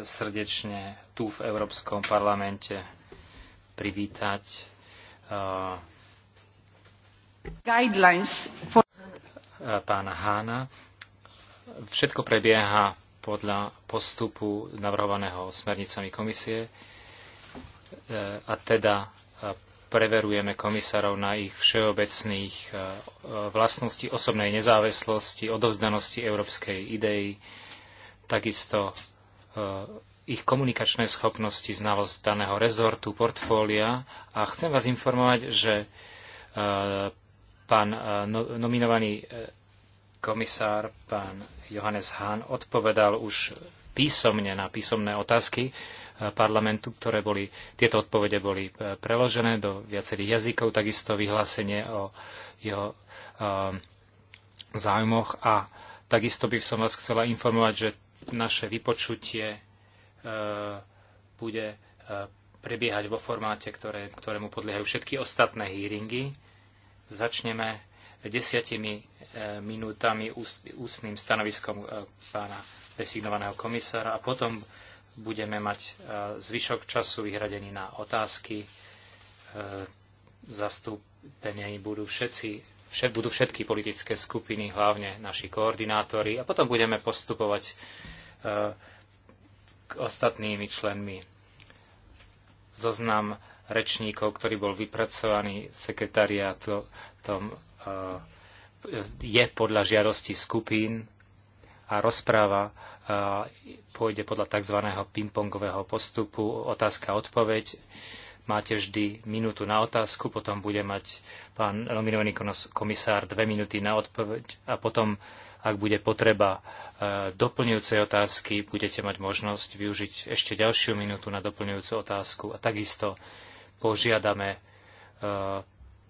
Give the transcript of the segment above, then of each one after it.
srdečne tu v Európskom parlamente privítať eh, guidelines for... Eh, pána Hána. Všetko prebieha podľa postupu navrhovaného smernicami komisie eh, a teda preverujeme komisárov na ich všeobecných vlastnosti osobnej nezávislosti, odovzdanosti európskej idei, takisto Eh, ich komunikačné schopnosti, znalosť daného rezortu, portfólia. A chcem vás informovať, že eh, pán eh, no, nominovaný komisár, pán Johannes Hahn, odpovedal už písomne na písomné otázky parlamentu, ktoré boli, tieto odpovede boli preložené do viacerých jazykov, takisto vyhlásenie o jeho záujmoch a takisto by som vás chcela informovať, že naše vypočutie e, bude e, prebiehať vo formáte, ktoré, ktorému podliehajú všetky ostatné hearingy. Začneme desiatimi e, minútami ústnym stanoviskom pána designovaného komisára a potom budeme mať zvyšok času vyhradený na otázky. Zastúpení budú všetci budú všetky politické skupiny, hlavne naši koordinátori a potom budeme postupovať k ostatnými členmi. Zoznam rečníkov, ktorý bol vypracovaný sekretariátom, eh, je podľa žiadosti skupín a rozpráva eh, pôjde podľa tzv. pingpongového postupu otázka-odpoveď. a Máte vždy minútu na otázku, potom bude mať pán nominovaný komisár dve minúty na odpoveď a potom ak bude potreba e, doplňujúcej otázky, budete mať možnosť využiť ešte ďalšiu minútu na doplňujúcu otázku a takisto požiadame e,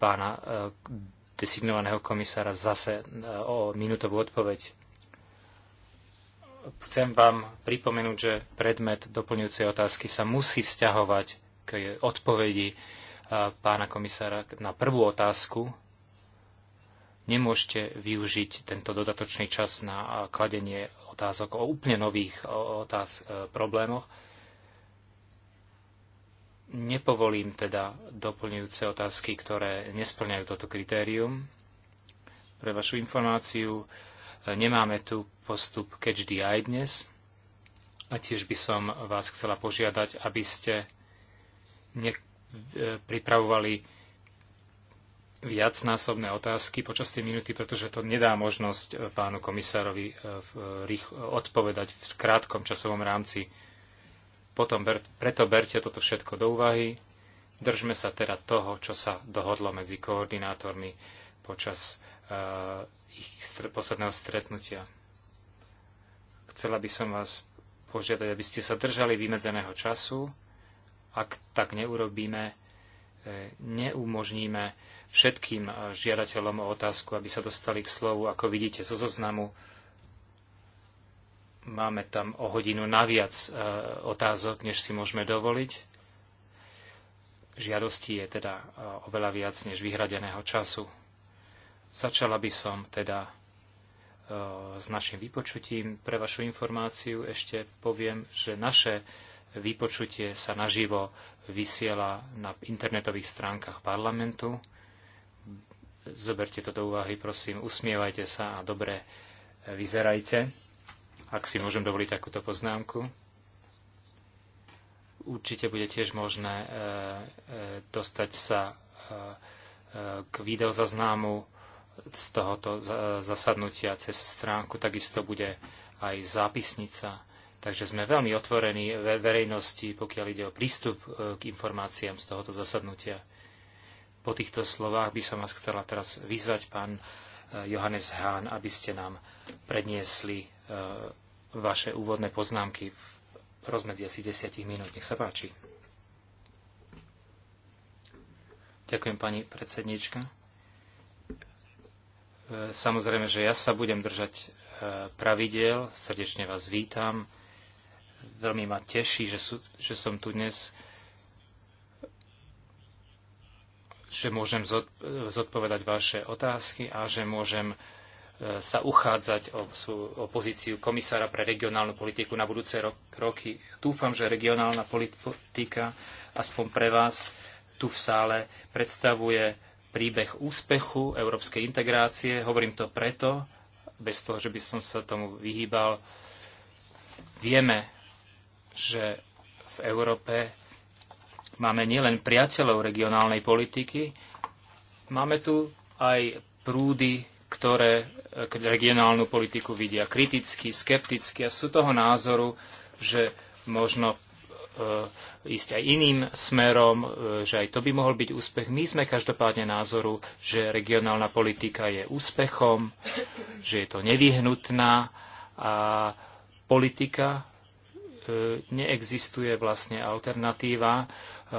pána e, designovaného komisára zase o minútovú odpoveď. Chcem vám pripomenúť, že predmet doplňujúcej otázky sa musí vzťahovať k odpovedi pána komisára na prvú otázku nemôžete využiť tento dodatočný čas na kladenie otázok o úplne nových otáz, e, problémoch. Nepovolím teda doplňujúce otázky, ktoré nesplňajú toto kritérium. Pre vašu informáciu e, nemáme tu postup catch dnes. A tiež by som vás chcela požiadať, aby ste e, pripravovali viacnásobné otázky počas tej minúty, pretože to nedá možnosť eh, pánu komisárovi eh, eh, odpovedať v krátkom časovom rámci. Potom ber, preto berte toto všetko do úvahy. Držme sa teda toho, čo sa dohodlo medzi koordinátormi počas uh, ich posledného stretnutia. Chcela by som vás požiadať, aby ste sa držali vymedzeného času. Ak tak neurobíme, neumožníme všetkým eh, žiadateľom o otázku, aby sa dostali k slovu. Ako vidíte zo zoznamu, máme tam o hodinu naviac eh, otázok, než si môžeme dovoliť. Žiadosti je teda eh, oveľa viac než vyhradeného času. Začala by som teda s našim vypočutím. Pre vašu informáciu ešte poviem, že naše vypočutie sa naživo vysiela na internetových stránkach parlamentu Zoberte to do úvahy, prosím, usmievajte sa a dobre vyzerajte, ak si môžem dovoliť takúto poznámku. Určite bude tiež možné e, e, dostať sa e, k videozaznámu z tohoto zasadnutia cez stránku. Takisto bude aj zápisnica. Takže sme veľmi otvorení verejnosti, pokiaľ ide o prístup k informáciám z tohoto zasadnutia. Po týchto slovách by som vás chcela teraz vyzvať, pán eh, Johannes Hahn, aby ste nám predniesli eh, vaše úvodné poznámky v rozmedzi asi desiatich minút. Nech sa páči. Ďakujem, pani predsednička. Eh, samozrejme, že ja sa budem držať pravidel. Srdečne vás vítam. Veľmi ma teší, že, sú, že som tu dnes že môžem zodpovedať vaše otázky a že môžem e, sa uchádzať o, o pozíciu komisára pre regionálnu politiku na budúce roky. Dúfam, že regionálna politika aspoň pre vás tu v sále predstavuje príbeh úspechu európskej integrácie. Hovorím to preto, bez toho, že by som sa tomu vyhýbal. Vieme, že v Európe Máme nielen priateľov regionálnej politiky, máme tu aj prúdy, ktoré e, regionálnu politiku vidia kriticky, skepticky a sú toho názoru, že možno e, ísť aj iným smerom, e, že aj to by mohol byť úspech. My sme každopádne názoru, že regionálna politika je úspechom, že je to nevyhnutná a politika E, neexistuje vlastne alternatíva, e, e,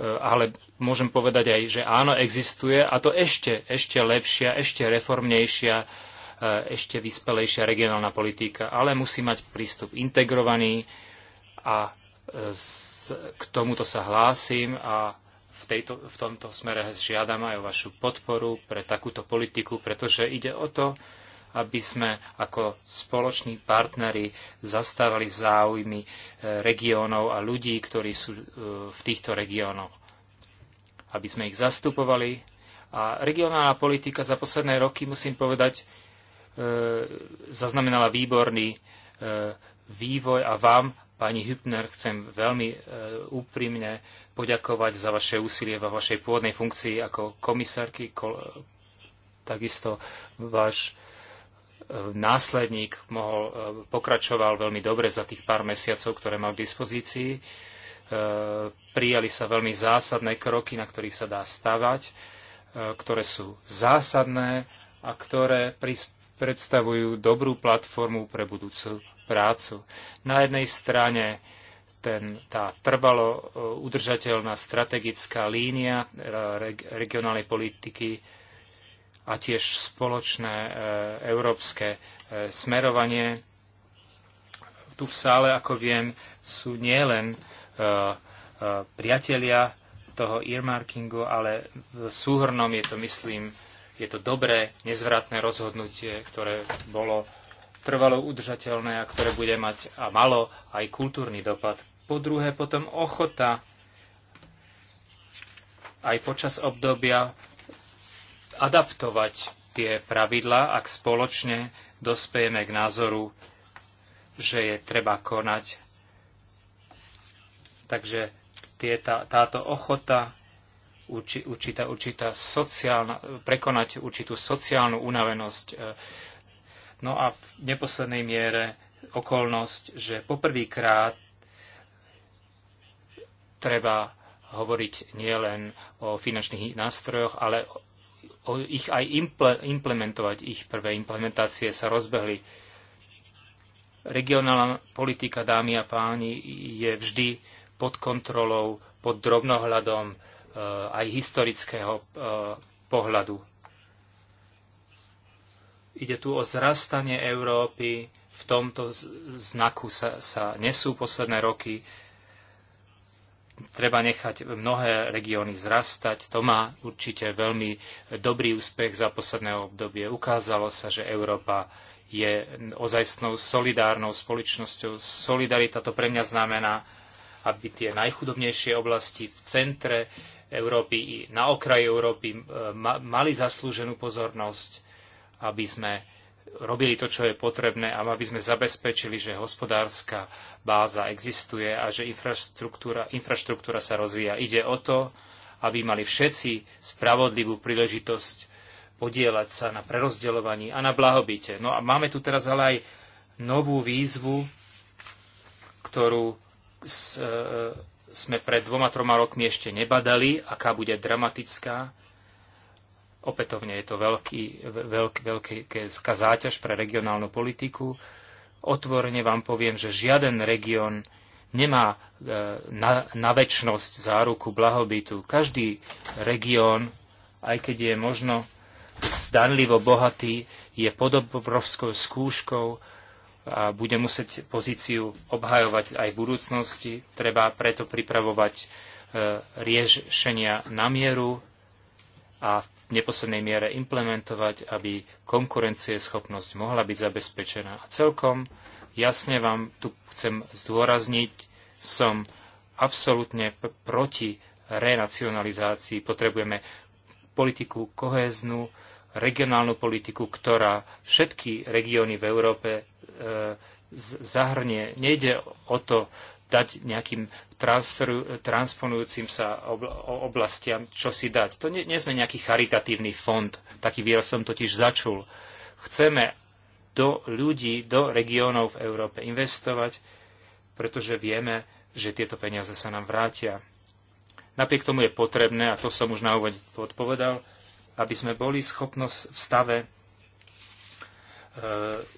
ale môžem povedať aj, že áno, existuje a to ešte, ešte lepšia, ešte reformnejšia, ešte vyspelejšia regionálna politika, ale musí mať prístup integrovaný a k tomuto sa hlásim a v, tejto, v tomto smere žiadam aj o vašu podporu pre takúto politiku, pretože ide o to, aby sme ako spoloční partneri zastávali záujmy e, regiónov a ľudí, ktorí sú e, v týchto regiónoch. Aby sme ich zastupovali. A regionálna politika za posledné roky, musím povedať, e, zaznamenala výborný vývoj a vám, pani Hübner, chcem veľmi úprimne poďakovať za vaše úsilie vo vašej pôvodnej funkcii ako komisárky, takisto váš následník mohol, e, pokračoval veľmi dobre za tých pár mesiacov, ktoré mal k dispozícii. E, prijali sa veľmi zásadné kroky, na ktorých sa dá stavať, e, ktoré sú zásadné a ktoré predstavujú dobrú platformu pre budúcu prácu. Na jednej strane ten, tá trvalo udržateľná strategická línia regionálnej politiky a tiež spoločné e, európske e, smerovanie. Tu v sále, ako viem, sú nielen e, priatelia toho earmarkingu, ale v súhrnom je to, myslím, je to dobré, nezvratné rozhodnutie, ktoré bolo trvalo udržateľné a ktoré bude mať a malo aj kultúrny dopad. Po druhé, potom ochota aj počas obdobia adaptovať tie pravidlá, ak spoločne dospejeme k názoru, že je treba konať. Takže tieta, táto ochota uči, určitá, určitá sociálna, prekonať určitú sociálnu unavenosť. E, no a v neposlednej miere okolnosť, že poprvýkrát treba hovoriť nielen o finančných nástrojoch, ale ich aj implementovať. Ich prvé implementácie sa rozbehli. Regionálna politika, dámy a páni, je vždy pod kontrolou, pod drobnohľadom e, aj historického e, pohľadu. Ide tu o zrastanie Európy, v tomto znaku sa, sa nesú posledné roky treba nechať mnohé regióny zrastať. To má určite veľmi dobrý úspech za posledné obdobie. Ukázalo sa, že Európa je ozajstnou solidárnou spoločnosťou. Solidarita to pre mňa znamená, aby tie najchudobnejšie oblasti v centre Európy i na okraji Európy e, mali zaslúženú pozornosť, aby sme robili to, čo je potrebné a aby sme zabezpečili, že hospodárska báza existuje a že infraštruktúra, infraštruktúra sa rozvíja. Ide o to, aby mali všetci spravodlivú príležitosť podielať sa na prerozdeľovaní a na blahobite. No a máme tu teraz ale aj novú výzvu, ktorú e, e, sme pred dvoma, troma rokmi ešte nebadali, aká bude dramatická Opätovne je to veľký, veľk, veľká záťaž pre regionálnu politiku. Otvorene vám poviem, že žiaden región nemá e, na, na väčšnosť záruku blahobytu. Každý región, aj keď je možno zdanlivo bohatý, je pod obrovskou skúškou a bude musieť pozíciu obhajovať aj v budúcnosti. Treba preto pripravovať e, riešenia na mieru a v neposlednej miere implementovať, aby konkurencieschopnosť mohla byť zabezpečená. A celkom jasne vám tu chcem zdôrazniť, som absolútne proti renacionalizácii. Potrebujeme politiku kohéznu, regionálnu politiku, ktorá všetky regióny v Európe e, zahrnie. Nejde o to dať nejakým transponujúcim sa oblastiam čo si dať. To nie, nie sme nejaký charitatívny fond, taký výraz som totiž začul. Chceme do ľudí, do regiónov v Európe investovať, pretože vieme, že tieto peniaze sa nám vrátia. Napriek tomu je potrebné, a to som už na úvod odpovedal, aby sme boli schopnosť v stave e,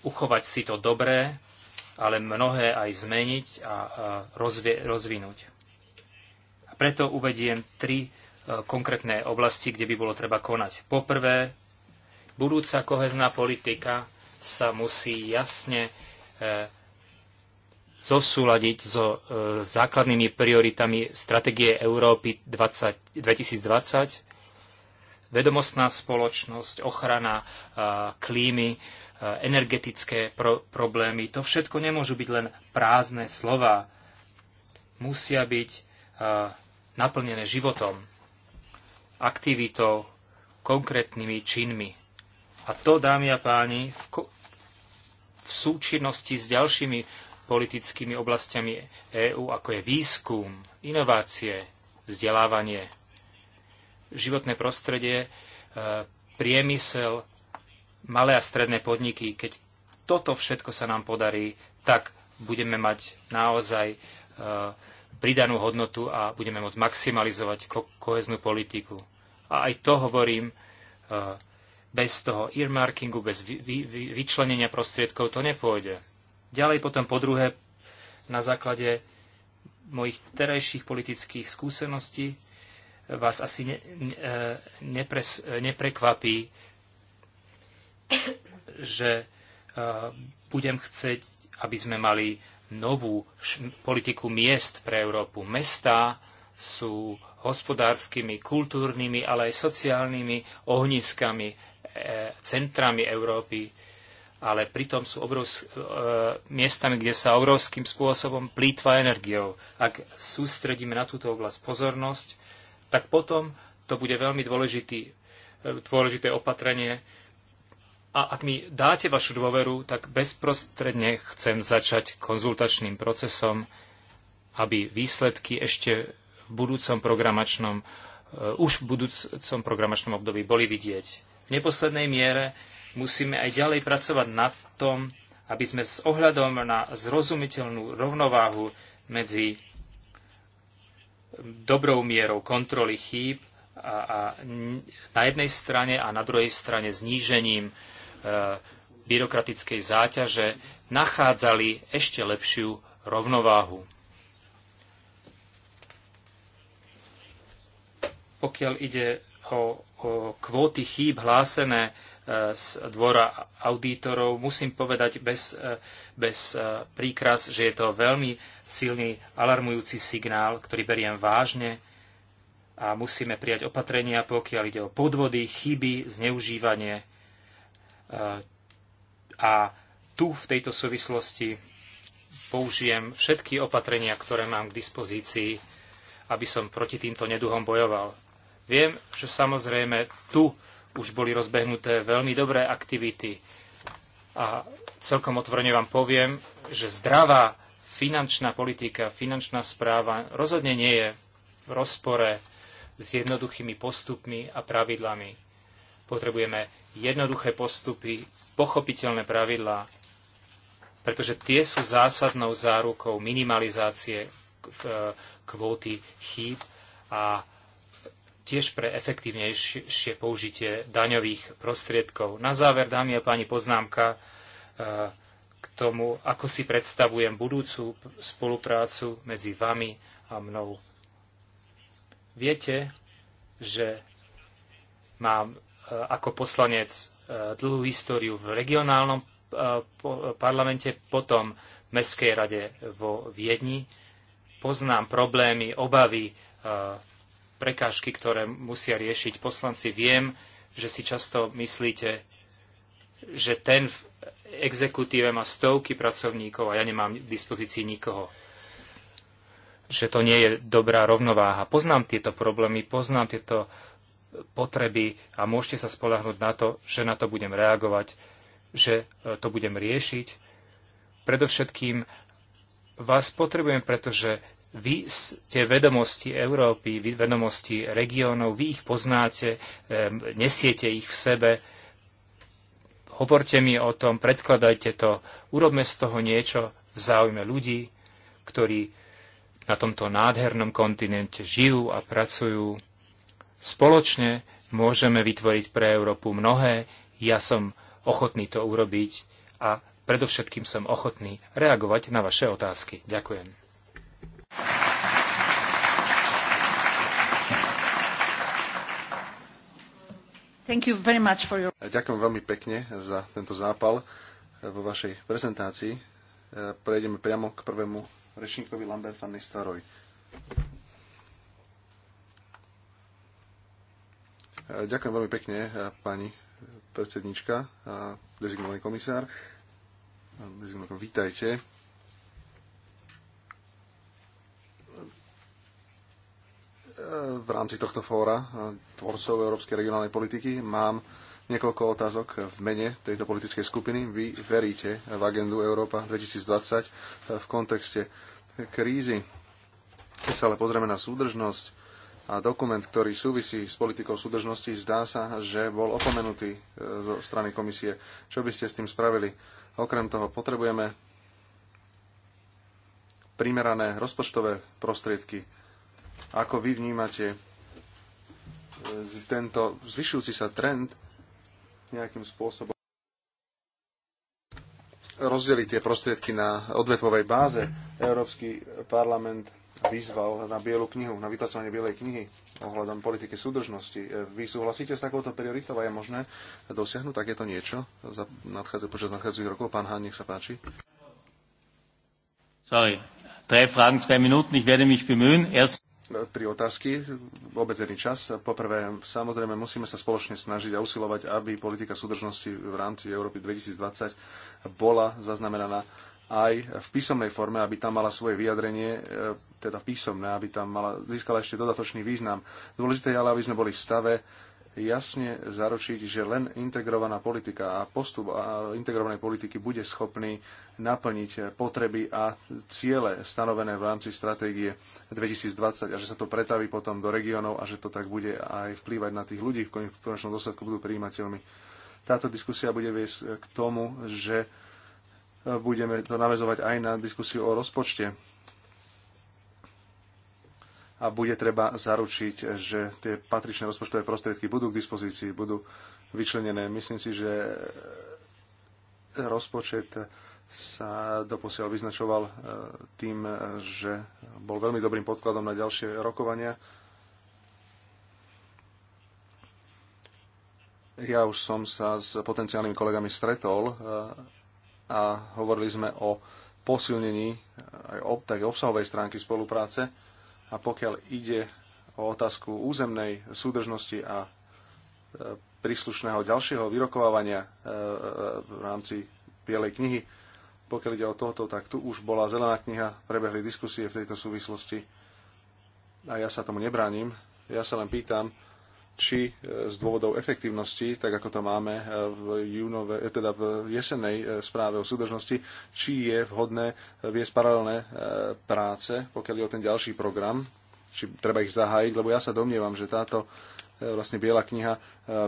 uchovať si to dobré, ale mnohé aj zmeniť a rozvie, rozvinúť. A preto uvediem tri e, konkrétne oblasti, kde by bolo treba konať. Poprvé, budúca kohezná politika sa musí jasne e, zosúľadiť so e, základnými prioritami stratégie Európy 20, 2020, vedomostná spoločnosť, ochrana klímy, Eh, energetické pro- problémy. To všetko nemôžu byť len prázdne slova. Musia byť uh, naplnené životom, aktivitou, konkrétnymi činmi. A to, dámy a páni, v, ko- v súčinnosti s ďalšími politickými oblastiami EÚ, ako je výskum, inovácie, vzdelávanie, životné prostredie, uh, priemysel, malé a stredné podniky, keď toto všetko sa nám podarí, tak budeme mať naozaj e, pridanú hodnotu a budeme môcť maximalizovať ko- koheznú politiku. A aj to hovorím e, bez toho earmarkingu, bez vy, vy, vy, vyčlenenia prostriedkov to nepôjde. Ďalej potom po druhé, na základe mojich terajších politických skúseností e, vás asi ne, ne, nepres, neprekvapí, že e, budem chcieť, aby sme mali novú politiku miest pre Európu. Mestá sú hospodárskymi, kultúrnymi, ale aj sociálnymi ohniskami, e, centrami Európy, ale pritom sú obrovsk- e, miestami, kde sa obrovským spôsobom plýtva energiou. Ak sústredíme na túto oblasť pozornosť, tak potom to bude veľmi dôležitý, dôležité opatrenie a ak mi dáte vašu dôveru, tak bezprostredne chcem začať konzultačným procesom, aby výsledky ešte v budúcom programačnom, e, už v budúcom programačnom období boli vidieť. V neposlednej miere musíme aj ďalej pracovať na tom, aby sme s ohľadom na zrozumiteľnú rovnováhu medzi dobrou mierou kontroly chýb a, a na jednej strane a na druhej strane znížením E, byrokratickej záťaže nachádzali ešte lepšiu rovnováhu. Pokiaľ ide o, o kvóty chýb hlásené e, z dvora auditorov, musím povedať bez, e, bez príkras, že je to veľmi silný alarmujúci signál, ktorý beriem vážne a musíme prijať opatrenia, pokiaľ ide o podvody, chyby, zneužívanie a tu v tejto súvislosti použijem všetky opatrenia, ktoré mám k dispozícii, aby som proti týmto neduhom bojoval. Viem, že samozrejme tu už boli rozbehnuté veľmi dobré aktivity a celkom otvorene vám poviem, že zdravá finančná politika, finančná správa rozhodne nie je v rozpore s jednoduchými postupmi a pravidlami. Potrebujeme jednoduché postupy, pochopiteľné pravidlá, pretože tie sú zásadnou zárukou minimalizácie e, kvóty chýb a tiež pre efektívnejšie použitie daňových prostriedkov. Na záver, dámy a páni, poznámka e, k tomu, ako si predstavujem budúcu spoluprácu medzi vami a mnou. Viete, že mám E, ako poslanec e, dlhú históriu v regionálnom e, parlamente, potom v Mestskej rade vo Viedni. Poznám problémy, obavy, prekážky, ktoré musia riešiť poslanci. Viem, že si často myslíte, že ten v exekutíve má stovky pracovníkov a ja nemám k dispozícii nikoho že to nie je dobrá rovnováha. Poznám tieto problémy, poznám tieto potreby a môžete sa spolahnuť na to, že na to budem reagovať, že e, to budem riešiť. Predovšetkým vás potrebujem, pretože vy ste vedomosti Európy, vy vedomosti regiónov, vy ich poznáte, nesiete ich v sebe, hovorte mi o tom, predkladajte to, urobme z toho niečo v záujme ľudí, ktorí na tomto nádhernom kontinente žijú a pracujú Spoločne môžeme vytvoriť pre Európu mnohé, ja som ochotný to urobiť a predovšetkým som ochotný reagovať na vaše otázky. Ďakujem. Your... Ďakujem veľmi pekne za tento zápal eh, vo vašej prezentácii. Eh, prejdeme priamo k prvému rečníkovi Lambert van Nistelrooy. Ďakujem veľmi pekne, eh, pani predsednička a dezignovaný komisár. Dezignovaný, vítajte. Eh, v rámci tohto fóra eh, tvorcov európskej regionálnej politiky mám niekoľko otázok v mene tejto politickej skupiny. Vy veríte v agendu Európa 2020 v kontexte krízy. Keď sa ale pozrieme na súdržnosť, a dokument, ktorý súvisí s politikou súdržnosti, zdá sa, že bol opomenutý e, zo strany komisie. Čo by ste s tým spravili? Okrem toho potrebujeme primerané rozpočtové prostriedky. Ako vy vnímate e, tento zvyšujúci sa trend nejakým spôsobom rozdeliť tie prostriedky na odvetvovej báze. Európsky parlament vyzval na Bielu knihu, na vypracovanie Bielej knihy ohľadom politiky súdržnosti. E, vy súhlasíte s takouto prioritou a je možné dosiahnuť takéto niečo za nadchádza, počas nadchádzajúcich rokov? Pán Hán, nech sa páči. Sorry. Tre Fragen, tre minúty, Ich werde mich bemühen. Erst e, tri otázky, obmedzený čas. Poprvé, samozrejme, musíme sa spoločne snažiť a usilovať, aby politika súdržnosti v rámci Európy 2020 bola zaznamenaná aj v písomnej forme, aby tam mala svoje vyjadrenie, e, teda písomné, aby tam mala, získala ešte dodatočný význam. Dôležité je ale, aby sme boli v stave jasne zaručiť, že len integrovaná politika a postup a integrovanej politiky bude schopný naplniť potreby a ciele stanovené v rámci stratégie 2020 a že sa to pretaví potom do regiónov a že to tak bude aj vplývať na tých ľudí, v konečnom dôsledku budú príjimateľmi. Táto diskusia bude viesť k tomu, že budeme to navezovať aj na diskusiu o rozpočte. A bude treba zaručiť, že tie patričné rozpočtové prostriedky budú k dispozícii, budú vyčlenené. Myslím si, že rozpočet sa doposiaľ vyznačoval eh, tým, že bol veľmi dobrým podkladom na ďalšie rokovania. Ja už som sa s potenciálnymi kolegami stretol eh, a hovorili sme o posilnení aj o, tak obsahovej stránky spolupráce a pokiaľ ide o otázku územnej súdržnosti a e, príslušného ďalšieho vyrokovávania e, e, v rámci Bielej knihy, pokiaľ ide o tohoto, tak tu už bola zelená kniha, prebehli diskusie v tejto súvislosti a ja sa tomu nebránim. Ja sa len pýtam, či e, z dôvodov efektívnosti, tak ako to máme e, v, júnove, e, teda v jesenej správe o súdržnosti, či je vhodné viesť paralelné práce, pokiaľ je o ten ďalší program, či treba ich zahájiť, lebo ja sa domnievam, že táto vlastne biela kniha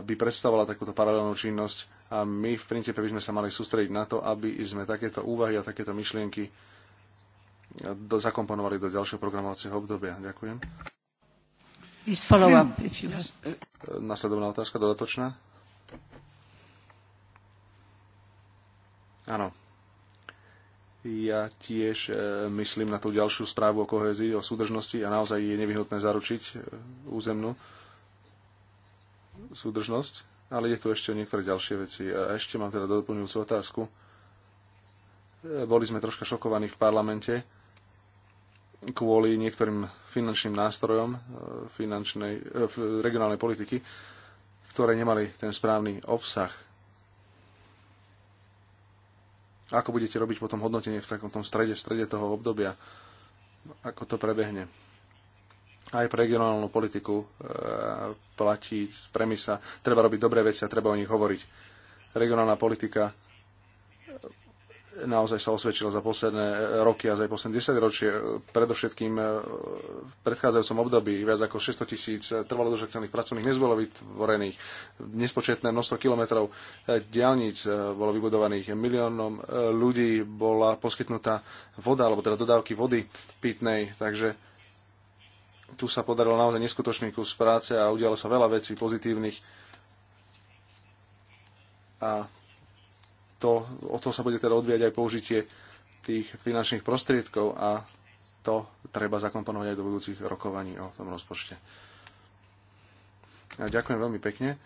by predstavovala takúto paralelnú činnosť a my v princípe by sme sa mali sústrediť na to, aby sme takéto úvahy a takéto myšlienky do, zakomponovali do ďalšieho programovacieho obdobia. Ďakujem. Hmm. Nasledovná otázka dodatočná. Áno. Ja tiež e, myslím na tú ďalšiu správu o kohezii, o súdržnosti a naozaj je nevyhnutné zaručiť e, územnú súdržnosť, ale je tu ešte o niektoré ďalšie veci. A ešte mám teda doplňujúcu otázku. E, boli sme troška šokovaní v parlamente, kvôli niektorým finančným nástrojom e, finančnej, e, regionálnej politiky, ktoré nemali ten správny obsah. Ako budete robiť potom hodnotenie v takom tom strede, strede toho obdobia? Ako to prebehne? Aj pre regionálnu politiku e, platí premisa, treba robiť dobré veci a treba o nich hovoriť. Regionálna politika naozaj sa osvedčila za posledné e, roky a za posledné 10 ročie, e, predovšetkým e, v predchádzajúcom období viac ako 600 tisíc trvalo držateľných pracovných miest bolo vytvorených, nespočetné množstvo kilometrov diálnic bolo vybudovaných, miliónom ľudí bola poskytnutá voda, alebo teda dodávky vody pitnej, takže tu sa podarilo naozaj neskutočný kus práce a udialo sa veľa vecí pozitívnych. A to, o to sa bude teda odvíjať aj použitie tých finančných prostriedkov a to treba zakomponovať aj do budúcich rokovaní o tom rozpočte. A ďakujem veľmi pekne.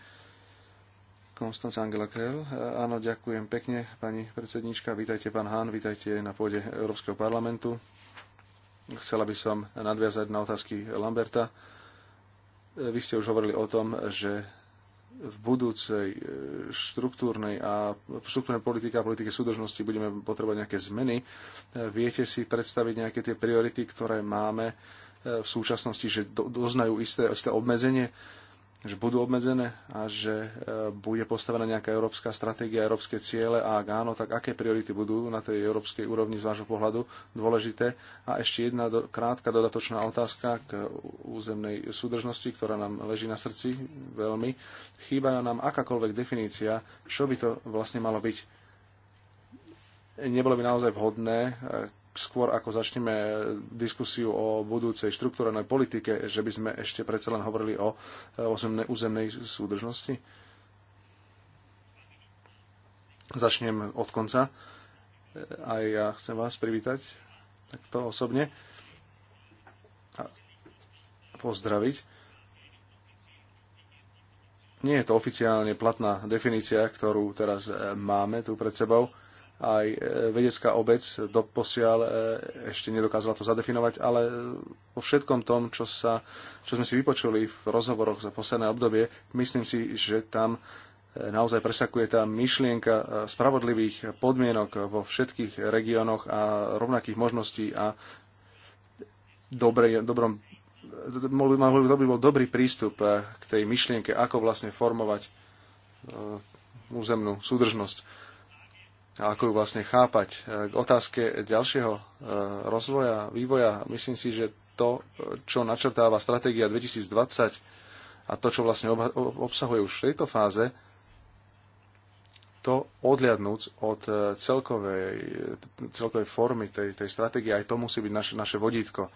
Konstanca Angela Krell. Áno, ďakujem pekne, pani predsednička. Vítajte, pán Hán, vítajte na pôde Európskeho parlamentu. Chcela by som nadviazať na otázky Lamberta. Vy ste už hovorili o tom, že v budúcej e, štruktúrnej a štruktúrnej politike a politike súdržnosti budeme potrebovať nejaké zmeny. E, viete si predstaviť nejaké tie priority, ktoré máme e, v súčasnosti, že doznajú isté, isté obmedzenie? že budú obmedzené a že e, bude postavená nejaká európska stratégia, európske ciele a ak áno, tak aké priority budú na tej európskej úrovni z vášho pohľadu dôležité. A ešte jedna do, krátka dodatočná otázka k územnej súdržnosti, ktorá nám leží na srdci veľmi. Chýba nám akákoľvek definícia, čo by to vlastne malo byť. Nebolo by naozaj vhodné e, skôr ako začneme diskusiu o budúcej štruktúranej no politike, že by sme ešte predsa len hovorili o územnej, e, územnej súdržnosti? Začnem od konca. E, aj ja chcem vás privítať takto osobne a pozdraviť. Nie je to oficiálne platná definícia, ktorú teraz e, máme tu pred sebou aj e, vedecká obec doposiaľ e, ešte nedokázala to zadefinovať, ale e, vo všetkom tom, čo, sa, čo sme si vypočuli v rozhovoroch za posledné obdobie, myslím si, že tam naozaj presakuje tá myšlienka spravodlivých podmienok vo všetkých regiónoch a rovnakých možností a dobrej, dobrom, to by bol dobrý prístup k tej myšlienke, ako vlastne formovať územnú súdržnosť a ako ju vlastne chápať. E, k otázke ďalšieho e, rozvoja, vývoja, myslím si, že to, čo načrtáva stratégia 2020 a to, čo vlastne obsahuje už v tejto fáze, to odliadnúc od e, celkovej, celkovej formy tej, tej stratégie, aj to musí byť naš, naše vodítko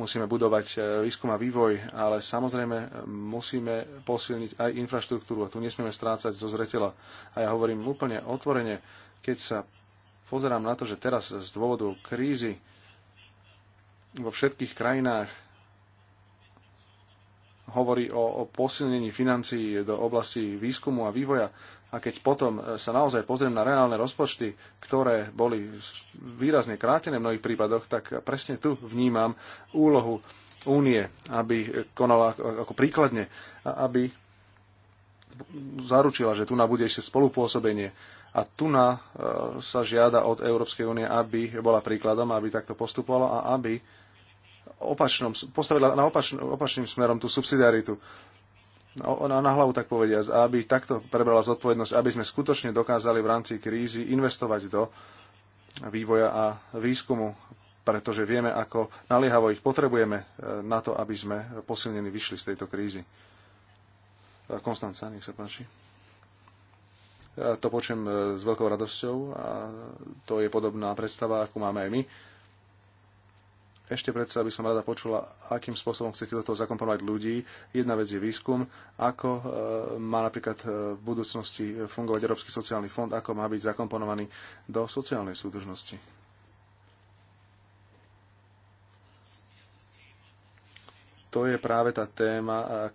musíme budovať e, výskum a vývoj, ale samozrejme e, musíme posilniť aj infraštruktúru a tu nesmieme strácať zo zretela. A ja hovorím úplne otvorene, keď sa pozerám na to, že teraz z dôvodu krízy vo všetkých krajinách hovorí o, o posilnení financií do oblasti výskumu a vývoja, a keď potom e, sa naozaj pozriem na reálne rozpočty, ktoré boli výrazne krátené v mnohých prípadoch, tak presne tu vnímam úlohu únie, aby konala ako príkladne aby zaručila, že tu na bude ešte spolupôsobenie. A tu na e, sa žiada od Európskej únie, aby bola príkladom, aby takto postupovala a aby opačnom, postavila na opačným smerom tú subsidiaritu. No, na, na hlavu, tak povediať, aby takto prebrala zodpovednosť, aby sme skutočne dokázali v rámci krízy investovať do vývoja a výskumu, pretože vieme, ako naliehavo ich potrebujeme e, na to, aby sme posilnení vyšli z tejto krízy. E, Konstanca, nech sa páči. Ja to počujem e, s veľkou radosťou a to je podobná predstava, ako máme aj my ešte predsa by som rada počula, akým spôsobom chcete do toho zakomponovať ľudí. Jedna vec je výskum, ako e, má napríklad e, v budúcnosti fungovať Európsky sociálny fond, ako má byť zakomponovaný do sociálnej súdržnosti. To je práve tá téma,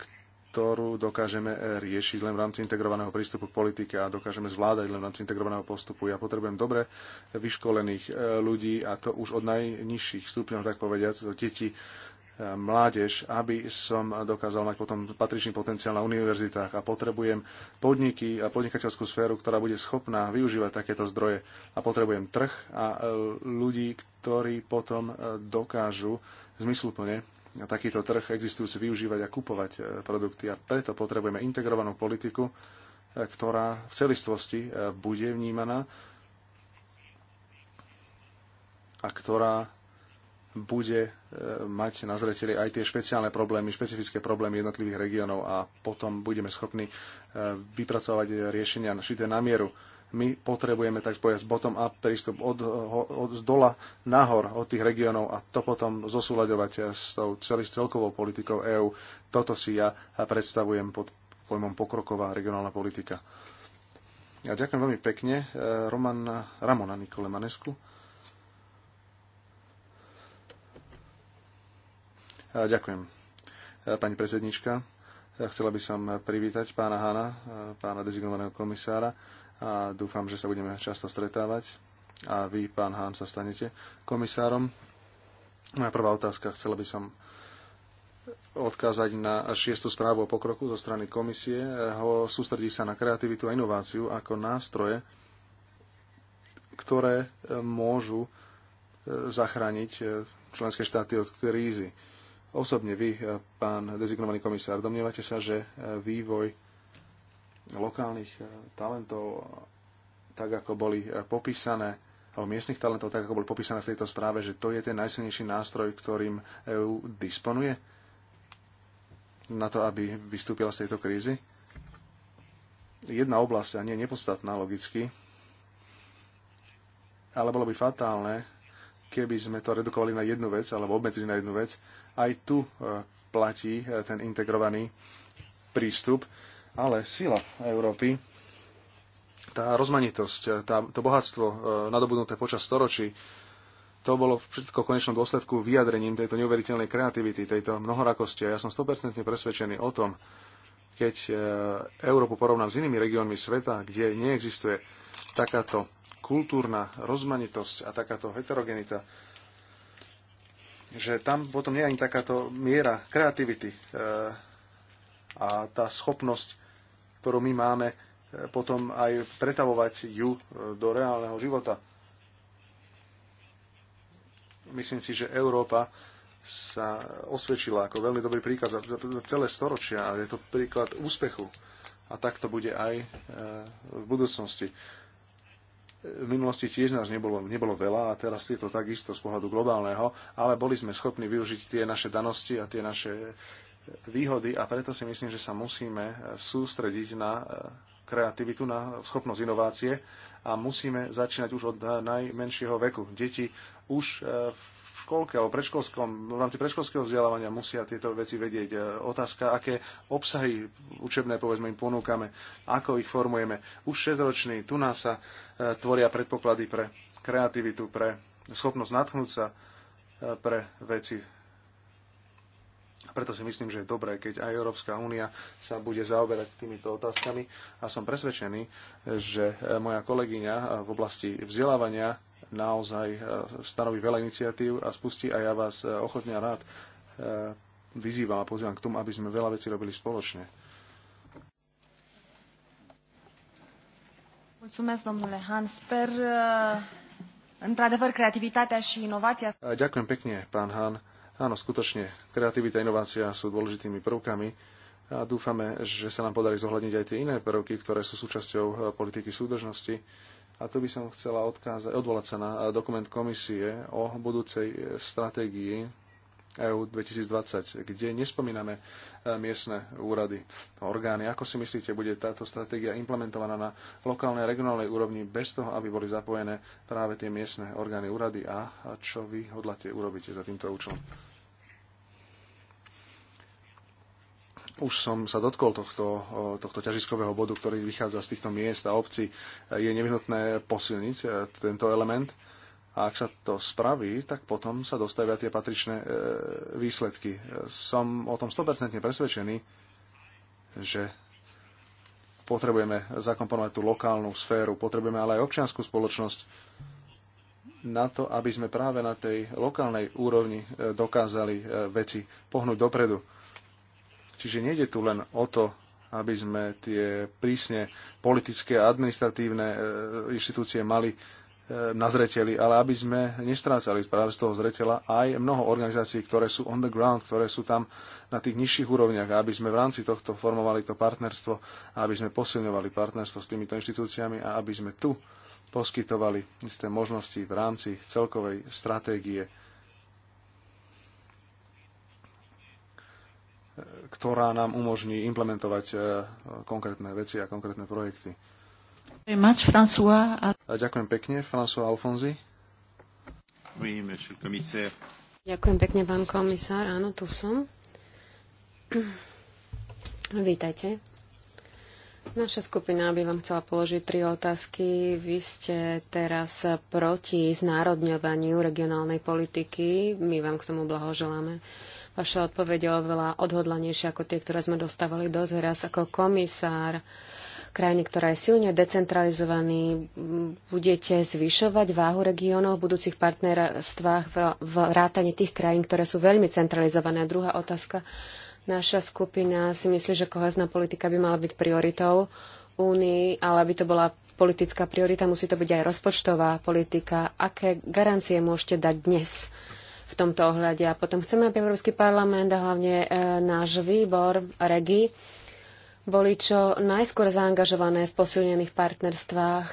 ktorú dokážeme eh, riešiť len v rámci integrovaného prístupu k politike a dokážeme zvládať len v rámci integrovaného postupu. Ja potrebujem dobre vyškolených eh, ľudí a to už od najnižších stupňov, tak povediať, deti, eh, mládež, aby som dokázal mať potom patričný potenciál na univerzitách a potrebujem podniky a podnikateľskú sféru, ktorá bude schopná využívať takéto zdroje a potrebujem trh a ľudí, ktorí potom dokážu zmysluplne na takýto trh existujúci využívať a kupovať e, produkty. A preto potrebujeme integrovanú politiku, e, ktorá v celistvosti e, bude vnímaná a ktorá bude mať na zreteli aj tie špeciálne problémy, špecifické problémy jednotlivých regiónov a potom budeme schopní vypracovať riešenia šité na mieru my potrebujeme tak povedať bottom-up prístup od, od, z dola nahor od tých regiónov a to potom zosúľadovať s tou celý, celkovou politikou EÚ. Toto si ja predstavujem pod pojmom pokroková regionálna politika. Ja ďakujem veľmi pekne. Eh, Roman Ramona Nikole Manesku. Eh, ďakujem. Eh, pani predsednička, chcela by som privítať pána Hana, pána dezignovaného komisára a dúfam, že sa budeme často stretávať a vy, pán Hán, sa stanete komisárom. Moja prvá otázka, chcela by som odkázať na šiestu správu o pokroku zo strany komisie. Ho sústredí sa na kreativitu a inováciu ako nástroje, ktoré môžu e, zachrániť e, členské štáty od krízy. Osobne vy, e, pán dezignovaný komisár, domnievate sa, že vývoj lokálnych eh, talentov, eh, tak ako boli eh, popísané, alebo miestnych talentov, tak ako boli popísané v tejto správe, že to je ten najsilnejší nástroj, ktorým EÚ disponuje na to, aby vystúpila z tejto krízy? Jedna oblasť, a nie nepodstatná logicky, ale bolo by fatálne, keby sme to redukovali na jednu vec, alebo obmedzili na jednu vec. Aj tu platí ten integrovaný prístup ale sila Európy, tá rozmanitosť, tá, to bohatstvo e, nadobudnuté počas storočí, to bolo všetko v konečnom dôsledku vyjadrením tejto neuveriteľnej kreativity, tejto mnohorakosti. A ja som 100% presvedčený o tom, keď e, Európu porovnám s inými regiónmi sveta, kde neexistuje takáto kultúrna rozmanitosť a takáto heterogenita, že tam potom nie je ani takáto miera kreativity e, a tá schopnosť ktorú my máme e, potom aj pretavovať ju e, do reálneho života. Myslím si, že Európa sa osvedčila ako veľmi dobrý príklad za, celé storočia a je to príklad úspechu. A tak to bude aj e, v budúcnosti. V minulosti tiež nás nebolo, nebolo veľa a teraz je to takisto z pohľadu globálneho, ale boli sme schopní využiť tie naše danosti a tie naše výhody a preto si myslím, že sa musíme eh, sústrediť na eh, kreativitu, na schopnosť inovácie a musíme začínať už od eh, najmenšieho veku. Deti už v školke alebo predškolskom, v rámci predškolského vzdelávania musia tieto veci vedieť. Otázka, aké obsahy učebné, povedzme, im ponúkame, ako ich formujeme. Už 6-roční, tu nás sa tvoria predpoklady pre kreativitu, pre schopnosť natchnúť sa pre veci preto si myslím, že je dobré, keď aj Európska únia sa bude zaoberať týmito otázkami a som presvedčený, že e, moja kolegyňa e, v oblasti vzdelávania naozaj e, stanoví veľa iniciatív a spustí a ja vás ochotne a rád vyzývam a pozývam k tomu, aby sme veľa vecí robili spoločne. Mulțumesc, domnule Hans. Sper, într-adevăr, creativitatea și inovația... Ďakujem pekne, pán Han Áno, skutočne, kreativita a inovácia sú dôležitými prvkami a dúfame, že sa nám podarí zohľadniť aj tie iné prvky, ktoré sú súčasťou e, politiky súdržnosti. A tu by som chcela odkázať, odvolať sa na e, dokument komisie o budúcej e, stratégii EU 2020, kde nespomíname e, miestne úrady, orgány. Ako si myslíte, bude táto stratégia implementovaná na lokálnej a regionálnej úrovni bez toho, aby boli zapojené práve tie miestne orgány, úrady a čo vy hodláte urobiť za týmto účelom? Už som sa dotkol tohto, tohto ťažiskového bodu, ktorý vychádza z týchto miest a obcí. Je nevyhnutné posilniť e, tento element a ak sa to spraví, tak potom sa dostavia tie patričné e, výsledky. Som o tom 100% presvedčený, že potrebujeme zakomponovať tú lokálnu sféru, potrebujeme ale aj občianskú spoločnosť na to, aby sme práve na tej lokálnej úrovni e, dokázali e, veci pohnúť dopredu. Čiže nejde tu len o to, aby sme tie prísne politické a administratívne e, inštitúcie mali E, na zreteli, ale aby sme nestrácali práve z toho zretela aj mnoho organizácií, ktoré sú on the ground, ktoré sú tam na tých nižších úrovniach, aby sme v rámci tohto formovali to partnerstvo, aby sme posilňovali partnerstvo s týmito inštitúciami a aby sme tu poskytovali isté možnosti v rámci celkovej stratégie, e, ktorá nám umožní implementovať e, konkrétne veci a konkrétne projekty. Much, Ďakujem pekne, François Alfonzi. Oui, Ďakujem pekne, pán komisár. Áno, tu som. Vítajte. Naša skupina by vám chcela položiť tri otázky. Vy ste teraz proti znárodňovaniu regionálnej politiky. My vám k tomu blahoželáme. Vaša odpoveď je oveľa odhodlanejšia ako tie, ktoré sme dostávali dosť raz ako komisár. Uh, krajiny, ktorá je silne decentralizovaný, budete zvyšovať váhu regiónov v budúcich partnerstvách v, v rátane tých krajín, ktoré sú veľmi centralizované. A druhá otázka. Naša skupina si myslí, že kohezná politika by mala byť prioritou Únii, ale aby to bola politická priorita, musí to byť aj rozpočtová politika. Aké garancie môžete dať dnes v tomto ohľade? A potom chceme, aby Európsky parlament a hlavne e, náš výbor, REGI, boli čo najskôr zaangažované v posilnených partnerstvách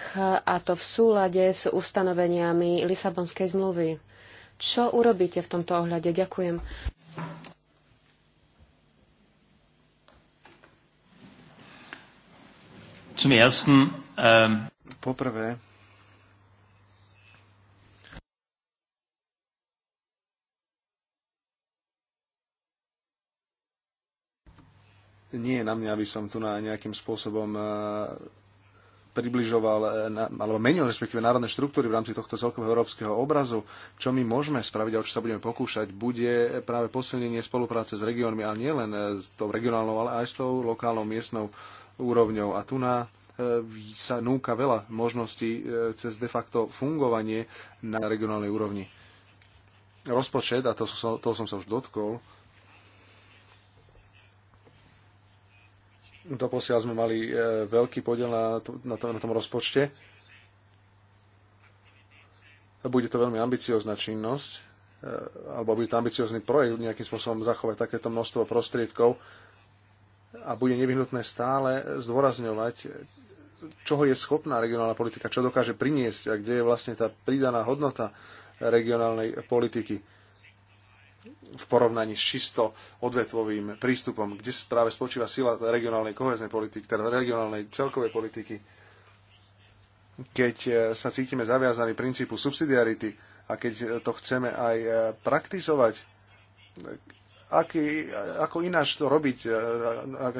a to v súlade s ustanoveniami Lisabonskej zmluvy. Čo urobíte v tomto ohľade? Ďakujem. Zum ersten, ähm, Poprvé, nie je na mňa, aby som tu na nejakým spôsobom e, približoval, e, alebo menil respektíve národné štruktúry v rámci tohto celkového európskeho obrazu. Čo my môžeme spraviť a o čo sa budeme pokúšať, bude práve posilnenie spolupráce s regiónmi, ale nielen e, s tou regionálnou, ale aj s tou lokálnou miestnou úrovňou. A tu na sa núka veľa možností cez de facto fungovanie na regionálnej úrovni. Rozpočet, a to, to som sa už dotkol, Doposiaľ sme mali e, veľký podiel na, na, to, na tom rozpočte. Bude to veľmi ambiciózna činnosť, e, alebo bude to ambiciózny projekt nejakým spôsobom zachovať takéto množstvo prostriedkov a bude nevyhnutné stále zdôrazňovať, čoho je schopná regionálna politika, čo dokáže priniesť a kde je vlastne tá pridaná hodnota regionálnej politiky v porovnaní s čisto odvetvovým prístupom, kde práve spočíva sila regionálnej koheznej politiky, teda regionálnej celkovej politiky. Keď e, sa cítime zaviazaní princípu subsidiarity a keď e, to chceme aj e, praktizovať, aký, ako ináč to robiť,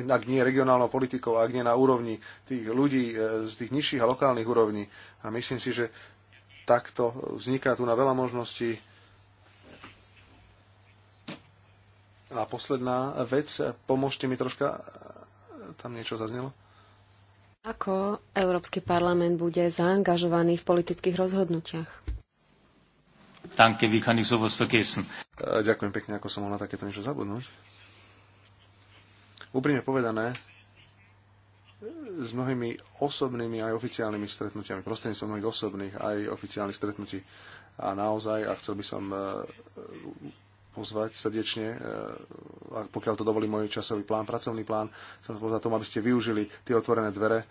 ak nie regionálnou politikou, ak nie na úrovni tých ľudí z tých nižších a lokálnych úrovní. A myslím si, že takto vzniká tu na veľa možností A posledná vec, pomôžte mi troška, tam niečo zaznelo. Ako Európsky parlament bude zaangažovaný v politických rozhodnutiach? Danke, wie kann ich sowas vergessen? E, ďakujem pekne, ako som mohla takéto niečo zabudnúť. Úprimne povedané, s mnohými osobnými aj oficiálnymi stretnutiami, prostredníctvom mnohých osobných aj oficiálnych stretnutí. A naozaj, a chcel by som e, pozvať srdečne, eh, pokiaľ to dovolí môj časový plán, pracovný plán, chcem pozvať tomu, aby ste využili tie otvorené dvere,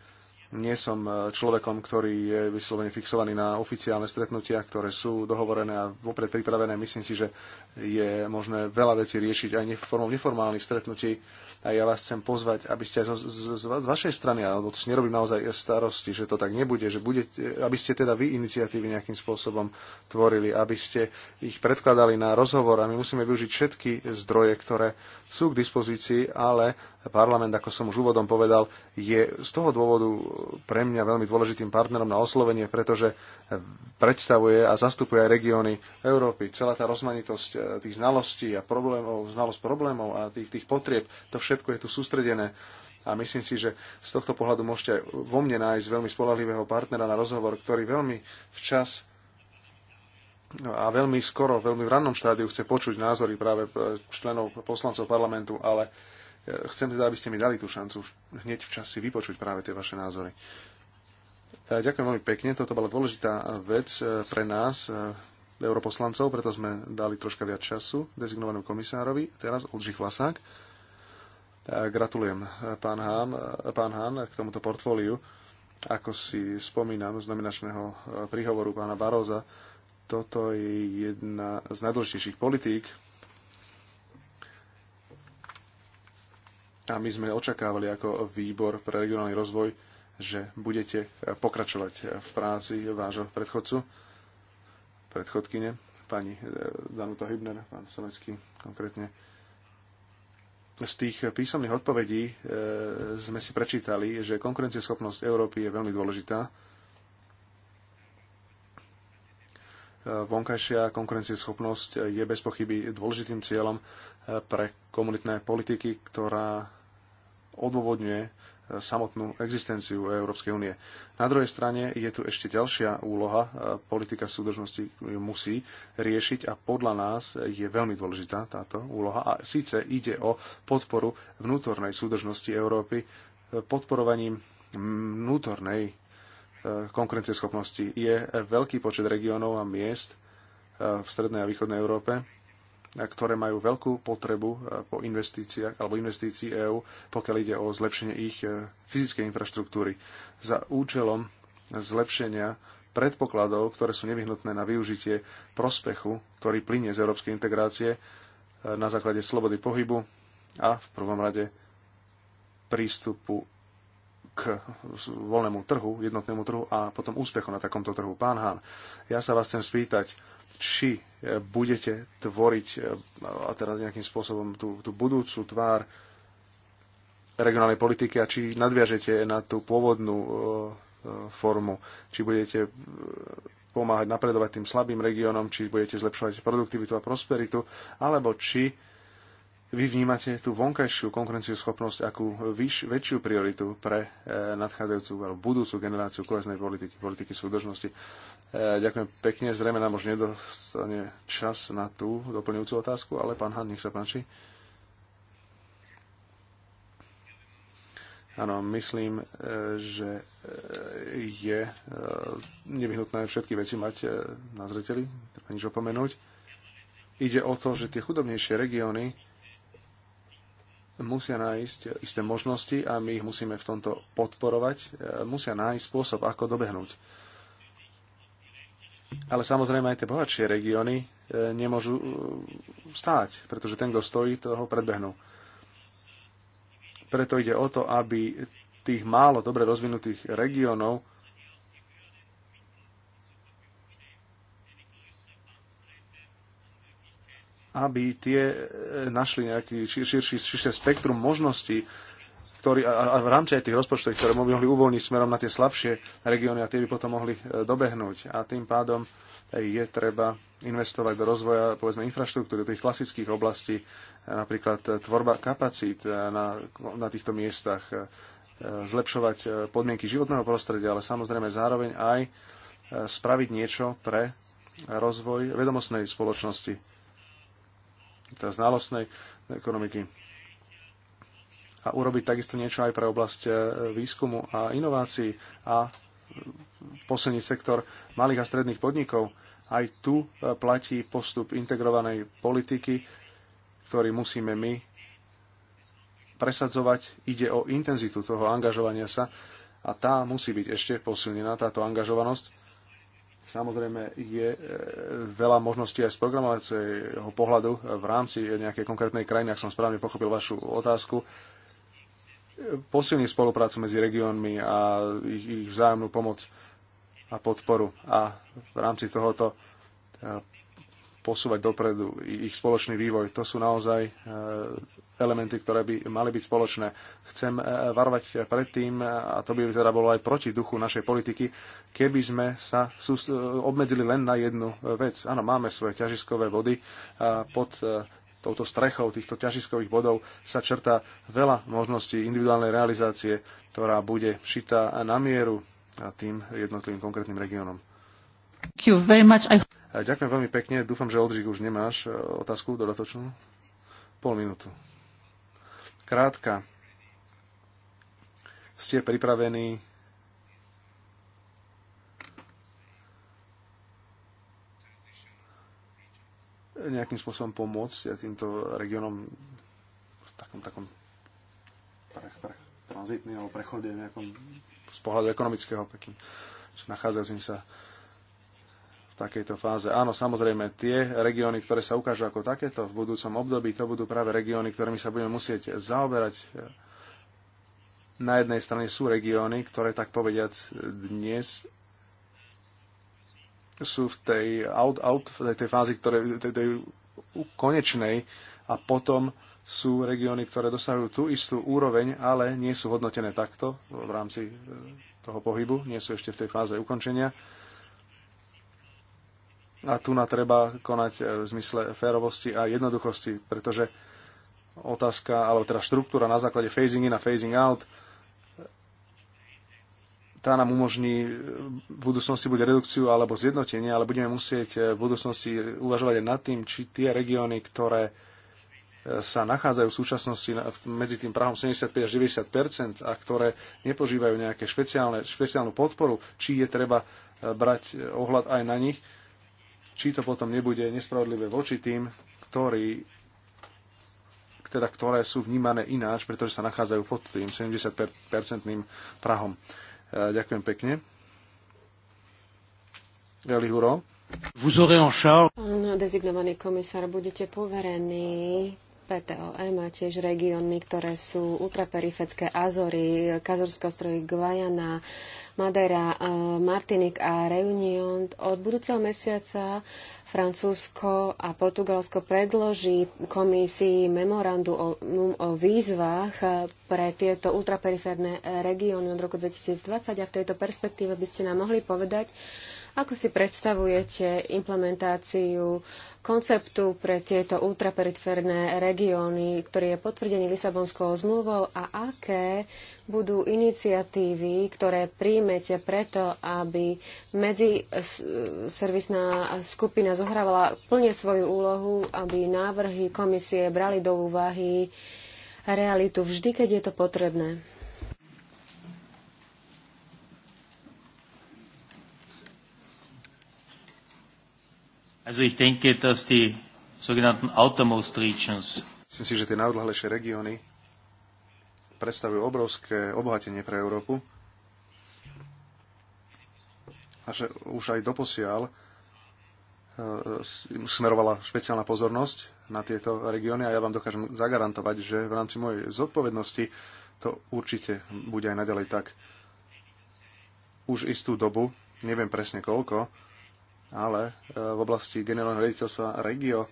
nie som e, človekom, ktorý je vyslovene fixovaný na oficiálne stretnutia, ktoré sú dohovorené a vopred pripravené. Myslím si, že je možné veľa vecí riešiť aj formou neformálnych stretnutí. A ja vás chcem pozvať, aby ste aj z, z, z, z vašej strany, alebo to si nerobím naozaj starosti, že to tak nebude, že budete, aby ste teda vy iniciatívy nejakým spôsobom tvorili, aby ste ich predkladali na rozhovor a my musíme využiť všetky zdroje, ktoré sú k dispozícii, ale Parlament, ako som už úvodom povedal, je z toho dôvodu pre mňa veľmi dôležitým partnerom na oslovenie, pretože predstavuje a zastupuje aj regióny Európy. Celá tá rozmanitosť e, tých znalostí a problémov, znalosť problémov a tých, tých potrieb, to všetko je tu sústredené. A myslím si, že z tohto pohľadu môžete vo mne nájsť veľmi spolahlivého partnera na rozhovor, ktorý veľmi včas no a veľmi skoro, veľmi v rannom štádiu chce počuť názory práve e, členov poslancov parlamentu, ale Chcem teda, aby ste mi dali tú šancu hneď v čase vypočuť práve tie vaše názory. E, ďakujem veľmi pekne, toto bola dôležitá vec e, pre nás, e, europoslancov, preto sme dali troška viac času dezignovanému komisárovi, teraz Oldřich Vlasák. Gratulujem, pán Hán, pán Hán, k tomuto portfóliu. Ako si spomínam z nominačného príhovoru pána Baróza, toto je jedna z najdôležitejších politík a my sme očakávali ako výbor pre regionálny rozvoj, že budete pokračovať v práci vášho predchodcu, predchodkyne, pani e, Danuta Hybner, pán Sonecký konkrétne. Z tých písomných odpovedí e, sme si prečítali, že konkurencieschopnosť Európy je veľmi dôležitá. E, vonkajšia konkurencieschopnosť je bez pochyby dôležitým cieľom e, pre komunitné politiky, ktorá odôvodňuje e, samotnú existenciu Európskej únie. Na druhej strane je tu ešte ďalšia úloha, e, politika súdržnosti musí riešiť a podľa nás je veľmi dôležitá táto úloha a síce ide o podporu vnútornej súdržnosti Európy e, podporovaním vnútornej konkurencieschopnosti. Je veľký počet regiónov a miest v strednej a východnej Európe, ktoré majú veľkú potrebu e, po investíciách alebo investícií EÚ, pokiaľ ide o zlepšenie ich e, fyzickej infraštruktúry. Za účelom zlepšenia predpokladov, ktoré sú nevyhnutné na využitie prospechu, ktorý plynie z európskej integrácie e, na základe slobody pohybu a v prvom rade prístupu k voľnému trhu, jednotnému trhu a potom úspechu na takomto trhu. Pán Hán, ja sa vás chcem spýtať, či e, budete tvoriť e, a teraz nejakým spôsobom tú, tú budúcu tvár regionálnej politiky a či nadviažete na tú pôvodnú e, formu, či budete pomáhať napredovať tým slabým regiónom, či budete zlepšovať produktivitu a prosperitu, alebo či vy vnímate tú vonkajšiu konkurencieschopnosť ako vyš, väčšiu prioritu pre e, nadchádzajúcu alebo budúcu generáciu koheznej politiky, politiky súdržnosti. E, ďakujem pekne, zrejme nám už nedostane čas na tú doplňujúcu otázku, ale pán Han, nech sa páči. Áno, myslím, e, že e, je e, nevyhnutné všetky veci mať na zreteli, treba nič opomenúť. Ide o to, že tie chudobnejšie regióny, musia nájsť isté možnosti a my ich musíme v tomto podporovať. E, musia nájsť spôsob, ako dobehnúť. Ale samozrejme aj tie bohatšie regióny e, nemôžu e, stáť, pretože ten, kto stojí, toho predbehnú. Preto ide o to, aby tých málo dobre rozvinutých regiónov aby tie e, našli nejaký širší, širšie spektrum možností, ktorý, a, a v rámci aj tých rozpočtov, ktoré by mohli uvoľniť smerom na tie slabšie regióny a tie by potom mohli e, dobehnúť. A tým pádom e, je treba investovať do rozvoja povedzme infraštruktúry, tých klasických oblastí, napríklad tvorba kapacít na, na týchto miestach, zlepšovať podmienky životného prostredia, ale samozrejme zároveň aj spraviť niečo pre rozvoj vedomostnej spoločnosti teda znalostnej ekonomiky. A urobiť takisto niečo aj pre oblasť e, výskumu a inovácií a posilniť sektor malých a stredných podnikov. Aj tu e, platí postup integrovanej politiky, ktorý musíme my presadzovať. Ide o intenzitu toho angažovania sa a tá musí byť ešte posilnená, táto angažovanosť Samozrejme je e, veľa možností aj z programovacieho pohľadu v rámci nejakej konkrétnej krajiny, ak som správne pochopil vašu otázku posilní spoluprácu medzi regiónmi a ich, ich vzájomnú pomoc a podporu a v rámci tohoto e, posúvať dopredu ich spoločný vývoj. To sú naozaj e, elementy, ktoré by mali byť spoločné. Chcem e, varovať predtým, e, a to by teda bolo aj proti duchu našej politiky, keby sme sa e, obmedzili len na jednu vec. Áno, máme svoje ťažiskové vody pod touto strechou týchto ťažiskových bodov sa črta veľa možností individuálnej realizácie, ktorá bude šitá na mieru tým jednotlivým konkrétnym regiónom. Ďakujem veľmi pekne. Dúfam, že Oldřich už nemáš otázku dodatočnú. Pol minútu. Krátka. Ste pripravení nejakým spôsobom pomôcť týmto regionom v takom, takom pre, pre, tranzitný alebo prechode nejakom z pohľadu ekonomického, takým nachádzajú sa v takejto fáze. Áno, samozrejme, tie regióny, ktoré sa ukážu ako takéto v budúcom období, to budú práve regióny, ktorými sa budeme musieť zaoberať. Na jednej strane sú regióny, ktoré tak povediať dnes sú v tej, out, out, v tej fázi, ktoré, tej, tej konečnej a potom sú regióny, ktoré dosahujú tú istú úroveň, ale nie sú hodnotené takto v rámci toho pohybu, nie sú ešte v tej fáze ukončenia a tu na treba konať e, v zmysle férovosti a jednoduchosti, pretože otázka, alebo teda štruktúra na základe phasing in a phasing out, tá nám umožní e, v budúcnosti buď redukciu alebo zjednotenie, ale budeme musieť e, v budúcnosti uvažovať aj nad tým, či tie regióny, ktoré sa nachádzajú v súčasnosti medzi tým prahom 75 až 90 a ktoré nepožívajú nejaké špeciálne, špeciálnu podporu, či je treba brať ohľad aj na nich či to potom nebude nespravodlivé voči tým, ktorí teda ktoré sú vnímané ináč, pretože sa nachádzajú pod tým 70-percentným prahom. E, ďakujem pekne. Huro. Vous aurez en charge. dezignovaný komisár, budete poverení PTOM e a tiež regiónmi, ktoré sú ultraperifecké Azory, Kazorské ostrovy, Guajana, Madeira, eh, Martinik a Reunion. Od budúceho mesiaca Francúzsko a Portugalsko predloží komisii memorandu o, mm, o výzvach eh, pre tieto ultraperiférne regióny od roku 2020 a v tejto perspektíve by ste nám mohli povedať, ako si predstavujete implementáciu konceptu pre tieto ultraperiférne regióny, ktorý je potvrdený Lisabonskou zmluvou a aké budú iniciatívy, ktoré príjmete preto, aby medzi servisná skupina zohrávala plne svoju úlohu, aby návrhy komisie brali do úvahy realitu vždy, keď je to potrebné. Also ich denke, dass die sogenannten outermost regions Myslím si, že tie najodlahlejšie regióny predstavujú obrovské obohatenie pre Európu a že už aj doposiaľ e, smerovala špeciálna pozornosť na tieto regióny a ja vám dokážem zagarantovať, že v rámci mojej zodpovednosti to určite bude aj naďalej tak. Už istú dobu, neviem presne koľko, ale e, v oblasti generálneho rediteľstva Regio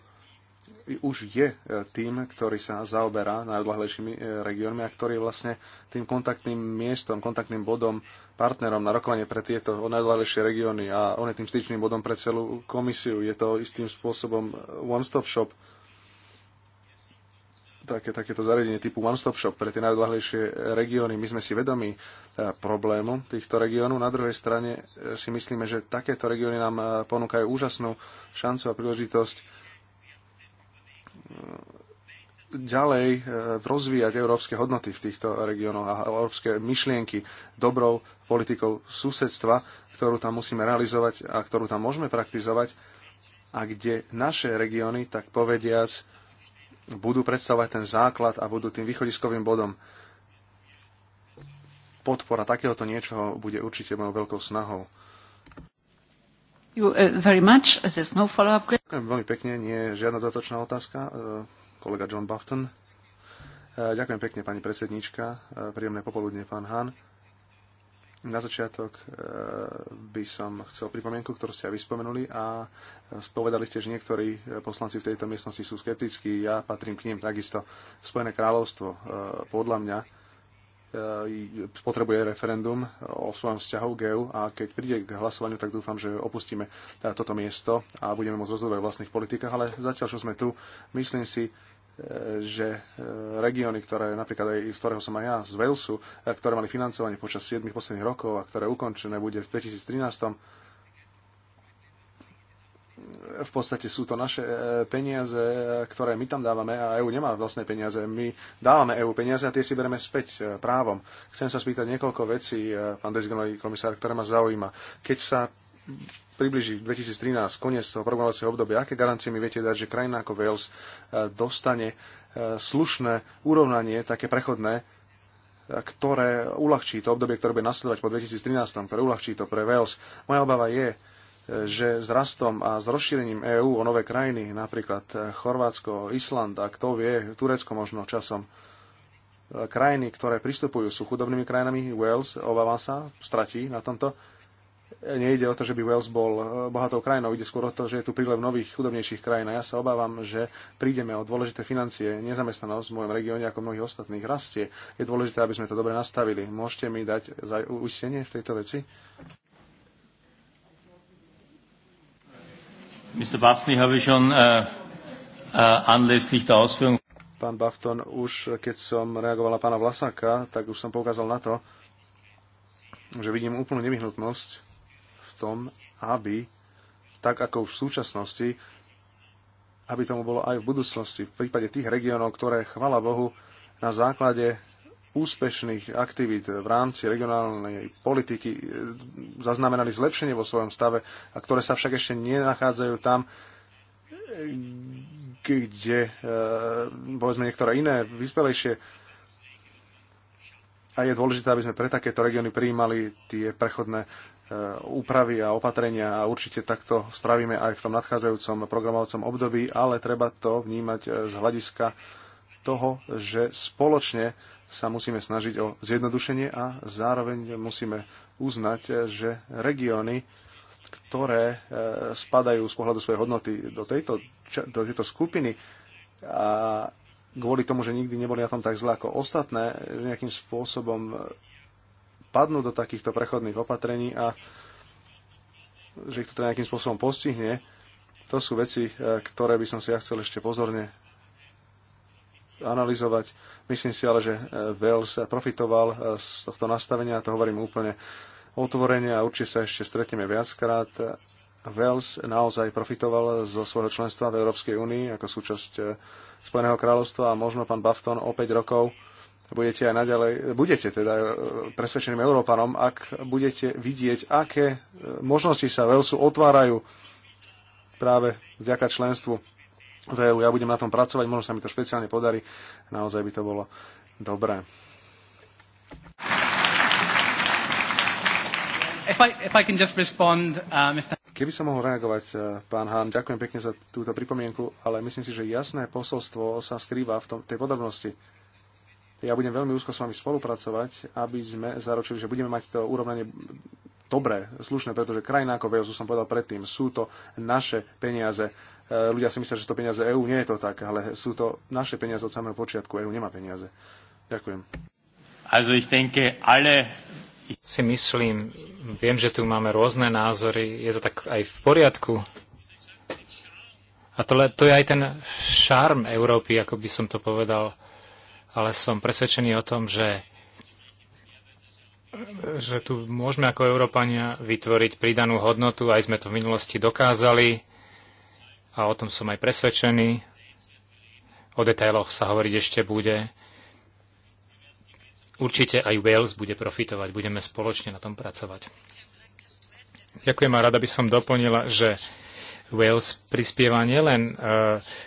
už je e, tým, ktorý sa zaoberá najodlahlejšími e, regiónmi a ktorý je vlastne tým kontaktným miestom, kontaktným bodom, partnerom na rokovanie pre tieto najodlahlejšie regióny a on je tým styčným bodom pre celú komisiu. Je to istým spôsobom one-stop shop také, takéto zariadenie typu One Stop Shop pre tie najodlahlejšie regióny. My sme si vedomi e, problému týchto regiónov. Na druhej strane e, si myslíme, že takéto regióny nám e, ponúkajú úžasnú šancu a príležitosť ďalej rozvíjať európske hodnoty v týchto regiónoch a európske myšlienky dobrou politikou susedstva, ktorú tam musíme realizovať a ktorú tam môžeme praktizovať a kde naše regióny, tak povediac, budú predstavovať ten základ a budú tým východiskovým bodom. Podpora takéhoto niečoho bude určite mojou veľkou snahou. You, uh, very much. no Ďakujem veľmi pekne, nie je žiadna dodatočná otázka. Uh, kolega John Bufton. Uh, ďakujem pekne, pani predsedníčka. Uh, príjemné popoludne, pán Hahn. Na začiatok e, by som chcel pripomienku, ktorú ste aj vyspomenuli a spovedali e, ste, že niektorí e, poslanci v tejto miestnosti sú skeptickí. Ja patrím k ním takisto. Spojené kráľovstvo podľa mňa potrebuje referendum o svojom vzťahu k EU a keď príde k hlasovaniu, tak dúfam, že opustíme toto miesto a budeme môcť rozhodovať o vlastných politikách, ale zatiaľ, čo sme tu, myslím si, že e, regióny, ktoré napríklad aj z ktorého som aj ja, z Walesu, e, ktoré mali financovanie počas 7 posledných rokov a ktoré ukončené bude v 2013, v podstate sú to naše e, peniaze, ktoré my tam dávame a EU nemá vlastné peniaze. My dávame EÚ peniaze a tie si bereme späť právom. Chcem sa spýtať niekoľko vecí, pán Dezgenový komisár, ktoré ma zaujíma. Keď sa približí 2013, koniec toho programovacieho obdobia, aké garancie mi viete dať, že krajina ako Wales e, dostane e, slušné urovnanie, také prechodné, e, ktoré uľahčí to obdobie, ktoré bude nasledovať po 2013, ktoré uľahčí to pre Wales. Moja obava je, že s rastom a s rozšírením EÚ o nové krajiny, napríklad Chorvátsko, Island a kto vie, Turecko možno časom, krajiny, ktoré pristupujú, sú chudobnými krajinami, Wales, obávam sa, stratí na tomto nejde o to, že by Wales bol e, bohatou krajinou, ide skôr o to, že je tu prílev nových chudobnejších krajín. A ja sa obávam, že prídeme o dôležité financie. Nezamestnanosť v mojom regióne ako mnohých ostatných rastie. Je dôležité, aby sme to dobre nastavili. Môžete mi dať uistenie v tejto veci? Mr. Bafton, ich schon uh, uh, anlässlich der Ausführung... Pán Bafton, už keď som reagovala pána Vlasaka, tak už som poukázal na to, že vidím úplnú nevyhnutnosť tom, aby tak ako už v súčasnosti, aby tomu bolo aj v budúcnosti, v prípade tých regiónov, ktoré, chvala Bohu, na základe úspešných aktivít v rámci regionálnej politiky e, zaznamenali zlepšenie vo svojom stave a ktoré sa však ešte nenachádzajú tam, kde e, povedzme niektoré iné, vyspelejšie. A je dôležité, aby sme pre takéto regióny prijímali tie prechodné Eh, úpravy a opatrenia a určite takto spravíme aj v tom nadchádzajúcom programovacom období, ale treba to vnímať eh, z hľadiska toho, že spoločne sa musíme snažiť o zjednodušenie a zároveň musíme uznať, eh, že regióny, ktoré spadajú z pohľadu svojej hodnoty do tejto, do tejto skupiny a kvôli tomu, že nikdy neboli na tom tak zle ako ostatné, nejakým spôsobom padnú do takýchto prechodných opatrení a že ich to teda nejakým spôsobom postihne, to sú veci, e, ktoré by som si ja chcel ešte pozorne analyzovať. Myslím si ale, že e, Wales profitoval e, z tohto nastavenia, to hovorím úplne otvorene a určite sa ešte stretneme viackrát. Wales naozaj profitoval zo svojho členstva v Európskej únii ako súčasť Spojeného kráľovstva a možno pán Bafton o 5 rokov budete aj naďalej, budete teda e, presvedčeným Európanom, ak budete vidieť, aké e, možnosti sa Velsu otvárajú práve vďaka členstvu v EU. Ja budem na tom pracovať, možno sa mi to špeciálne podarí, naozaj by to bolo dobré. Uh, Keby som mohol reagovať, e, pán Hán, ďakujem pekne za túto pripomienku, ale myslím si, že jasné posolstvo sa skrýva v tom, tej podrobnosti. Ja budem veľmi úzko s vami spolupracovať, aby sme zaručili, že budeme mať to úrovnanie dobré, slušné, pretože krajina ako VEOS, som povedal predtým, sú to naše peniaze. E, ľudia si myslia, že to peniaze EÚ, nie je to tak, ale sú to naše peniaze od samého počiatku, EÚ nemá peniaze. Ďakujem. Also ich denke, alle... Si myslím, viem, že tu máme rôzne názory, je to tak aj v poriadku. A to, to je aj ten šarm Európy, ako by som to povedal ale som presvedčený o tom, že, že tu môžeme ako Európania vytvoriť pridanú hodnotu, aj sme to v minulosti dokázali a o tom som aj presvedčený. O detailoch sa hovoriť ešte bude. Určite aj Wales bude profitovať, budeme spoločne na tom pracovať. Ďakujem a rada by som doplnila, že Wales prispieva nielen e,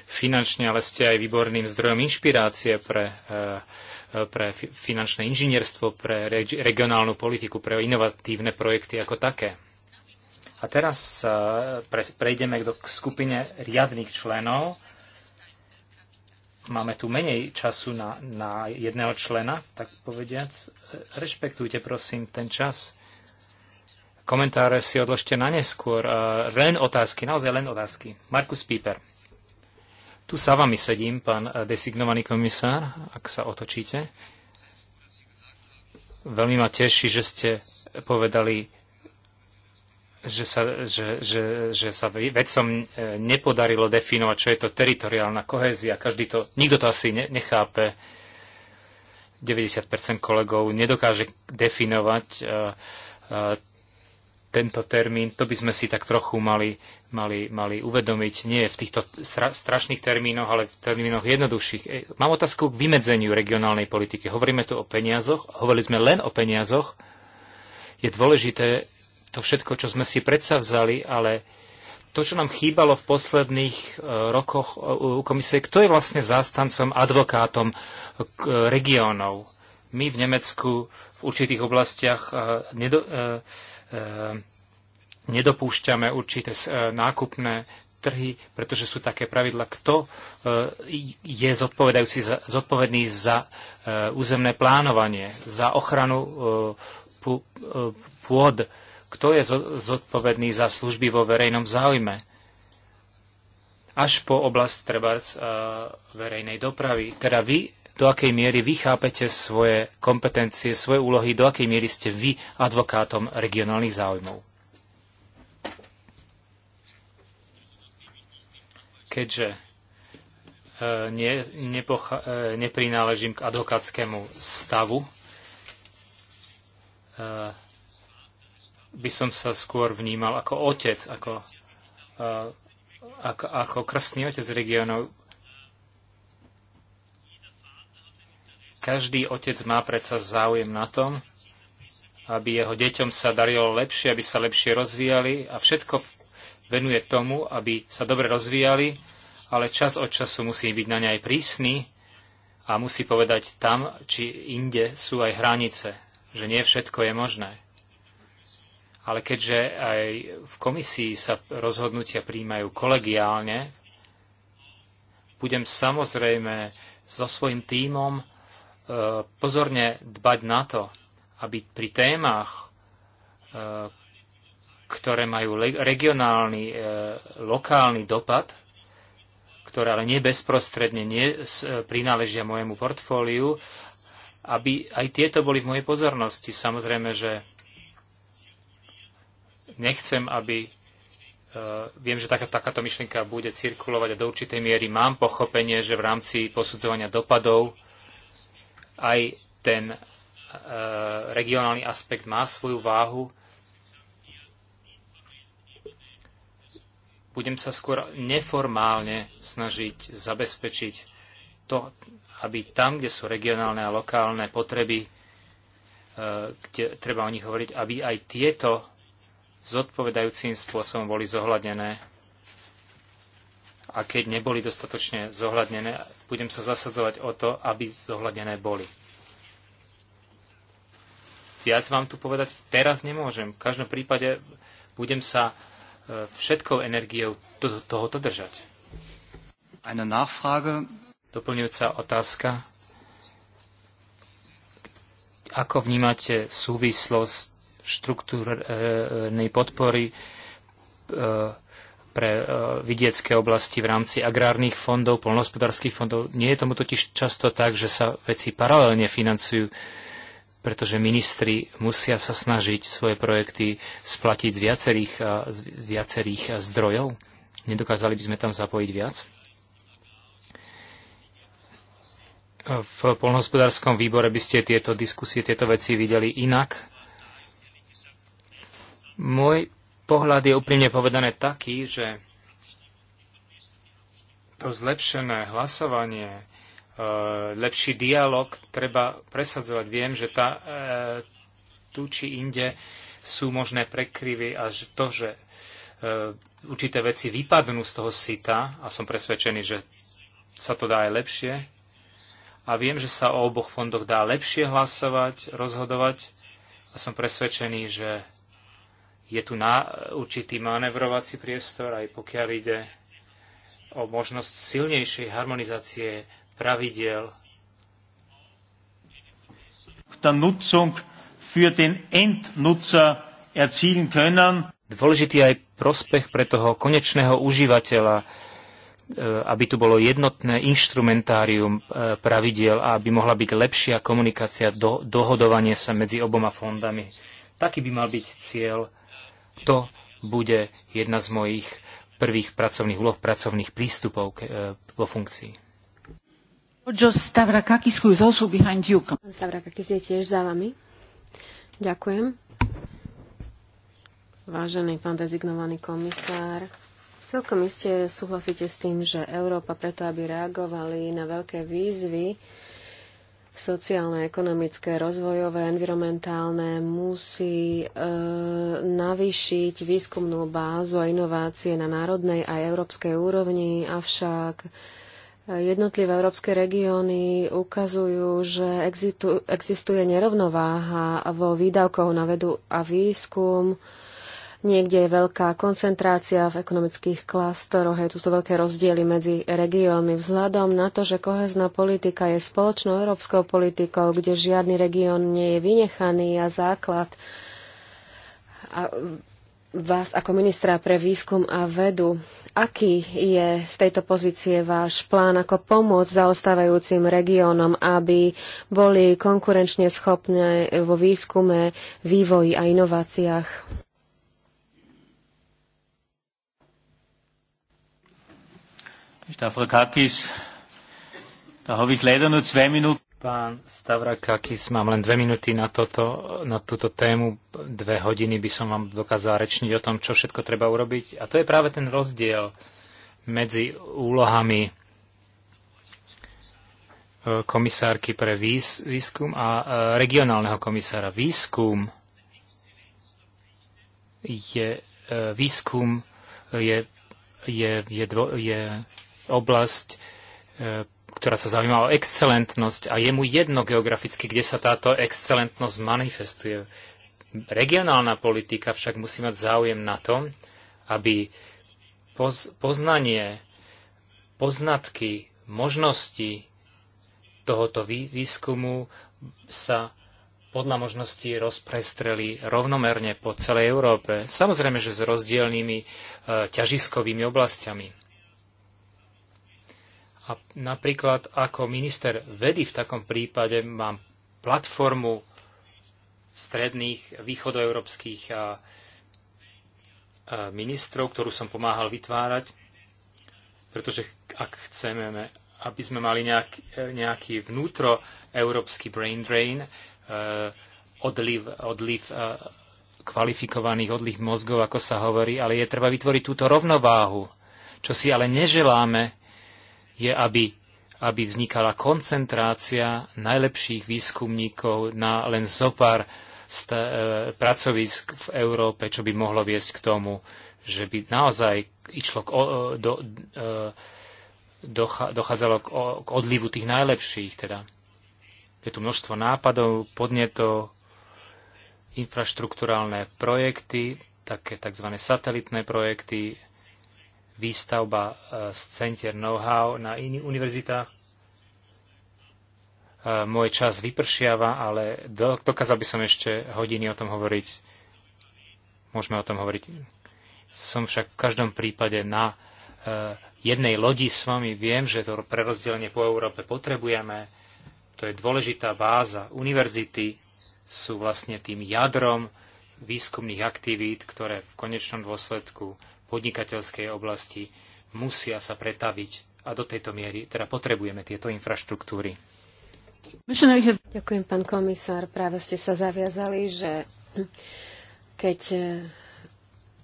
finančne, ale ste aj výborným zdrojom inšpirácie pre, e, e, pre finančné inžinierstvo, pre regionálnu politiku, pre inovatívne projekty ako také. A teraz prejdeme k skupine riadných členov. Máme tu menej času na, na jedného člena, tak povediac. Rešpektujte prosím ten čas Komentáre si odložte na neskôr. E, len otázky, naozaj len otázky. Markus Píper. Tu sa vami sedím, pán e, designovaný komisár, ak sa otočíte. Veľmi ma teší, že ste povedali, že sa, že, že, že sa vedcom e, nepodarilo definovať, čo je to teritoriálna kohézia. Každý to, nikto to asi ne, nechápe. 90% kolegov nedokáže definovať uh, uh, tento termín, to by sme si tak trochu mali, mali, mali uvedomiť, nie v týchto stra, strašných termínoch, ale v termínoch jednoduchších. E, mám otázku k vymedzeniu regionálnej politiky. Hovoríme tu o peniazoch, hovorili sme len o peniazoch. Je dôležité to všetko, čo sme si predsa vzali, ale to, čo nám chýbalo v posledných e, rokoch e, u komisie, kto je vlastne zástancom, advokátom regiónov? My v Nemecku v určitých oblastiach nedo, Ehm, nedopúšťame určité ehm, nákupné trhy, pretože sú také pravidla, kto ehm, je zodpovedajúci, zodpovedný za územné plánovanie, za ochranu pôd, kto je zodpovedný za služby vo verejnom záujme. Až po oblasť trebárs verejnej dopravy. Teda vy do akej miery vy chápete svoje kompetencie, svoje úlohy, do akej miery ste vy advokátom regionálnych záujmov. Keďže ne, nepocha, e, neprináležím k advokátskému stavu, e, by som sa skôr vnímal ako otec, ako, e, ako, ako krstný otec regionov Každý otec má predsa záujem na tom, aby jeho deťom sa darilo lepšie, aby sa lepšie rozvíjali a všetko venuje tomu, aby sa dobre rozvíjali, ale čas od času musí byť na ne aj prísny a musí povedať tam, či inde sú aj hranice, že nie všetko je možné. Ale keďže aj v komisii sa rozhodnutia príjmajú kolegiálne, budem samozrejme so svojím tímom E, pozorne dbať na to, aby pri témach, e, ktoré majú regionálny, e, lokálny dopad, ktoré ale nebezprostredne bezprostredne nie prináležia mojemu portfóliu, aby aj tieto boli v mojej pozornosti. Samozrejme, že nechcem, aby... viem, že taká, takáto myšlienka bude cirkulovať a do určitej miery mám pochopenie, že v rámci posudzovania dopadov aj ten e, regionálny aspekt má svoju váhu. Budem sa skôr neformálne snažiť zabezpečiť to, aby tam, kde sú regionálne a lokálne potreby, e, kde treba o nich hovoriť, aby aj tieto zodpovedajúcim spôsobom boli zohľadnené a keď neboli dostatočne zohľadnené, budem sa zasadzovať o to, aby zohľadnené boli. Viac vám tu povedať teraz nemôžem. V každom prípade budem sa e, všetkou energiou to, tohoto držať. Eine Nachfrage. Doplňujúca otázka. Ako vnímate súvislosť štruktúrnej podpory e, pre e, vidiecké oblasti v rámci agrárnych fondov, polnohospodárských fondov. Nie je tomu totiž často tak, že sa veci paralelne financujú, pretože ministri musia sa snažiť svoje projekty splatiť z viacerých, e, z viacerých zdrojov. Nedokázali by sme tam zapojiť viac? V polnohospodárskom výbore by ste tieto diskusie, tieto veci videli inak. Môj pohľad je úprimne povedané taký, že to zlepšené hlasovanie, e, lepší dialog treba presadzovať. Viem, že tá, e, tu či inde sú možné prekryvy a to, že e, určité veci vypadnú z toho sita a som presvedčený, že sa to dá aj lepšie. A viem, že sa o oboch fondoch dá lepšie hlasovať, rozhodovať a som presvedčený, že je tu na určitý manevrovací priestor, aj pokiaľ ide o možnosť silnejšej harmonizácie pravidiel. Dôležitý aj prospech pre toho konečného užívateľa, e, aby tu bolo jednotné inštrumentárium e, pravidiel a aby mohla byť lepšia komunikácia, do, dohodovanie sa medzi oboma fondami. Taký by mal byť cieľ to bude jedna z mojich prvých pracovných úloh, pracovných prístupov e, vo funkcii. Stavrakakis, is also behind you. Stavrakakis je tiež za vami. Ďakujem. Vážený pán dezignovaný komisár, celkom iste súhlasíte s tým, že Európa preto, aby reagovali na veľké výzvy, sociálne, ekonomické, rozvojové, environmentálne, musí e, navýšiť výskumnú bázu a inovácie na národnej a európskej úrovni, avšak e, jednotlivé európske regióny ukazujú, že existuje nerovnováha vo výdavkoch na vedu a výskum, e, Niekde je veľká koncentrácia v ekonomických klastoroch, je tu sú veľké rozdiely medzi regiónmi. Vzhľadom na to, že kohezná politika je spoločnou európskou politikou, kde žiadny región nie je vynechaný a základ a vás ako ministra pre výskum a vedu. Aký je z tejto pozície váš plán, ako pomôcť zaostávajúcim regiónom, aby boli konkurenčne schopné vo výskume, vývoji a inováciách? Stavrakakis, da habe ich leider nur zwei Minuten. Pán Stavrakakis, mám len dve minúty na, toto, na túto tému. Dve hodiny by som vám dokázal rečniť o tom, čo všetko treba urobiť. A to je práve ten rozdiel medzi úlohami e, komisárky pre výskum a e, regionálneho komisára. Výskum je, e, výskum je, je, je, dvo, je oblasť, e, ktorá sa zaujíma o excelentnosť a je mu jedno geograficky, kde sa táto excelentnosť manifestuje. Regionálna politika však musí mať záujem na tom, aby poznanie, poznatky, možnosti tohoto výskumu sa podľa možností rozprestreli rovnomerne po celej Európe. Samozrejme, že s rozdielnými e, ťažiskovými oblastiami. A napríklad ako minister vedy v takom prípade mám platformu stredných východoeurópskych ministrov, ktorú som pomáhal vytvárať, pretože ak chceme, aby sme mali nejak, nejaký vnútroeurópsky brain drain, e, odliv, odliv e, kvalifikovaných, odliv mozgov, ako sa hovorí, ale je treba vytvoriť túto rovnováhu, čo si ale neželáme je, aby, aby vznikala koncentrácia najlepších výskumníkov na len zopár e, pracovisk v Európe, čo by mohlo viesť k tomu, že by naozaj išlo k, o, e, do, e, docha, dochádzalo k, o, k odlivu tých najlepších. Teda. Je tu množstvo nápadov, podnetov, infraštruktúrálne projekty, také tzv. satelitné projekty, výstavba e, z centier know-how na iných univerzitách. E, môj čas vypršiava, ale dokázal by som ešte hodiny o tom hovoriť. Môžeme o tom hovoriť. Som však v každom prípade na e, jednej lodi s vami. Viem, že to prerozdelenie po Európe potrebujeme. To je dôležitá báza. Univerzity sú vlastne tým jadrom výskumných aktivít, ktoré v konečnom dôsledku podnikateľskej oblasti musia sa pretaviť a do tejto miery teda potrebujeme tieto infraštruktúry. Ďakujem, pán komisár. Práve ste sa zaviazali, že keď e,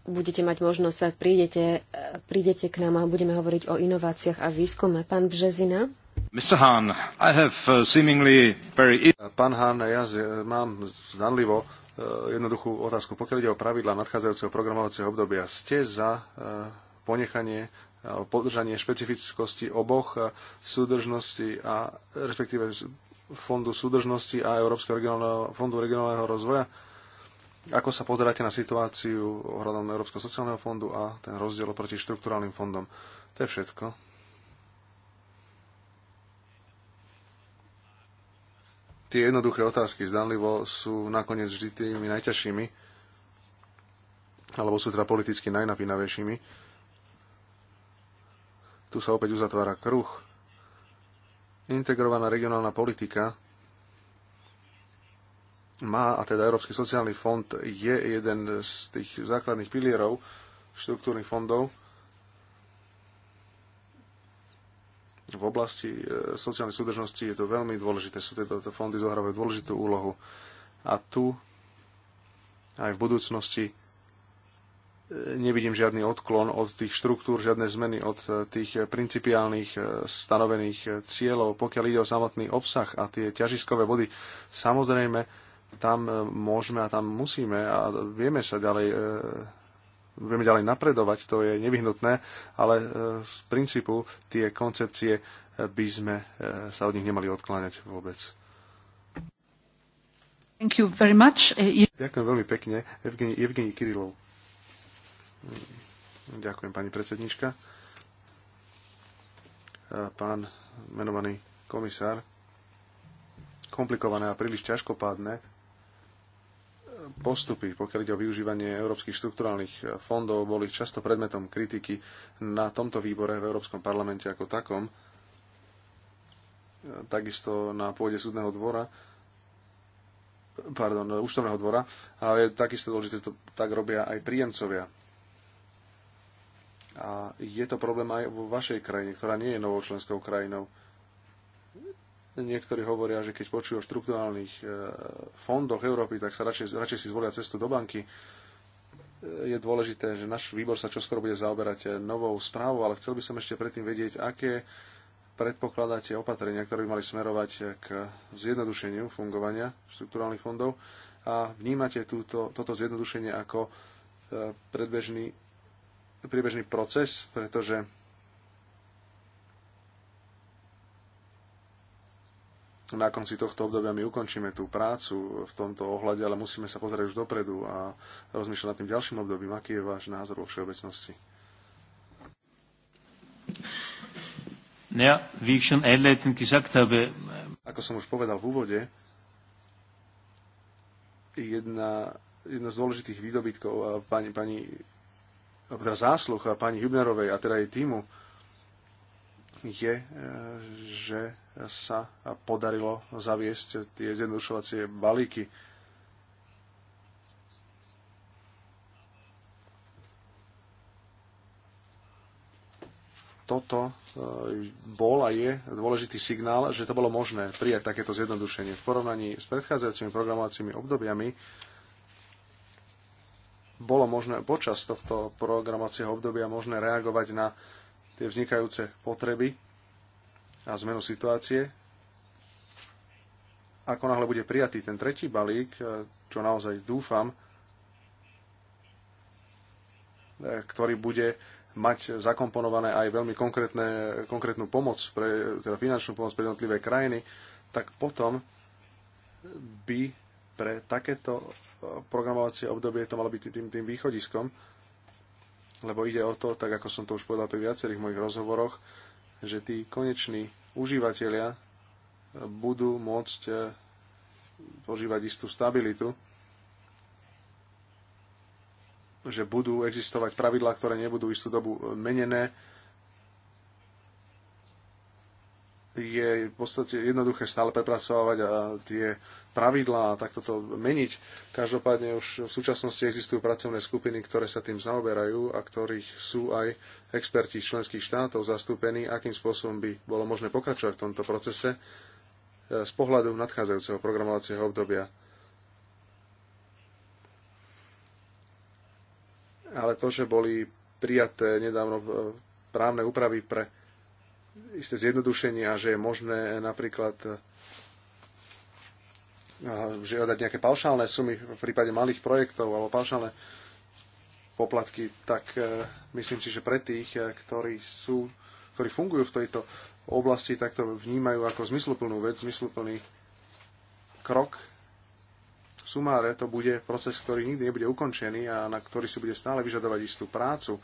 budete mať možnosť prídete, e, prídete k nám a budeme hovoriť o inováciách a výskume. Pán Březina. Mr. Hahn, I have e, seemingly very... Pán Hahn, ja mám zdanlivo Eh, jednoduchú otázku. Pokiaľ ide o pravidla nadchádzajúceho programovacieho obdobia, ste za eh, ponechanie alebo podržanie špecifickosti oboch eh, súdržnosti a respektíve Fondu súdržnosti a Európskeho regionálneho, fondu regionálneho rozvoja. Ako sa pozeráte na situáciu ohľadom Európskeho sociálneho fondu a ten rozdiel oproti štrukturálnym fondom? To je všetko. tie jednoduché otázky zdanlivo sú nakoniec vždy tými najťažšími, alebo sú teda politicky najnapínavejšími. Tu sa opäť uzatvára kruh. Integrovaná regionálna politika má, a teda Európsky sociálny fond je jeden z tých základných pilierov štruktúrnych fondov, v oblasti e, sociálnej súdržnosti je to veľmi dôležité. Sú tieto fondy zohrávajú dôležitú úlohu. A tu aj v budúcnosti e, nevidím žiadny odklon od tých štruktúr, žiadne zmeny od e, tých principiálnych stanovených cieľov, pokiaľ ide o samotný obsah a tie ťažiskové body. Samozrejme, tam môžeme a tam musíme a vieme sa ďalej budeme ďalej napredovať, to je nevyhnutné, ale e, z princípu tie koncepcie e, by sme e, sa od nich nemali odkláňať vôbec. Thank you very much. Ďakujem veľmi pekne. Evgeni, Evgeni Kirilov. Mm, ďakujem, pani predsednička. Pán menovaný komisár, komplikované a príliš ťažkopádne postupy, pokiaľ ide o využívanie európskych štrukturálnych fondov, boli často predmetom kritiky na tomto výbore v Európskom parlamente ako takom, takisto na pôde súdneho dvora, pardon, úštovného dvora, ale takisto dôležité to tak robia aj príjemcovia. A je to problém aj vo vašej krajine, ktorá nie je novou členskou krajinou. Niektorí hovoria, že keď počujú o štruktúrálnych e, fondoch Európy, tak sa radšej, radšej si zvolia cestu do banky. E, je dôležité, že náš výbor sa čoskoro bude zaoberať novou správou, ale chcel by som ešte predtým vedieť, aké predpokladáte opatrenia, ktoré by mali smerovať k zjednodušeniu fungovania štruktúrálnych fondov a vnímate túto, toto zjednodušenie ako e, predbežný, priebežný proces, pretože na konci tohto obdobia my ukončíme tú prácu v tomto ohľade, ale musíme sa pozrieť už dopredu a rozmýšľať nad tým ďalším obdobím. Aký je váš názor vo všeobecnosti? Ja, wie ich schon einleitend gesagt habe, ako som už povedal v úvode, jedna, jedna z dôležitých výdobytkov pani, pani, teda zásluh pani Hübnerovej a teda jej týmu je, e, že sa podarilo zaviesť tie zjednodušovacie balíky. Toto e, bol a je dôležitý signál, že to bolo možné prijať takéto zjednodušenie. V porovnaní s predchádzajúcimi programovacími obdobiami bolo možné počas tohto programovacieho obdobia možné reagovať na tie vznikajúce potreby a zmenu situácie. Ako náhle bude prijatý ten tretí balík, e, čo naozaj dúfam, e, ktorý bude mať zakomponované aj veľmi konkrétnu pomoc, pre, teda finančnú pomoc pre jednotlivé krajiny, tak potom by pre takéto e, programovacie obdobie to malo byť tým, tým východiskom, lebo ide o to, tak ako som to už povedal pri viacerých mojich rozhovoroch, že tí koneční užívateľia budú môcť eh, požívať istú stabilitu, že budú existovať pravidlá, ktoré nebudú istú dobu menené, je v podstate jednoduché stále prepracovať a tie pravidlá a takto to meniť. Každopádne už v súčasnosti existujú pracovné skupiny, ktoré sa tým zaoberajú a ktorých sú aj experti členských štátov zastúpení, akým spôsobom by bolo možné pokračovať v tomto procese e, z pohľadu nadchádzajúceho programovacieho obdobia. Ale to, že boli prijaté nedávno e, právne úpravy pre isté zjednodušenia, že je možné napríklad eh, žiadať nejaké paušálne sumy v prípade malých projektov alebo paušálne poplatky, tak eh, myslím si, že pre tých, eh, ktorí, sú, ktorí fungujú v tejto oblasti, tak to vnímajú ako zmysluplnú vec, zmysluplný krok. V sumáre to bude proces, ktorý nikdy nebude ukončený a na ktorý si bude stále vyžadovať istú prácu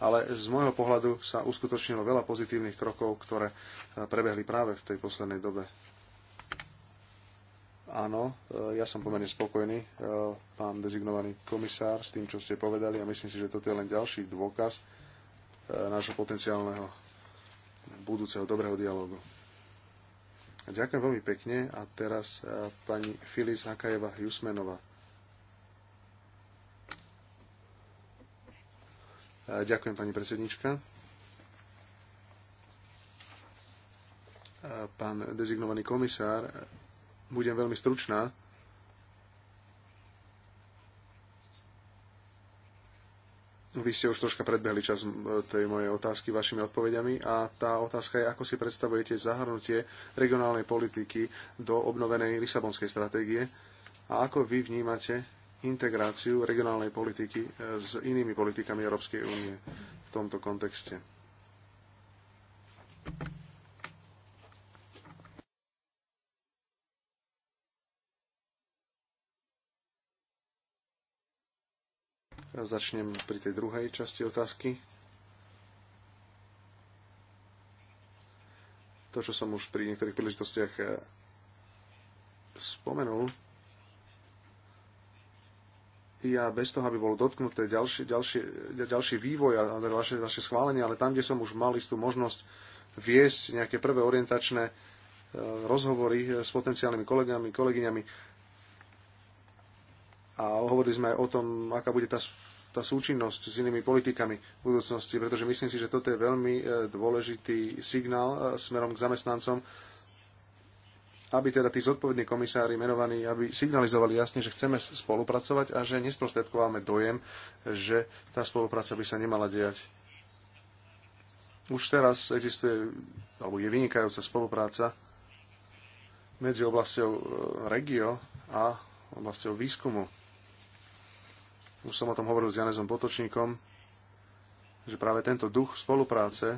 ale z môjho pohľadu sa uskutočnilo veľa pozitívnych krokov, ktoré eh, prebehli práve v tej poslednej dobe. Áno, eh, ja som pomerne spokojný, eh, pán dezignovaný komisár, s tým, čo ste povedali a myslím si, že toto je len ďalší dôkaz nášho potenciálneho budúceho dobrého dialogu. Ďakujem veľmi pekne a teraz pani Filiz Hakajeva Jusmenová. Ďakujem, pani predsednička. Pán dezignovaný komisár, budem veľmi stručná. Vy ste už troška predbehli čas tej mojej otázky vašimi odpovediami a tá otázka je, ako si predstavujete zahrnutie regionálnej politiky do obnovenej Lisabonskej stratégie a ako vy vnímate integráciu regionálnej politiky e, s inými politikami Európskej únie v tomto kontexte. Začnem pri tej druhej časti otázky. To, čo som už pri niektorých príležitostiach e, spomenul, a bez toho, aby bolo dotknuté ďalší, ďalšie, ďalší vývoj a vaše, vaše schválenie, ale tam, kde som už mal istú možnosť viesť nejaké prvé orientačné e, rozhovory e, s potenciálnymi kolegami, kolegyňami. A hovorili sme aj o tom, aká bude tá, tá súčinnosť s inými politikami v budúcnosti, pretože myslím si, že toto je veľmi e, dôležitý signál smerom k zamestnancom, aby teda tí zodpovední komisári menovaní, aby signalizovali jasne, že chceme spolupracovať a že nesprostredkováme dojem, že tá spolupráca by sa nemala diať. Už teraz existuje, alebo je vynikajúca spolupráca medzi oblasťou e, regio a oblasťou výskumu. Už som o tom hovoril s Janezom Potočníkom, že práve tento duch spolupráce,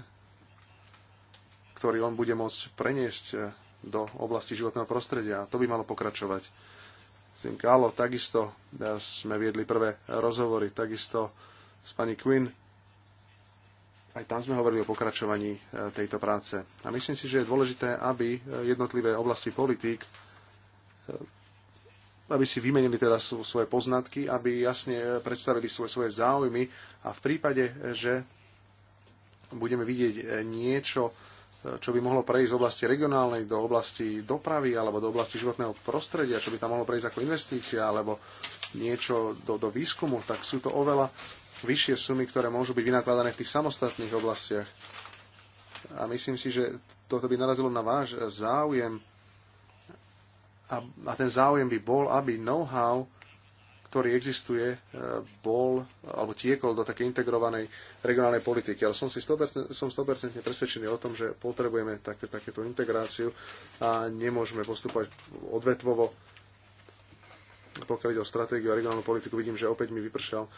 ktorý on bude môcť preniesť e, do oblasti životného prostredia. To by malo pokračovať. Myslím, Kálo takisto ja sme viedli prvé rozhovory, takisto s pani Quinn. Aj tam sme hovorili o pokračovaní e, tejto práce. A myslím si, že je dôležité, aby e, jednotlivé oblasti politík e, aby si vymenili teda svoje poznatky, aby jasne predstavili svoje, svoje záujmy a v prípade, že budeme vidieť niečo, čo by mohlo prejsť z oblasti regionálnej do oblasti dopravy alebo do oblasti životného prostredia, čo by tam mohlo prejsť ako investícia alebo niečo do, do výskumu, tak sú to oveľa vyššie sumy, ktoré môžu byť vynakladané v tých samostatných oblastiach. A myslím si, že toto by narazilo na váš záujem a, a ten záujem by bol, aby know-how ktorý existuje, e, bol alebo tiekol do takej integrovanej regionálnej politiky. Ale som si 100%, som 100% presvedčený o tom, že potrebujeme také, takéto integráciu a nemôžeme postupovať odvetvovo. Pokiaľ ide o stratégiu a regionálnu politiku, vidím, že opäť mi vypršal e,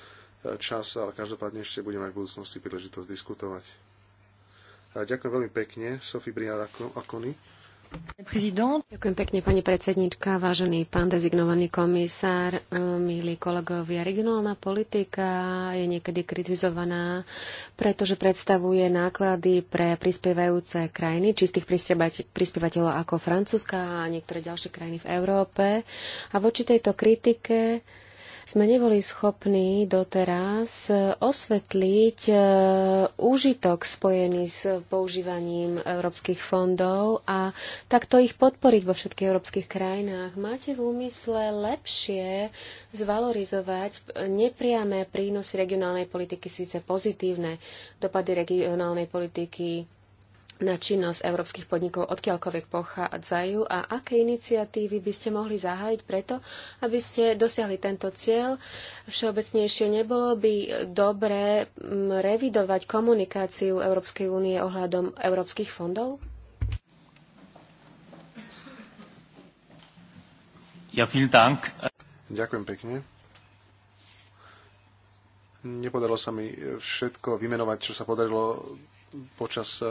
čas, ale každopádne ešte budeme aj v budúcnosti príležitosť diskutovať. A ďakujem veľmi pekne, Sofie Briar Akony. Ďakujem pekne, pani predsednička, vážený pán dezignovaný komisár, eh, milí kolegovia. Regionálna politika je niekedy kritizovaná, pretože predstavuje náklady pre prispievajúce krajiny, čistých prispievateľov ako Francúzska a niektoré ďalšie krajiny v Európe. A voči tejto kritike sme neboli schopní doteraz osvetliť e, úžitok spojený s používaním európskych fondov a takto ich podporiť vo všetkých európskych krajinách. Máte v úmysle lepšie zvalorizovať nepriame prínosy regionálnej politiky, síce pozitívne dopady regionálnej politiky na činnosť európskych podnikov, odkiaľkoľvek pochádzajú a aké iniciatívy by ste mohli zahájiť preto, aby ste dosiahli tento cieľ. Všeobecnejšie nebolo by dobré mm, revidovať komunikáciu Európskej únie ohľadom európskych fondov? Ja, vielen Dank. Ďakujem pekne. Nepodarilo sa mi všetko vymenovať, čo sa podarilo počas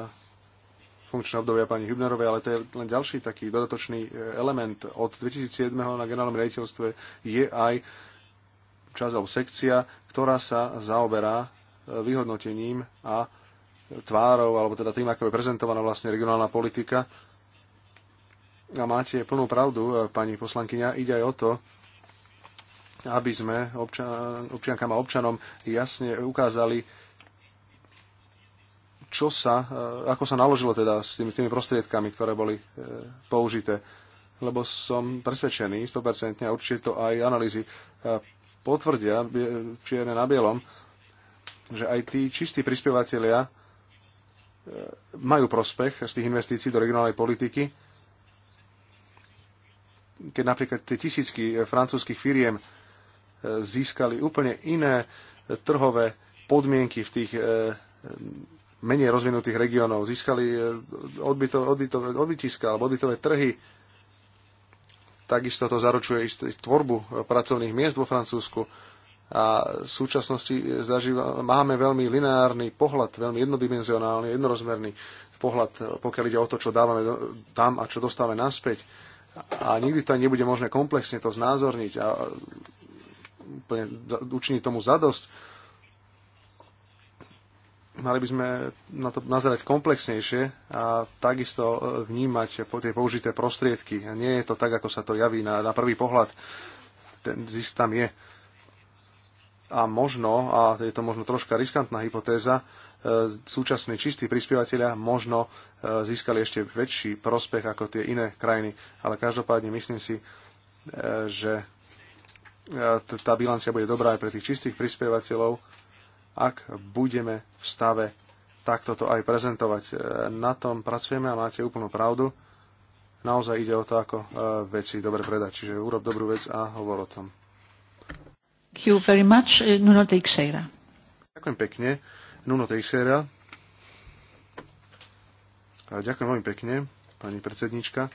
funkčné obdobia pani Hübnerovej, ale to je len ďalší taký dodatočný e, element. Od 2007. na generálnom rejiteľstve je aj časť alebo sekcia, ktorá sa zaoberá e, vyhodnotením a tvárov, alebo teda tým, ako je prezentovaná vlastne regionálna politika. A máte plnú pravdu, e, pani poslankyňa, ide aj o to, aby sme občan, občiankám a občanom jasne ukázali, čo sa, e, ako sa naložilo teda s tými, tými prostriedkami, ktoré boli e, použité. Lebo som presvedčený 100% a určite to aj analýzy e, potvrdia čierne na bielom, že aj tí čistí prispievateľia majú prospech z tých investícií do regionálnej politiky. Keď napríklad tie tisícky francúzskych firiem získali úplne iné trhové podmienky v tých menej rozvinutých regiónov, získali eh, odbytov odbytové, odbytiska alebo odbytové trhy. Takisto to zaručuje istú tvorbu eh, pracovných miest vo Francúzsku. A v súčasnosti eh, zažíva, máme veľmi lineárny pohľad, veľmi jednodimenzionálny, jednorozmerný pohľad, pokiaľ ide o to, čo dávame tam a čo dostávame naspäť. A nikdy to nebude možné komplexne to znázorniť a úplne učiniť tomu zadosť mali by sme na to nazerať komplexnejšie a takisto e, vnímať tie použité prostriedky. Nie je to tak, ako sa to javí na, na prvý pohľad. Ten zisk tam je. A možno, a je to možno troška riskantná hypotéza, e, súčasní čistí prispievateľia možno e, získali ešte väčší prospech ako tie iné krajiny. Ale každopádne myslím si, že tá bilancia bude dobrá aj pre tých čistých prispievateľov, ak budeme v stave takto to aj prezentovať. E, na tom pracujeme a máte úplnú pravdu. Naozaj ide o to, ako e, veci dobre predať. Čiže urob dobrú vec a hovor o tom. E, ďakujem pekne. Nuno Teixeira. Ďakujem veľmi pekne, pani predsednička.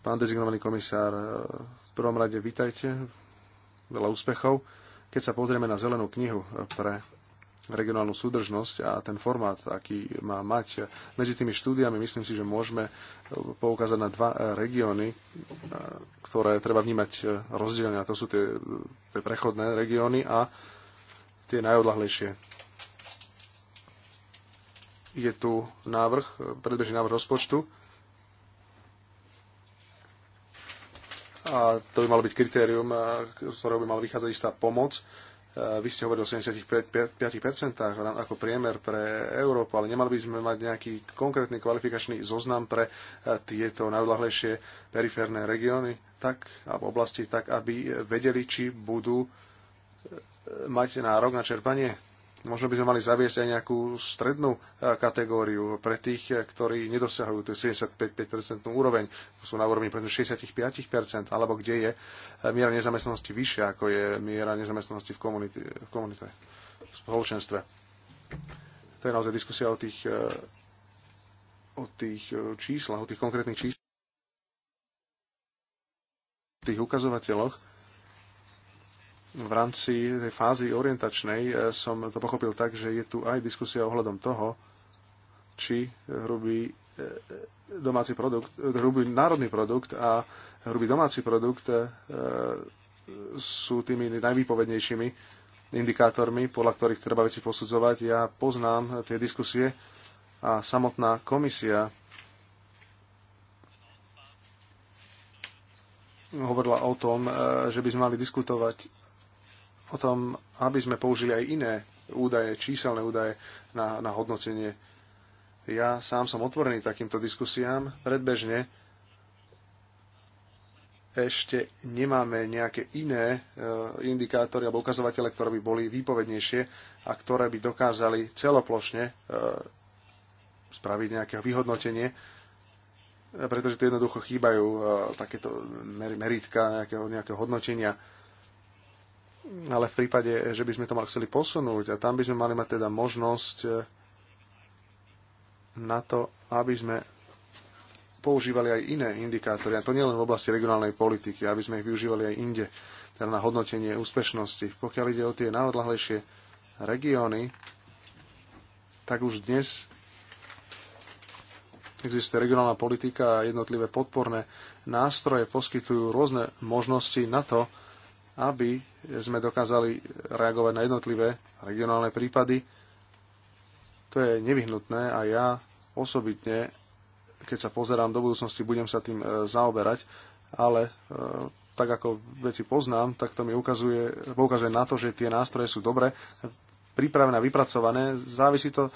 Pán dezignovaný komisár, v prvom rade vítajte. Veľa úspechov. Keď sa pozrieme na zelenú knihu e, pre regionálnu súdržnosť a ten formát, aký má mať. E, medzi tými štúdiami myslím si, že môžeme e, poukázať na dva regióny, ktoré treba vnímať rozdielne. A to sú tie, tie prechodné regióny a tie najodlahlejšie. Je tu návrh, predbežný návrh rozpočtu, a to by malo byť kritérium, z ktorého by mal vychádzať istá pomoc. E, vy ste hovorili o 75% ako priemer pre Európu, ale nemali by sme mať nejaký konkrétny kvalifikačný zoznam pre e, tieto najodlahlejšie periférne regióny tak, alebo oblasti tak, aby vedeli, či budú e, mať nárok na čerpanie Možno by sme mali zaviesť aj nejakú strednú e, kategóriu pre tých, e, ktorí nedosahujú tú 75% úroveň, sú na úrovni 65%, alebo kde je e, miera nezamestnanosti vyššia, ako je miera nezamestnanosti v, komunite, v komunite, v spoločenstve. To je naozaj diskusia o tých, o tých číslach, o tých konkrétnych číslach, o tých ukazovateľoch v rámci tej fázy orientačnej e, som to pochopil tak, že je tu aj diskusia ohľadom toho, či hrubý e, domáci produkt, hrubý národný produkt a hrubý domáci produkt e, sú tými najvýpovednejšími indikátormi, podľa ktorých treba veci posudzovať. Ja poznám tie diskusie a samotná komisia hovorila o tom, že by sme mali diskutovať o tom, aby sme použili aj iné údaje, číselné údaje na, na hodnotenie. Ja sám som otvorený takýmto diskusiám. Predbežne ešte nemáme nejaké iné e, indikátory alebo ukazovatele, ktoré by boli výpovednejšie a ktoré by dokázali celoplošne e, spraviť nejaké vyhodnotenie, e, pretože to jednoducho chýbajú takéto meritka nejakého, nejakého hodnotenia ale v prípade, že by sme to mali chceli posunúť a tam by sme mali mať teda možnosť eh, na to, aby sme používali aj iné indikátory, a to nielen v oblasti regionálnej politiky, aby sme ich využívali aj inde, teda na hodnotenie úspešnosti. Pokiaľ ide o tie najodlahlejšie regióny, tak už dnes existuje regionálna politika a jednotlivé podporné nástroje poskytujú rôzne možnosti na to, aby sme dokázali reagovať na jednotlivé regionálne prípady. To je nevyhnutné a ja osobitne, keď sa pozerám do budúcnosti, budem sa tým e, zaoberať, ale e, tak ako veci poznám, tak to mi ukazuje, poukazuje na to, že tie nástroje sú dobre pripravené a vypracované. Závisí to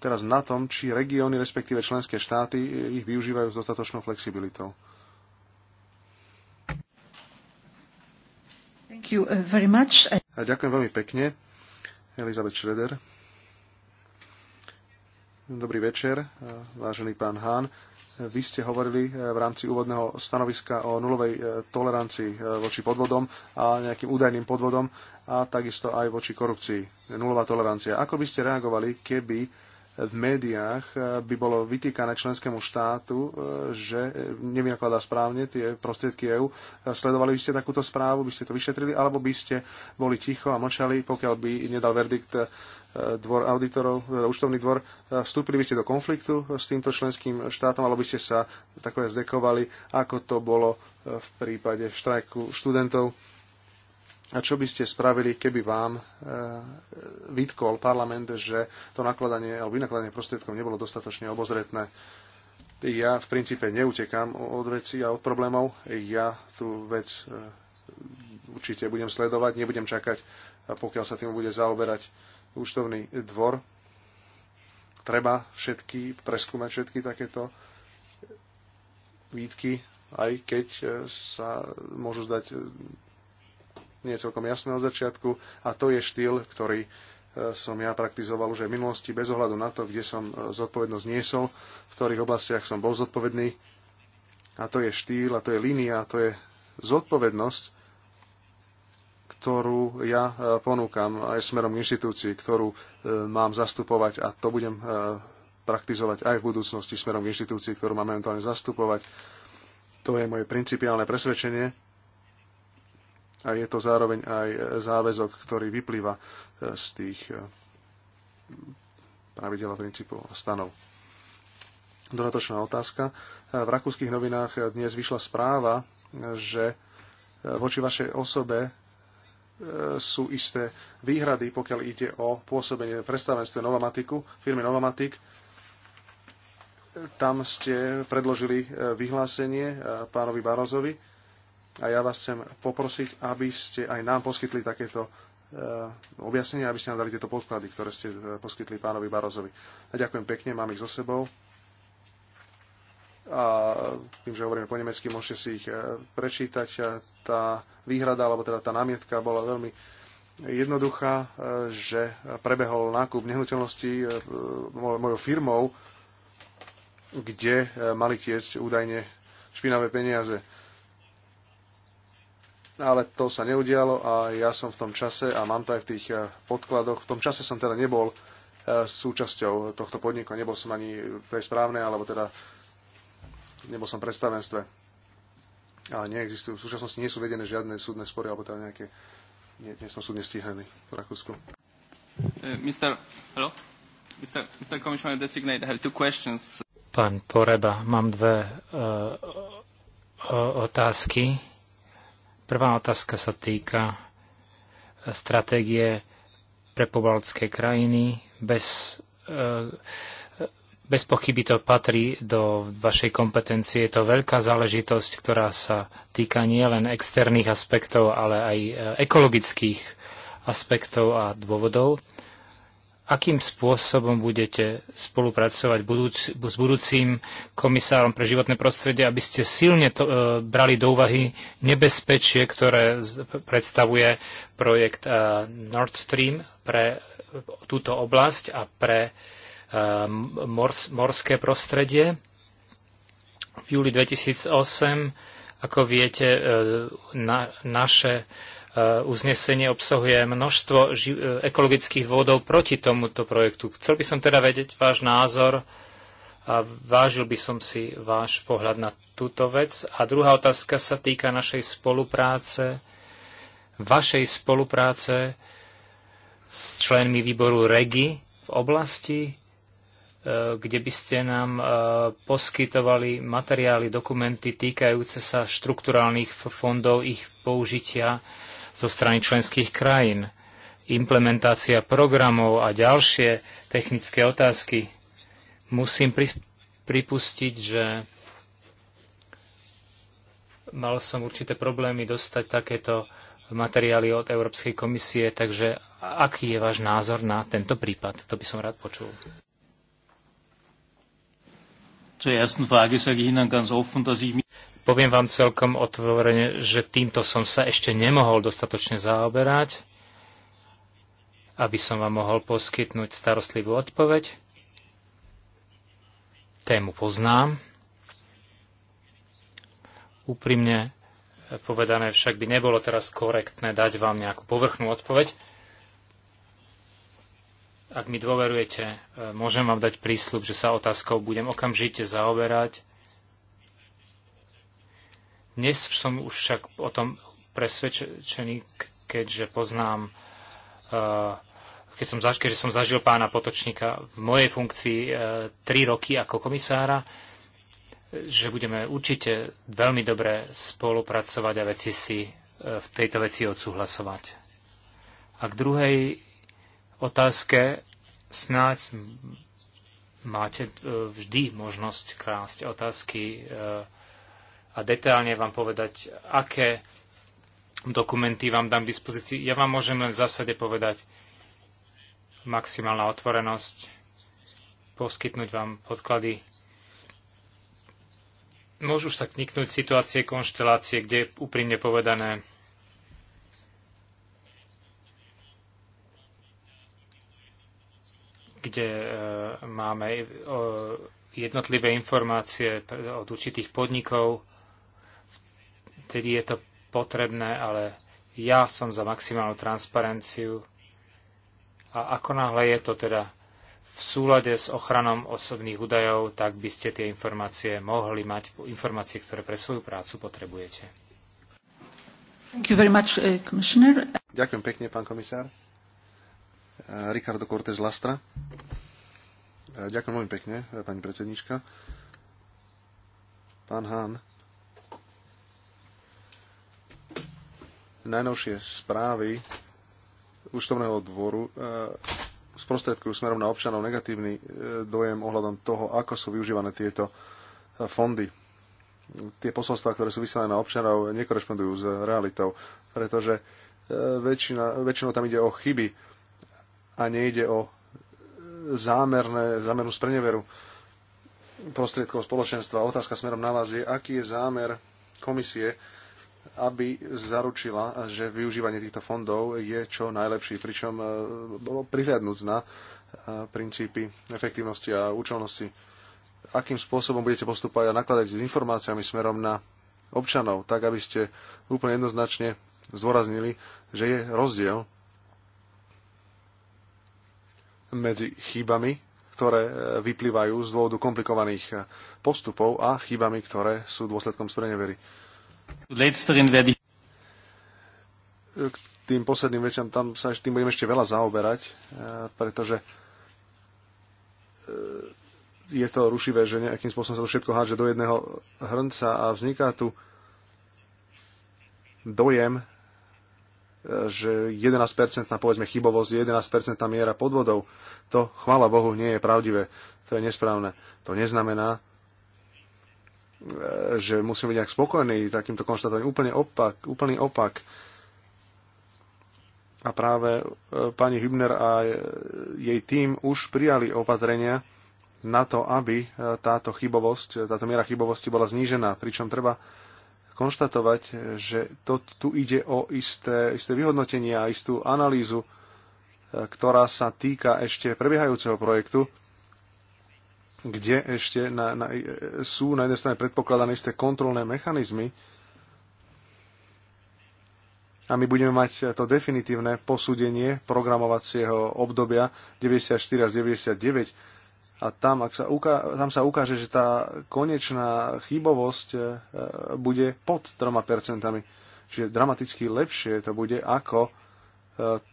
teraz na tom, či regióny, respektíve členské štáty e, ich využívajú s dostatočnou flexibilitou. Uh, a ďakujem veľmi pekne, Elizabeth Schroeder. Dobrý večer, uh, vážený pán Hán. Vy ste hovorili uh, v rámci úvodného stanoviska o nulovej tolerancii voči podvodom a nejakým údajným podvodom a takisto aj voči korupcii. Nulová tolerancia. Ako by ste reagovali, keby v médiách e, by bolo vytýkané členskému štátu, e, že e, nevynakladá správne tie prostriedky EÚ. Sledovali by ste takúto správu, by ste to vyšetrili, alebo by ste boli ticho a mlčali, pokiaľ by nedal verdikt dvor auditorov, účtovný dvor, vstúpili by ste do konfliktu s týmto členským štátom, alebo by ste sa takové zdekovali, ako to bolo v prípade štrajku študentov a čo by ste spravili, keby vám e, vytkol parlament, že to nakladanie alebo vynakladanie prostriedkov nebolo dostatočne obozretné? Ja v princípe neutekam od veci a od problémov. Ja tú vec e, určite budem sledovať, nebudem čakať, pokiaľ sa tým bude zaoberať účtovný dvor. Treba všetky, preskúmať všetky takéto výtky, aj keď e, sa môžu zdať nie je celkom jasné od začiatku a to je štýl, ktorý e, som ja praktizoval už aj v minulosti bez ohľadu na to, kde som e, zodpovednosť niesol, v ktorých oblastiach som bol zodpovedný. A to je štýl, a to je línia, a to je zodpovednosť, ktorú ja e, ponúkam aj smerom inštitúcii, ktorú mám zastupovať a to budem praktizovať aj v budúcnosti smerom inštitúcii, ktorú mám momentálne zastupovať. To je moje principiálne presvedčenie a je to zároveň aj záväzok, ktorý vyplýva e, z tých e, pravidel a princípov a stanov. Dodatočná otázka. E, v rakúskych novinách dnes vyšla správa, že voči vašej osobe sú isté výhrady, pokiaľ ide o pôsobenie v predstavenstve Novamatiku, firmy Novamatik. Tam ste predložili vyhlásenie pánovi Barozovi a ja vás chcem poprosiť, aby ste aj nám poskytli takéto eh, objasnenia, aby ste nám dali tieto podklady, ktoré ste eh, poskytli pánovi Barozovi. A ďakujem pekne, mám ich so sebou. A tým, že hovoríme po nemecky, môžete si ich eh, prečítať. Tá výhrada, alebo teda tá námietka bola veľmi jednoduchá, že prebehol nákup nehnuteľnosti mojou firmou, kde mali tiecť údajne špinavé peniaze ale to sa neudialo a ja som v tom čase a mám to aj v tých eh, podkladoch. V tom čase som teda nebol eh, súčasťou tohto podniku, nebol som ani v tej správnej, alebo teda nebol som v predstavenstve. Ale neexistujú, v súčasnosti nie sú vedené žiadne súdne spory, alebo teda nejaké, nie, nie som súdne stíhaný v Rakúsku. Eh, Mr. Hello? Mr. Mr. Commissioner Designate, I have two questions. Pán Poreba, mám dve uh, otázky Prvá otázka sa týka e, stratégie pre pobaltské krajiny. Bez, e, bez pochyby to patrí do vašej kompetencie. Je to veľká záležitosť, ktorá sa týka nielen externých aspektov, ale aj e, ekologických aspektov a dôvodov akým spôsobom budete spolupracovať budúc, s budúcim komisárom pre životné prostredie, aby ste silne to, e, brali do úvahy nebezpečie, ktoré z, predstavuje projekt e, Nord Stream pre túto oblasť a pre e, mors, morské prostredie. V júli 2008, ako viete, e, na, naše Eh, uznesenie obsahuje množstvo eh, ekologických dôvodov proti tomuto projektu. Chcel by som teda vedieť váš názor a vážil by som si váš pohľad na túto vec. A druhá otázka sa týka našej spolupráce, vašej spolupráce s členmi výboru REGI v oblasti, eh, kde by ste nám poskytovali materiály, dokumenty týkajúce sa štrukturálnych fondov, ich použitia, zo strany členských krajín, implementácia programov a ďalšie technické otázky. Musím pripustiť, že mal som určité problémy dostať takéto materiály od Európskej komisie, takže aký je váš názor na tento prípad? To by som rád počul. Zur ersten Frage sage ich Ihnen ganz offen, dass ich mich Poviem vám celkom otvorene, že týmto som sa ešte nemohol dostatočne zaoberať, aby som vám mohol poskytnúť starostlivú odpoveď. Tému poznám. Úprimne povedané však by nebolo teraz korektné dať vám nejakú povrchnú odpoveď ak mi dôverujete, e, môžem vám dať prísľub, že sa otázkou budem okamžite zaoberať dnes som už však o tom presvedčený, keďže poznám, eh, keď som, zaž, keďže som zažil pána Potočníka v mojej funkcii eh, tri roky ako komisára, že budeme určite veľmi dobre spolupracovať a veci si eh, v tejto veci odsúhlasovať. A k druhej otázke snáď máte vždy možnosť krásť otázky a detailne vám povedať, aké dokumenty vám dám k dispozícii. Ja vám môžem len v zásade povedať maximálna otvorenosť, poskytnúť vám podklady. Môžu sa vzniknúť situácie, konštelácie, kde úprimne povedané kde e, máme e, jednotlivé informácie od určitých podnikov, vtedy je to potrebné, ale ja som za maximálnu transparenciu a ako náhle je to teda v súlade s ochranom osobných údajov, tak by ste tie informácie mohli mať, informácie, ktoré pre svoju prácu potrebujete. Much, eh, Ďakujem pekne, pán komisár. Eh, Ricardo Cortez Lastra. Eh, ďakujem veľmi pekne, pani predsednička. Pán Hán, najnovšie správy účtovného dvoru e, sprostredkujú smerom na občanov negatívny e, dojem ohľadom toho, ako sú využívané tieto e, fondy. Tie posolstvá, ktoré sú vysielané na občanov, nekorešpondujú s realitou, pretože väčšina, väčšinou tam ide o chyby a nejde o zámerné, zámernú spreneveru prostriedkov spoločenstva. Otázka smerom na vás je, aký je zámer komisie aby zaručila, že využívanie týchto fondov je čo najlepší, pričom e, prihľadnúť na e, princípy efektívnosti a účelnosti. Akým spôsobom budete postupovať a nakladať s informáciami smerom na občanov, tak aby ste úplne jednoznačne zdôraznili, že je rozdiel medzi chybami, ktoré e, vyplývajú z dôvodu komplikovaných postupov a chybami, ktoré sú dôsledkom sprenevery. K tým posledným veciam, tam sa tým budeme ešte veľa zaoberať, e, pretože e, je to rušivé, že nejakým spôsobom sa to všetko hádže do jedného hrnca a vzniká tu dojem, e, že 11% na povedzme chybovosť, 11% miera podvodov, to chvála Bohu nie je pravdivé, to je nesprávne. To neznamená, že musíme byť nejak spokojní takýmto konštatovaním. Úplne opak, úplný opak. A práve e, pani Hübner a jej tým už prijali opatrenia na to, aby e, táto chybovosť, e, táto miera chybovosti bola znížená. Pričom treba konštatovať, že to, tu ide o isté, isté vyhodnotenie a istú analýzu, ktorá sa týka ešte prebiehajúceho projektu kde ešte na, na, e, sú na jednej strane predpokladané isté kontrolné mechanizmy a my budeme mať to definitívne posúdenie programovacieho obdobia 94 až 99 a tam, ak sa, uká, tam sa ukáže, že tá konečná chybovosť e, bude pod 3%. Čiže dramaticky lepšie to bude ako e,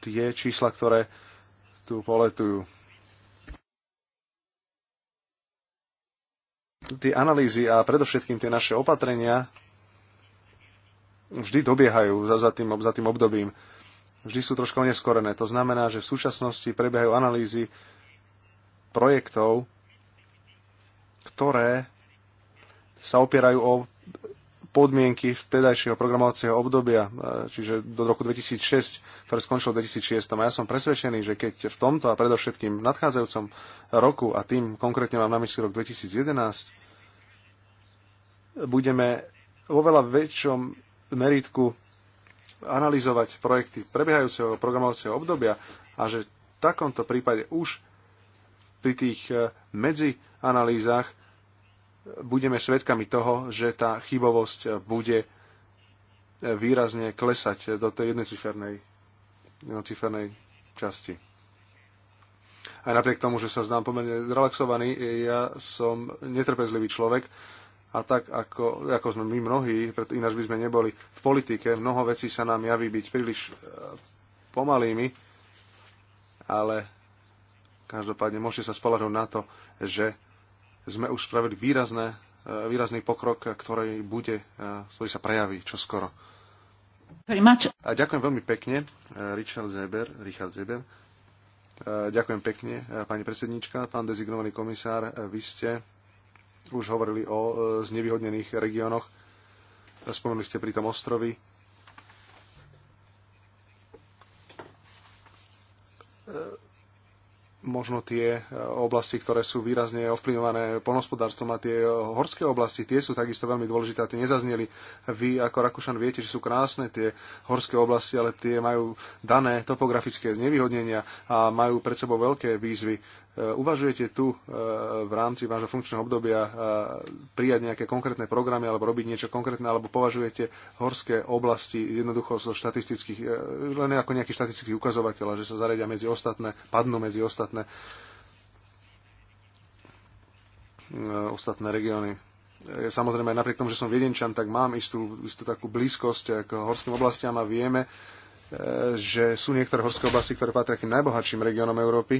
tie čísla, ktoré tu poletujú tie analýzy a predovšetkým tie naše opatrenia vždy dobiehajú za, za, tým, za tým obdobím. Vždy sú trošku neskorené. To znamená, že v súčasnosti prebiehajú analýzy projektov, ktoré sa opierajú o podmienky vtedajšieho programovacieho obdobia, e, čiže do roku 2006, ktoré skončilo 2006. A ja som presvedčený, že keď v tomto a predovšetkým v nadchádzajúcom roku, a tým konkrétne mám na mysli rok 2011, budeme vo veľa väčšom meritku analyzovať projekty prebiehajúceho programovacieho obdobia a že v takomto prípade už pri tých e, medzianalýzach budeme svedkami toho, že tá chybovosť bude výrazne klesať do tej jednocifernej, jednocifernej časti. Aj napriek tomu, že sa znám pomerne zrelaxovaný, ja som netrpezlivý človek a tak ako, ako sme my mnohí, preto ináč by sme neboli v politike, mnoho vecí sa nám javí byť príliš e, pomalými, ale každopádne môžete sa spolahnúť na to, že sme už spravili výrazné, e, výrazný pokrok, ktorý, bude, e, ktorý sa prejaví čoskoro. A ďakujem veľmi pekne, Richard Zeber, Richard Zeber. Ďakujem pekne, pani predsednička, pán dezignovaný komisár, vy ste už hovorili o e, znevýhodnených regiónoch. Spomenuli ste pri tom ostrovy. E, možno tie e, oblasti, ktoré sú výrazne ovplyvované polnospodárstvom a tie horské oblasti, tie sú takisto veľmi dôležité a tie nezazneli. Vy ako Rakúšan viete, že sú krásne tie horské oblasti, ale tie majú dané topografické znevýhodnenia a majú pred sebou veľké výzvy. E, uvažujete tu e, v rámci vášho funkčného obdobia e, prijať nejaké konkrétne programy alebo robiť niečo konkrétne, alebo považujete horské oblasti jednoducho zo štatistických, len ako nejaký štatistický ukazovateľ, že sa zaredia medzi ostatné, padnú medzi ostatné ostatné regióny. Samozrejme, napriek tomu, že som viedenčan, tak mám istú, istú takú blízkosť k horským oblastiam a vieme, že sú niektoré horské oblasti, ktoré patria k najbohatším regiónom Európy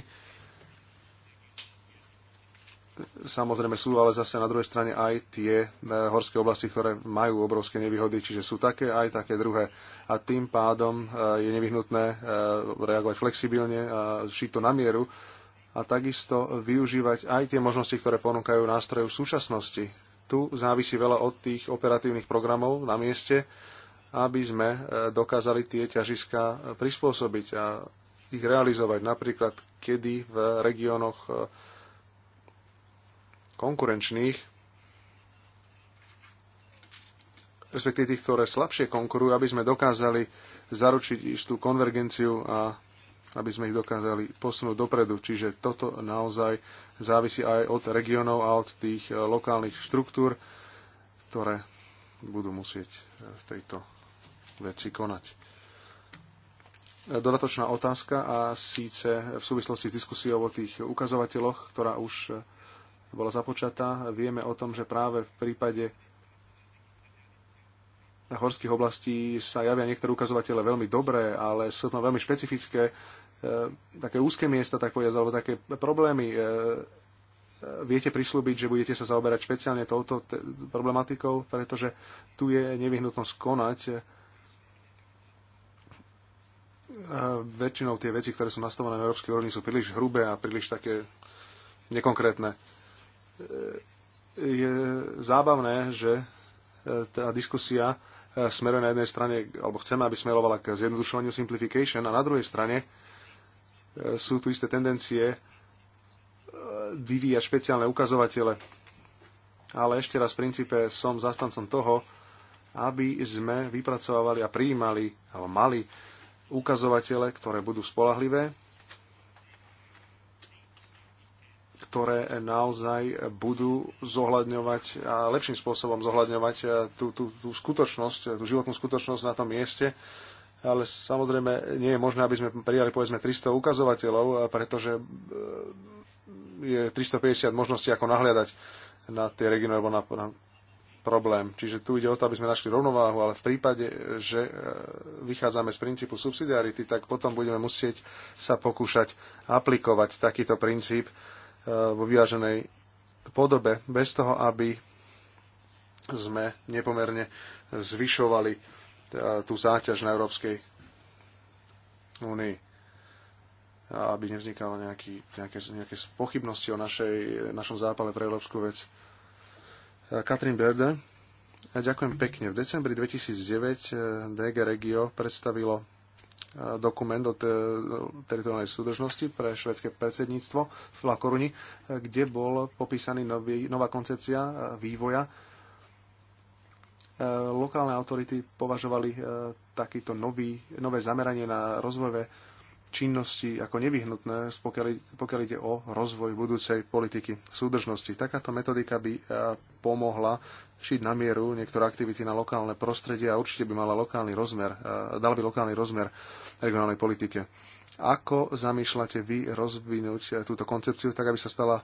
samozrejme sú ale zase na druhej strane aj tie e, horské oblasti, ktoré majú obrovské nevýhody, čiže sú také aj také druhé. A tým pádom e, je nevyhnutné e, reagovať flexibilne a šiť to na mieru a takisto využívať aj tie možnosti, ktoré ponúkajú nástroje v súčasnosti. Tu závisí veľa od tých operatívnych programov na mieste, aby sme dokázali tie ťažiska prispôsobiť a ich realizovať. Napríklad, kedy v regiónoch konkurenčných respektíve tých, ktoré slabšie konkurujú, aby sme dokázali zaručiť istú konvergenciu a aby sme ich dokázali posunúť dopredu. Čiže toto naozaj závisí aj od regionov a od tých eh, lokálnych štruktúr, ktoré budú musieť eh, v tejto veci konať. Dodatočná otázka a síce v súvislosti s diskusiou o tých ukazovateľoch, ktorá už eh, bola započatá. Vieme o tom, že práve v prípade horských oblastí sa javia niektoré ukazovatele veľmi dobré, ale sú tam veľmi špecifické, e, také úzke miesta, tak povedať, alebo také problémy. E, e, viete prislúbiť, že budete sa zaoberať špeciálne touto problematikou, pretože tu je nevyhnutnosť konať. väčšinou tie veci, ktoré sú nastavené na európskej úrovni, sú príliš hrubé a príliš také nekonkrétne. E, je zábavné, že e, tá diskusia e, smeruje na jednej strane, alebo chceme, aby smerovala k zjednodušovaniu simplification a na druhej strane sú tu isté tendencie vyvíjať špeciálne ukazovatele. Ale ešte raz v princípe som zastancom toho, aby sme vypracovali a prijímali, alebo mali ukazovatele, ktoré budú spolahlivé, ktoré naozaj budú zohľadňovať a lepším spôsobom zohľadňovať e, tú, tú, tú skutočnosť, tú životnú skutočnosť na tom mieste. Ale samozrejme nie je možné, aby sme prijali povedzme 300 ukazovateľov, e, pretože e, je 350 možností, ako nahliadať na tie regióny alebo na, na problém. Čiže tu ide o to, aby sme našli rovnováhu, ale v prípade, že vychádzame z princípu subsidiarity, tak potom budeme musieť sa pokúšať aplikovať takýto princíp Eh, vo vyváženej podobe, bez toho, aby sme nepomerne zvyšovali eh, tú záťaž na Európskej únii aby nevznikalo nejaký, nejaké, nejaké pochybnosti o našej, našom zápale pre európsku vec. Eh, Katrin Berde, ďakujem pekne. V decembri 2009 DG Regio predstavilo dokument o teritoriálnej súdržnosti pre švedské predsedníctvo v Lakoruni, e, kde bol popísaný nový, nová koncepcia e, vývoja. E, lokálne autority považovali takýto nový, nové zameranie na rozvojové činnosti ako nevyhnutné, pokiaľ, pokiaľ ide o rozvoj budúcej politiky súdržnosti. Takáto metodika by pomohla šiť na mieru niektoré aktivity na lokálne prostredie a určite by mala lokálny rozmer, e, dal by lokálny rozmer regionálnej politike. Ako zamýšľate vy rozvinúť e, túto koncepciu tak, aby sa stala e,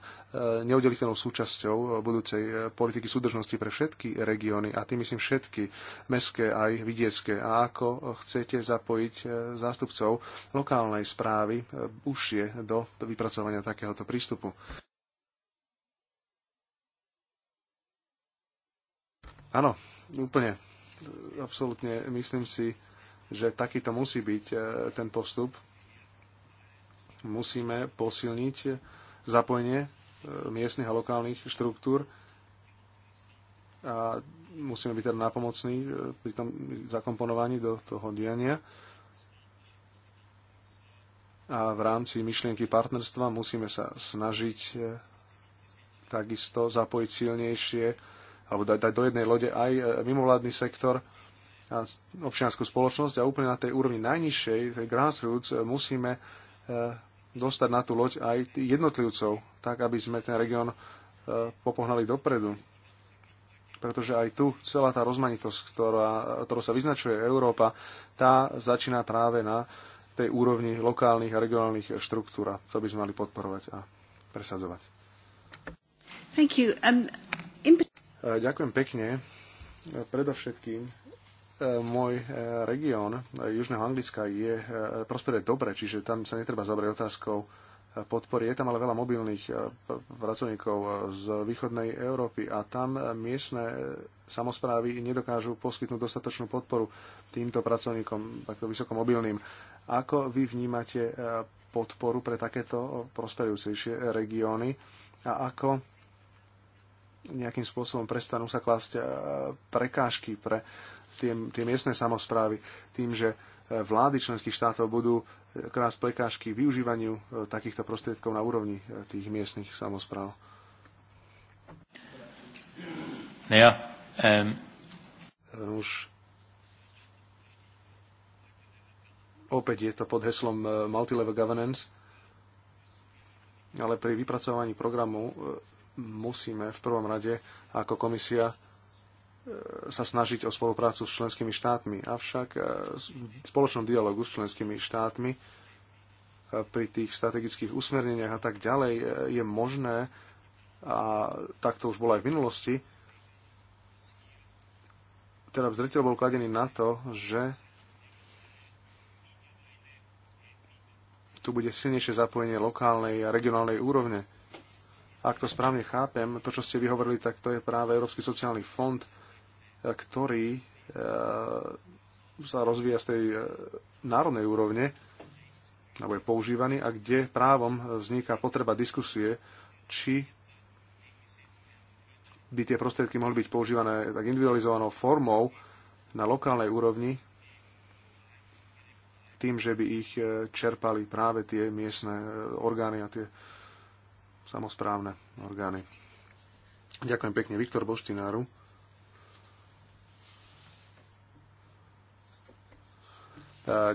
neudeliteľnou súčasťou budúcej politiky súdržnosti pre všetky regióny a tým myslím všetky mestské aj vidiecké a ako chcete zapojiť zástupcov lokálnej správy užšie do vypracovania takéhoto prístupu? Áno, úplne, absolútne myslím si, že takýto musí byť e, ten postup. Musíme posilniť e, zapojenie e, miestnych a lokálnych štruktúr a musíme byť teda napomocní pri tom zakomponovaní do toho diania. A v rámci myšlienky partnerstva musíme sa snažiť takisto zapojiť silnejšie alebo dať, dať do jednej lode aj e, mimovládny sektor a občianskú spoločnosť a úplne na tej úrovni najnižšej, tej grassroots, e, musíme e, dostať na tú loď aj jednotlivcov, tak aby sme ten región popohnali dopredu. Pretože aj tu celá tá rozmanitosť, ktorá, ktorou sa vyznačuje Európa, tá začína práve na tej úrovni lokálnych a regionálnych štruktúr. To by sme mali podporovať a presadzovať. Thank you. Um, in... E, ďakujem pekne. E, predovšetkým e, môj región Južného Anglicka je, prosperuje dobre, čiže tam sa netreba zabrať otázkou podpory. Je tam ale veľa mobilných pracovníkov z východnej Európy a tam miestne samozprávy nedokážu poskytnúť dostatočnú podporu týmto pracovníkom, takto vysokomobilným. Ako vy vnímate podporu pre takéto prosperujúcejšie regióny a ako nejakým spôsobom prestanú sa klásť e, prekážky pre tie, tie miestne samozprávy tým, že e, vlády členských štátov budú e, krásť prekážky využívaniu takýchto prostriedkov na úrovni tých miestnych samozpráv. Ja, um... Už opäť je to pod heslom Multilevel Governance, ale pri vypracovaní programu musíme v prvom rade ako komisia e, sa snažiť o spoluprácu s členskými štátmi. Avšak v e, spoločnom dialogu s členskými štátmi e, pri tých strategických usmerneniach a tak ďalej je možné, a tak to už bolo aj v minulosti, teda zreteľ bol kladený na to, že tu bude silnejšie zapojenie lokálnej a regionálnej úrovne ak to správne chápem, to, čo ste vyhovorili, tak to je práve Európsky sociálny fond, e, ktorý e, sa rozvíja z tej e, národnej úrovne, alebo je používaný, a kde právom vzniká potreba diskusie, či by tie prostriedky mohli byť používané tak individualizovanou formou na lokálnej úrovni, tým, že by ich čerpali práve tie miestne orgány a tie samozprávne orgány. Ďakujem pekne Viktor Boštináru.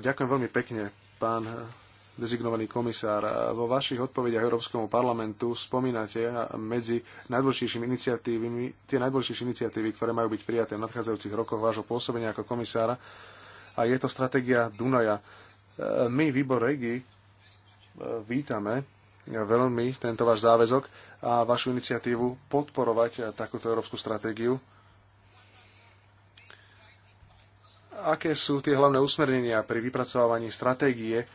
Ďakujem veľmi pekne, pán dezignovaný komisár. Vo vašich odpovediach Európskomu parlamentu spomínate medzi najdôležitejšími iniciatívami, tie najdôležitejšie iniciatívy, ktoré majú byť prijaté v nadchádzajúcich rokoch vášho pôsobenia ako komisára. A je to stratégia Dunaja. E, my, výbor Regi, e, vítame veľmi tento váš záväzok a vašu iniciatívu podporovať takúto európsku stratégiu. Aké sú tie hlavné usmernenia pri vypracovávaní stratégie, e,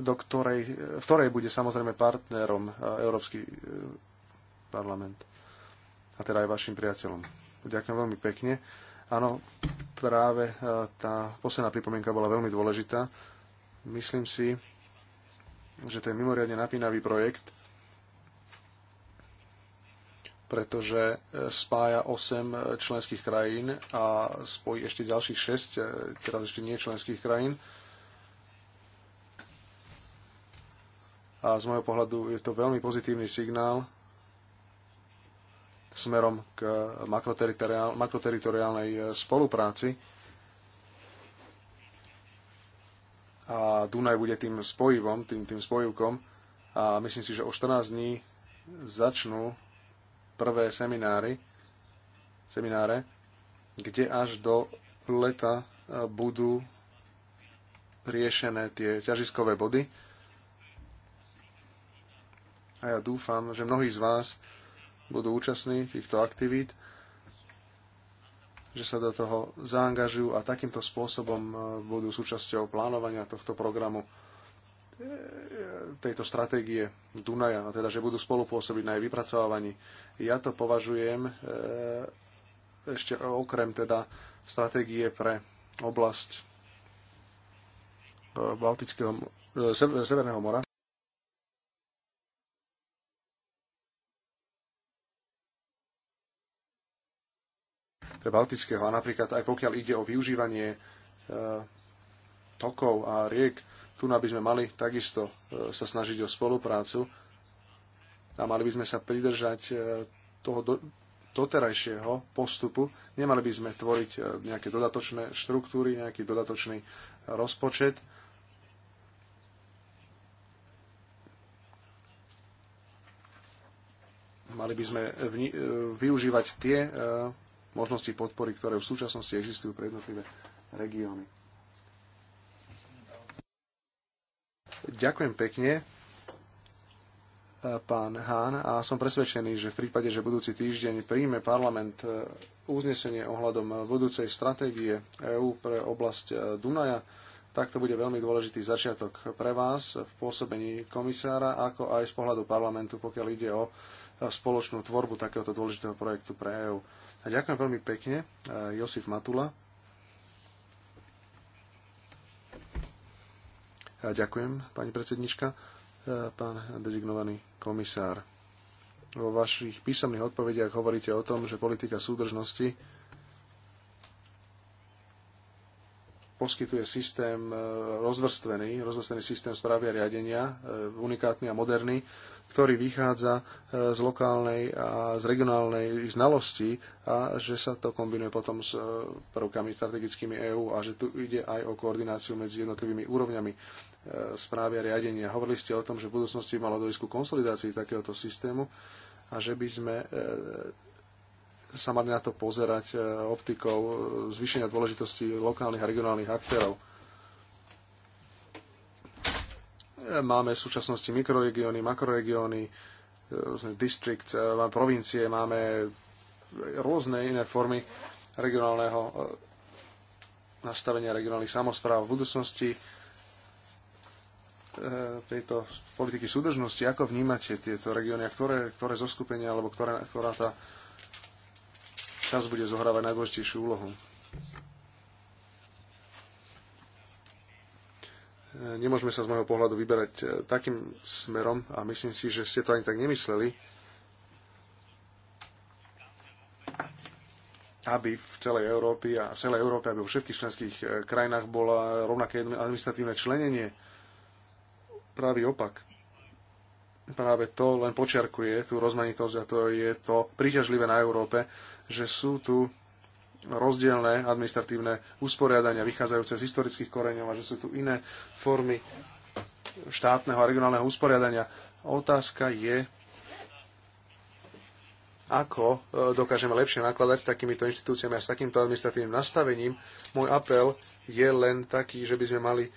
do ktorej, v ktorej bude samozrejme partnerom e, Európsky e, parlament a teda aj vašim priateľom. Ďakujem veľmi pekne. Áno, práve tá posledná pripomienka bola veľmi dôležitá. Myslím si, že to je mimoriadne napínavý projekt, pretože e, spája 8 e, členských krajín a spojí ešte ďalších 6, e, teraz ešte nie členských krajín. A z môjho pohľadu je to veľmi pozitívny signál smerom k makroteritoriálnej spolupráci a Dunaj bude tým spojivom, tým, tým spojivkom a myslím si, že o 14 dní začnú prvé semináry, semináre, kde až do leta e, budú riešené tie ťažiskové body. A ja dúfam, že mnohí z vás budú účastní týchto aktivít že sa do toho zaangažujú a takýmto spôsobom e, budú súčasťou plánovania tohto programu e, e, tejto stratégie Dunaja, no teda, že budú spolupôsobiť na jej vypracovávaní. Ja to považujem ešte okrem teda stratégie pre oblasť Baltického, Severného mora. Baltického. A napríklad aj pokiaľ ide o využívanie e, tokov a riek, tu by sme mali takisto e, sa snažiť o spoluprácu a mali by sme sa pridržať e, toho do, doterajšieho postupu. Nemali by sme tvoriť nejaké dodatočné štruktúry, nejaký dodatočný rozpočet. Mali by sme využívať tie možnosti podpory, ktoré v súčasnosti existujú pre jednotlivé regióny. Ďakujem pekne, e, pán Hán, a som presvedčený, že v prípade, že budúci týždeň príjme parlament e, uznesenie ohľadom budúcej stratégie EÚ pre oblasť e, Dunaja, tak to bude veľmi dôležitý začiatok pre vás v pôsobení komisára, ako aj z pohľadu parlamentu, pokiaľ ide o spoločnú tvorbu takéhoto dôležitého projektu pre EÚ. A ďakujem veľmi pekne, Josif Matula. A ďakujem, pani predsednička, pán dezignovaný komisár. Vo vašich písomných odpovediach hovoríte o tom, že politika súdržnosti poskytuje systém e, rozvrstvený, rozvrstvený systém správy a riadenia, e, unikátny a moderný, ktorý vychádza e, z lokálnej a z regionálnej znalosti a že sa to kombinuje potom s e, prvkami strategickými EÚ a že tu ide aj o koordináciu medzi jednotlivými úrovňami e, správy a riadenia. Hovorili ste o tom, že v budúcnosti malo dojsť ku konsolidácii takéhoto systému a že by sme sa mali na to pozerať optikou zvýšenia dôležitosti lokálnych a regionálnych aktérov Máme v súčasnosti mikroregióny, makroregióny, e, rôzne district, e, máme provincie, máme rôzne iné formy regionálneho e, nastavenia regionálnych samozpráv v budúcnosti tejto politiky súdržnosti. Ako vnímate tieto regióny a ktoré, ktoré zoskupenia alebo ktoré, ktorá tá čas bude zohrávať najdôležitejšiu úlohu? Nemôžeme sa z môjho pohľadu vyberať e, takým smerom a myslím si, že ste to ani tak nemysleli, aby v celej Európe a v celej Európe, aby vo všetkých členských e, krajinách bola rovnaké administratívne členenie. Pravý opak. Práve to len počiarkuje tú rozmanitosť a to je to príťažlivé na Európe, že sú tu rozdielne administratívne usporiadania vychádzajúce z historických koreňov a že sú tu iné formy štátneho a regionálneho usporiadania. Otázka je, ako e, dokážeme lepšie nakladať s takýmito inštitúciami a s takýmto administratívnym nastavením. Môj apel je len taký, že by sme mali e,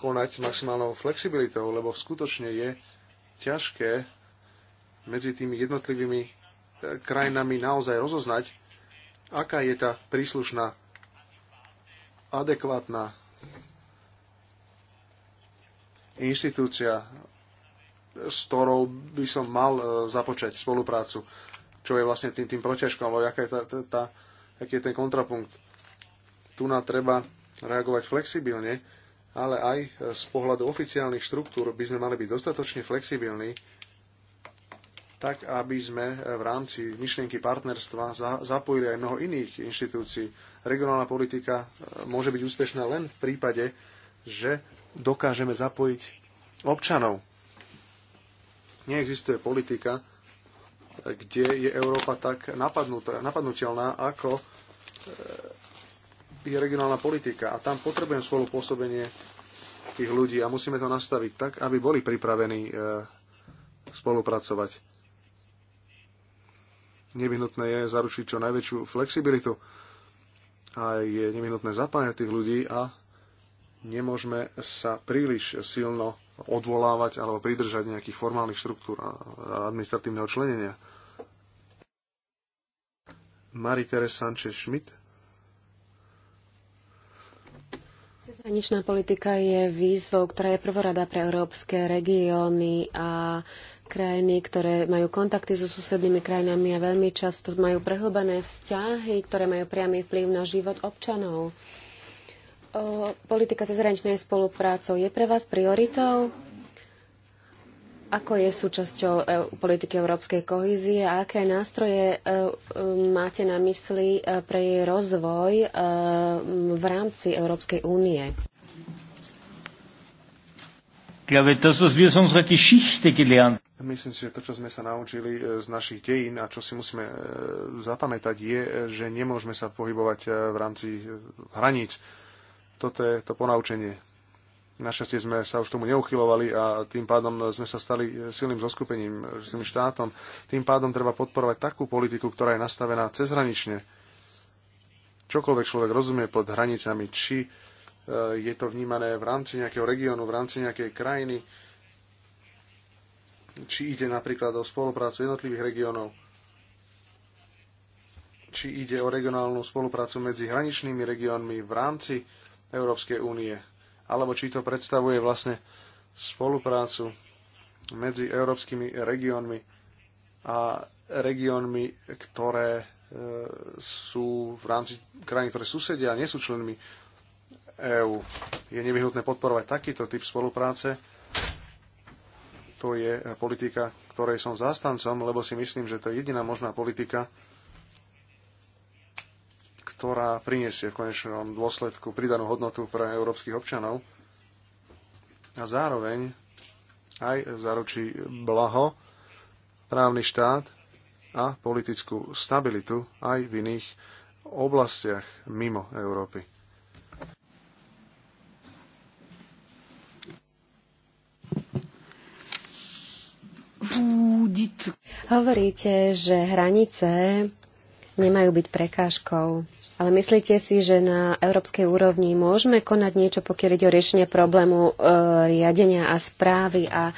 konať s maximálnou flexibilitou, lebo skutočne je ťažké medzi tými jednotlivými e, krajinami naozaj rozoznať, aká je tá príslušná adekvátna inštitúcia, s ktorou by som mal e, započať spoluprácu, čo je vlastne tým, tým protiažkom, alebo aká je tá, tá, tá, aký je ten kontrapunkt. Tu nám treba reagovať flexibilne, ale aj e, z pohľadu oficiálnych štruktúr by sme mali byť dostatočne flexibilní, tak aby sme eh, v rámci myšlienky partnerstva zapojili aj mnoho iných inštitúcií. Regionálna politika eh, môže byť úspešná len v prípade, že dokážeme zapojiť občanov. Neexistuje politika, eh, kde je Európa tak napadnutelná, ako je regionálna politika. A tam potrebujem spolu pôsobenie tých ľudí a musíme to nastaviť tak, aby boli pripravení spolupracovať nevyhnutné je zaručiť čo najväčšiu flexibilitu a je nevyhnutné zapájať tých ľudí a nemôžeme sa príliš silno odvolávať alebo pridržať nejakých formálnych štruktúr a administratívneho členenia. marie Sanchez-Schmidt Zahraničná politika je výzvou, ktorá je prvorada pre európske regióny a krajiny, ktoré majú kontakty so susednými krajinami a veľmi často majú prehlbené vzťahy, ktoré majú priamy vplyv na život občanov. O, politika cezhraničnej spoluprácou je pre vás prioritou? Ako je súčasťou e, politiky európskej kohízie a aké nástroje e, e, máte na mysli e, pre jej rozvoj e, v rámci Európskej únie? Ja, to, was wir aus Geschichte gelernt Myslím si, že to, čo sme sa naučili e, z našich dejín a čo si musíme e, zapamätať, je, že nemôžeme sa pohybovať e, v rámci hraníc. Toto je to ponaučenie. Našťastie sme sa už tomu neuchylovali a tým pádom sme sa stali silným zoskupením, silným štátom. Tým pádom treba podporovať takú politiku, ktorá je nastavená cezhranične. Čokoľvek človek rozumie pod hranicami, či je to vnímané v rámci nejakého regiónu, v rámci nejakej krajiny, či ide napríklad o spoluprácu jednotlivých regiónov, či ide o regionálnu spoluprácu medzi hraničnými regiónmi v rámci Európskej únie, alebo či to predstavuje vlastne spoluprácu medzi európskymi regiónmi a regiónmi, ktoré e, sú v rámci krajín, ktoré susedia a nie sú členmi EÚ. Je nevyhnutné podporovať takýto typ spolupráce to je politika, ktorej som zástancom, lebo si myslím, že to je jediná možná politika, ktorá priniesie v konečnom dôsledku pridanú hodnotu pre európskych občanov a zároveň aj zaručí blaho, právny štát a politickú stabilitu aj v iných oblastiach mimo Európy. Hovoríte, že hranice nemajú byť prekážkou. Ale myslíte si, že na európskej úrovni môžeme konať niečo, pokiaľ ide o riešenie problému e, riadenia a správy a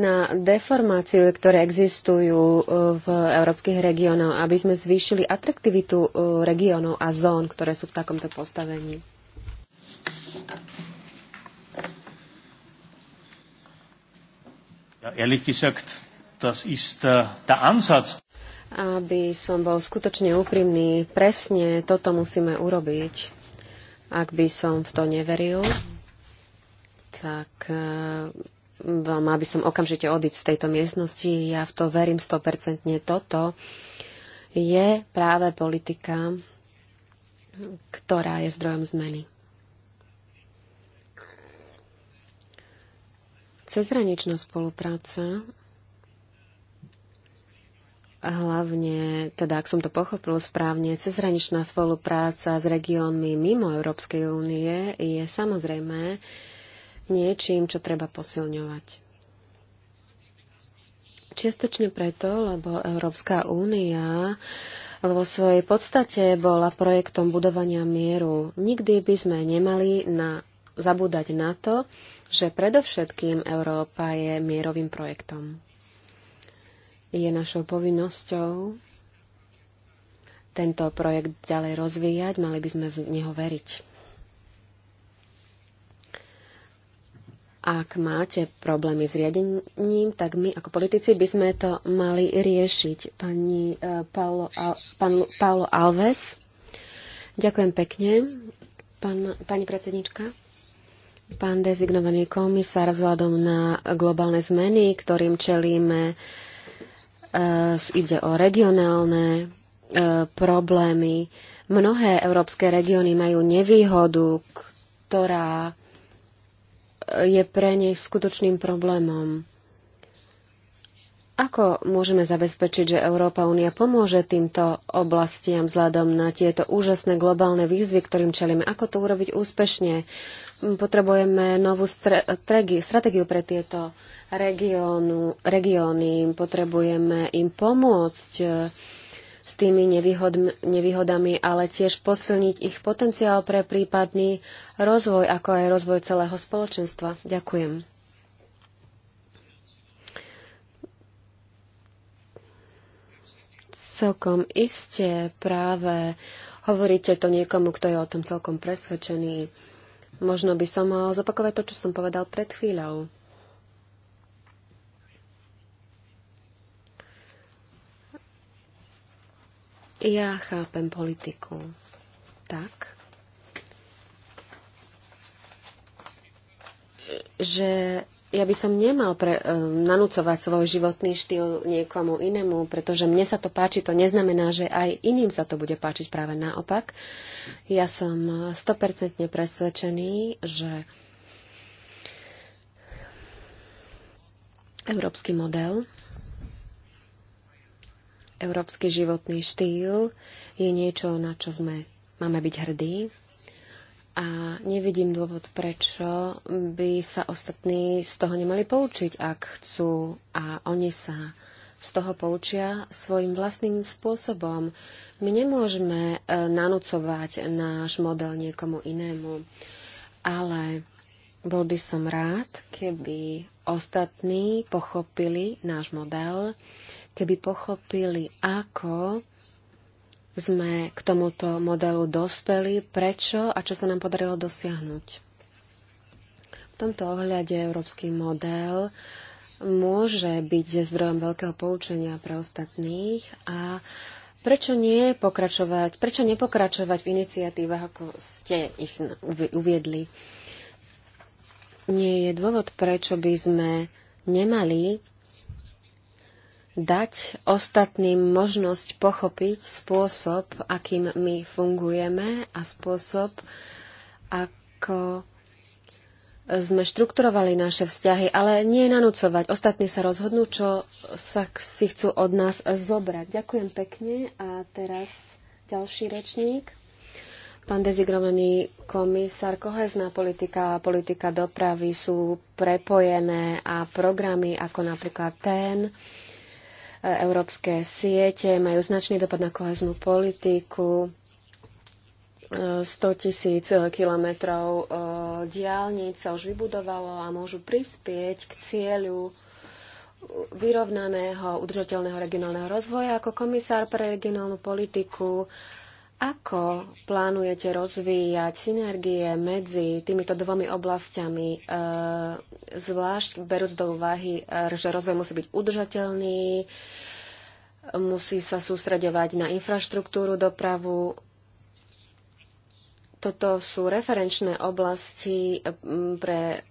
na deformáciu, ktoré existujú e, v európskych regiónoch, aby sme zvýšili atraktivitu e, regiónov a zón, ktoré sú v takomto postavení? Äh, aby som bol skutočne úprimný, presne toto musíme urobiť. Ak by som v to neveril, tak e, vám, by som okamžite odiť z tejto miestnosti. Ja v to verím 100% toto. Je práve politika, ktorá je zdrojom zmeny. Cezhraničná spolupráca, hlavne, teda ak som to pochopil správne, cezhraničná spolupráca s regiónmi mimo Európskej únie je samozrejme niečím, čo treba posilňovať. Čiastočne preto, lebo Európska únia vo svojej podstate bola projektom budovania mieru. Nikdy by sme nemali na, zabúdať na to, že predovšetkým Európa je mierovým projektom. Je našou povinnosťou tento projekt ďalej rozvíjať, mali by sme v neho veriť. Ak máte problémy s riadením, tak my ako politici by sme to mali riešiť. Pani e, Paolo, Al, pan, Paolo Alves. Ďakujem pekne, Pan, pani predsednička. Pán dezignovaný komisár, vzhľadom na globálne zmeny, ktorým čelíme, e, ide o regionálne e, problémy. Mnohé európske regióny majú nevýhodu, ktorá e, je pre nej skutočným problémom. Ako môžeme zabezpečiť, že Európa únia pomôže týmto oblastiam vzhľadom na tieto úžasné globálne výzvy, ktorým čelíme? Ako to urobiť úspešne? Potrebujeme novú stratégiu pre tieto regiónu, regióny. Potrebujeme im pomôcť e, s tými nevýhod, nevýhodami, ale tiež posilniť ich potenciál pre prípadný rozvoj, ako aj rozvoj celého spoločenstva. Ďakujem. Celkom iste práve hovoríte to niekomu, kto je o tom celkom presvedčený. Možno by som mal zopakovať to, čo som povedal pred chvíľou. Ja chápem politiku tak, že ja by som nemal pre, um, nanúcovať svoj životný štýl niekomu inému, pretože mne sa to páči, to neznamená, že aj iným sa to bude páčiť práve naopak. Ja som 100% presvedčený, že európsky model, európsky životný štýl je niečo, na čo sme, máme byť hrdí, a nevidím dôvod, prečo by sa ostatní z toho nemali poučiť, ak chcú a oni sa z toho poučia svojim vlastným spôsobom. My nemôžeme e, nanúcovať náš model niekomu inému, ale bol by som rád, keby ostatní pochopili náš model, keby pochopili, ako sme k tomuto modelu dospeli, prečo a čo sa nám podarilo dosiahnuť. V tomto ohľade európsky model môže byť zdrojom veľkého poučenia pre ostatných a prečo nie pokračovať, prečo nepokračovať v iniciatívach, ako ste ich uviedli. Nie je dôvod, prečo by sme nemali dať ostatným možnosť pochopiť spôsob, akým my fungujeme a spôsob, ako sme štrukturovali naše vzťahy, ale nie nanúcovať. Ostatní sa rozhodnú, čo sa si chcú od nás zobrať. Ďakujem pekne a teraz ďalší rečník. Pán dezigrovaný komisár, kohezná politika a politika dopravy sú prepojené a programy ako napríklad TEN, Európske siete majú značný dopad na koheznú politiku. 100 tisíc kilometrov e, diálnic sa už vybudovalo a môžu prispieť k cieľu vyrovnaného, udržateľného regionálneho rozvoja. Ako komisár pre regionálnu politiku ako plánujete rozvíjať synergie medzi týmito dvomi oblastiami, e, zvlášť berúc do úvahy, e, že rozvoj musí byť udržateľný, musí sa sústreďovať na infraštruktúru, dopravu. Toto sú referenčné oblasti e, pre,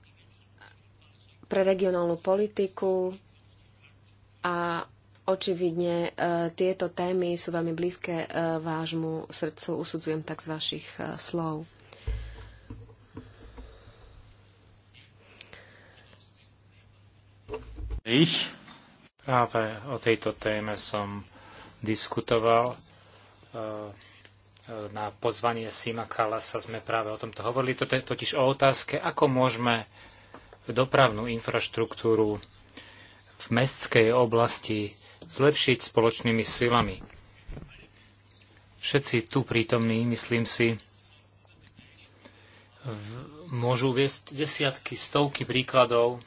pre regionálnu politiku a Očividne e, tieto témy sú veľmi blízke e, vášmu srdcu, usudzujem tak z vašich e, slov. Ich. Práve o tejto téme som diskutoval. Na pozvanie Sima Kalasa sme práve o tomto hovorili, to je totiž o otázke, ako môžeme dopravnú infraštruktúru v mestskej oblasti zlepšiť spoločnými silami. Všetci tu prítomní, myslím si, v, môžu viesť desiatky, stovky príkladov,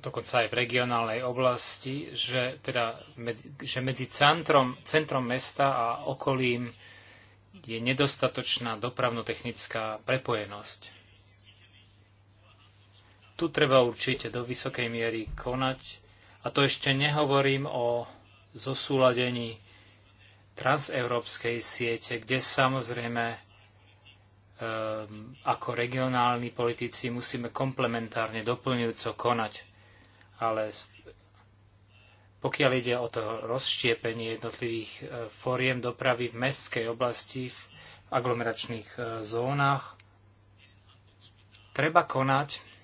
dokonca aj v regionálnej oblasti, že, teda, že medzi centrom, centrom mesta a okolím je nedostatočná dopravnotechnická prepojenosť. Tu treba určite do vysokej miery konať. A to ešte nehovorím o zosúladení transeurópskej siete, kde samozrejme ehm, ako regionálni politici musíme komplementárne doplňujúco konať. Ale pokiaľ ide o to rozštiepenie jednotlivých e, fóriem dopravy v mestskej oblasti, v aglomeračných e, zónach, treba konať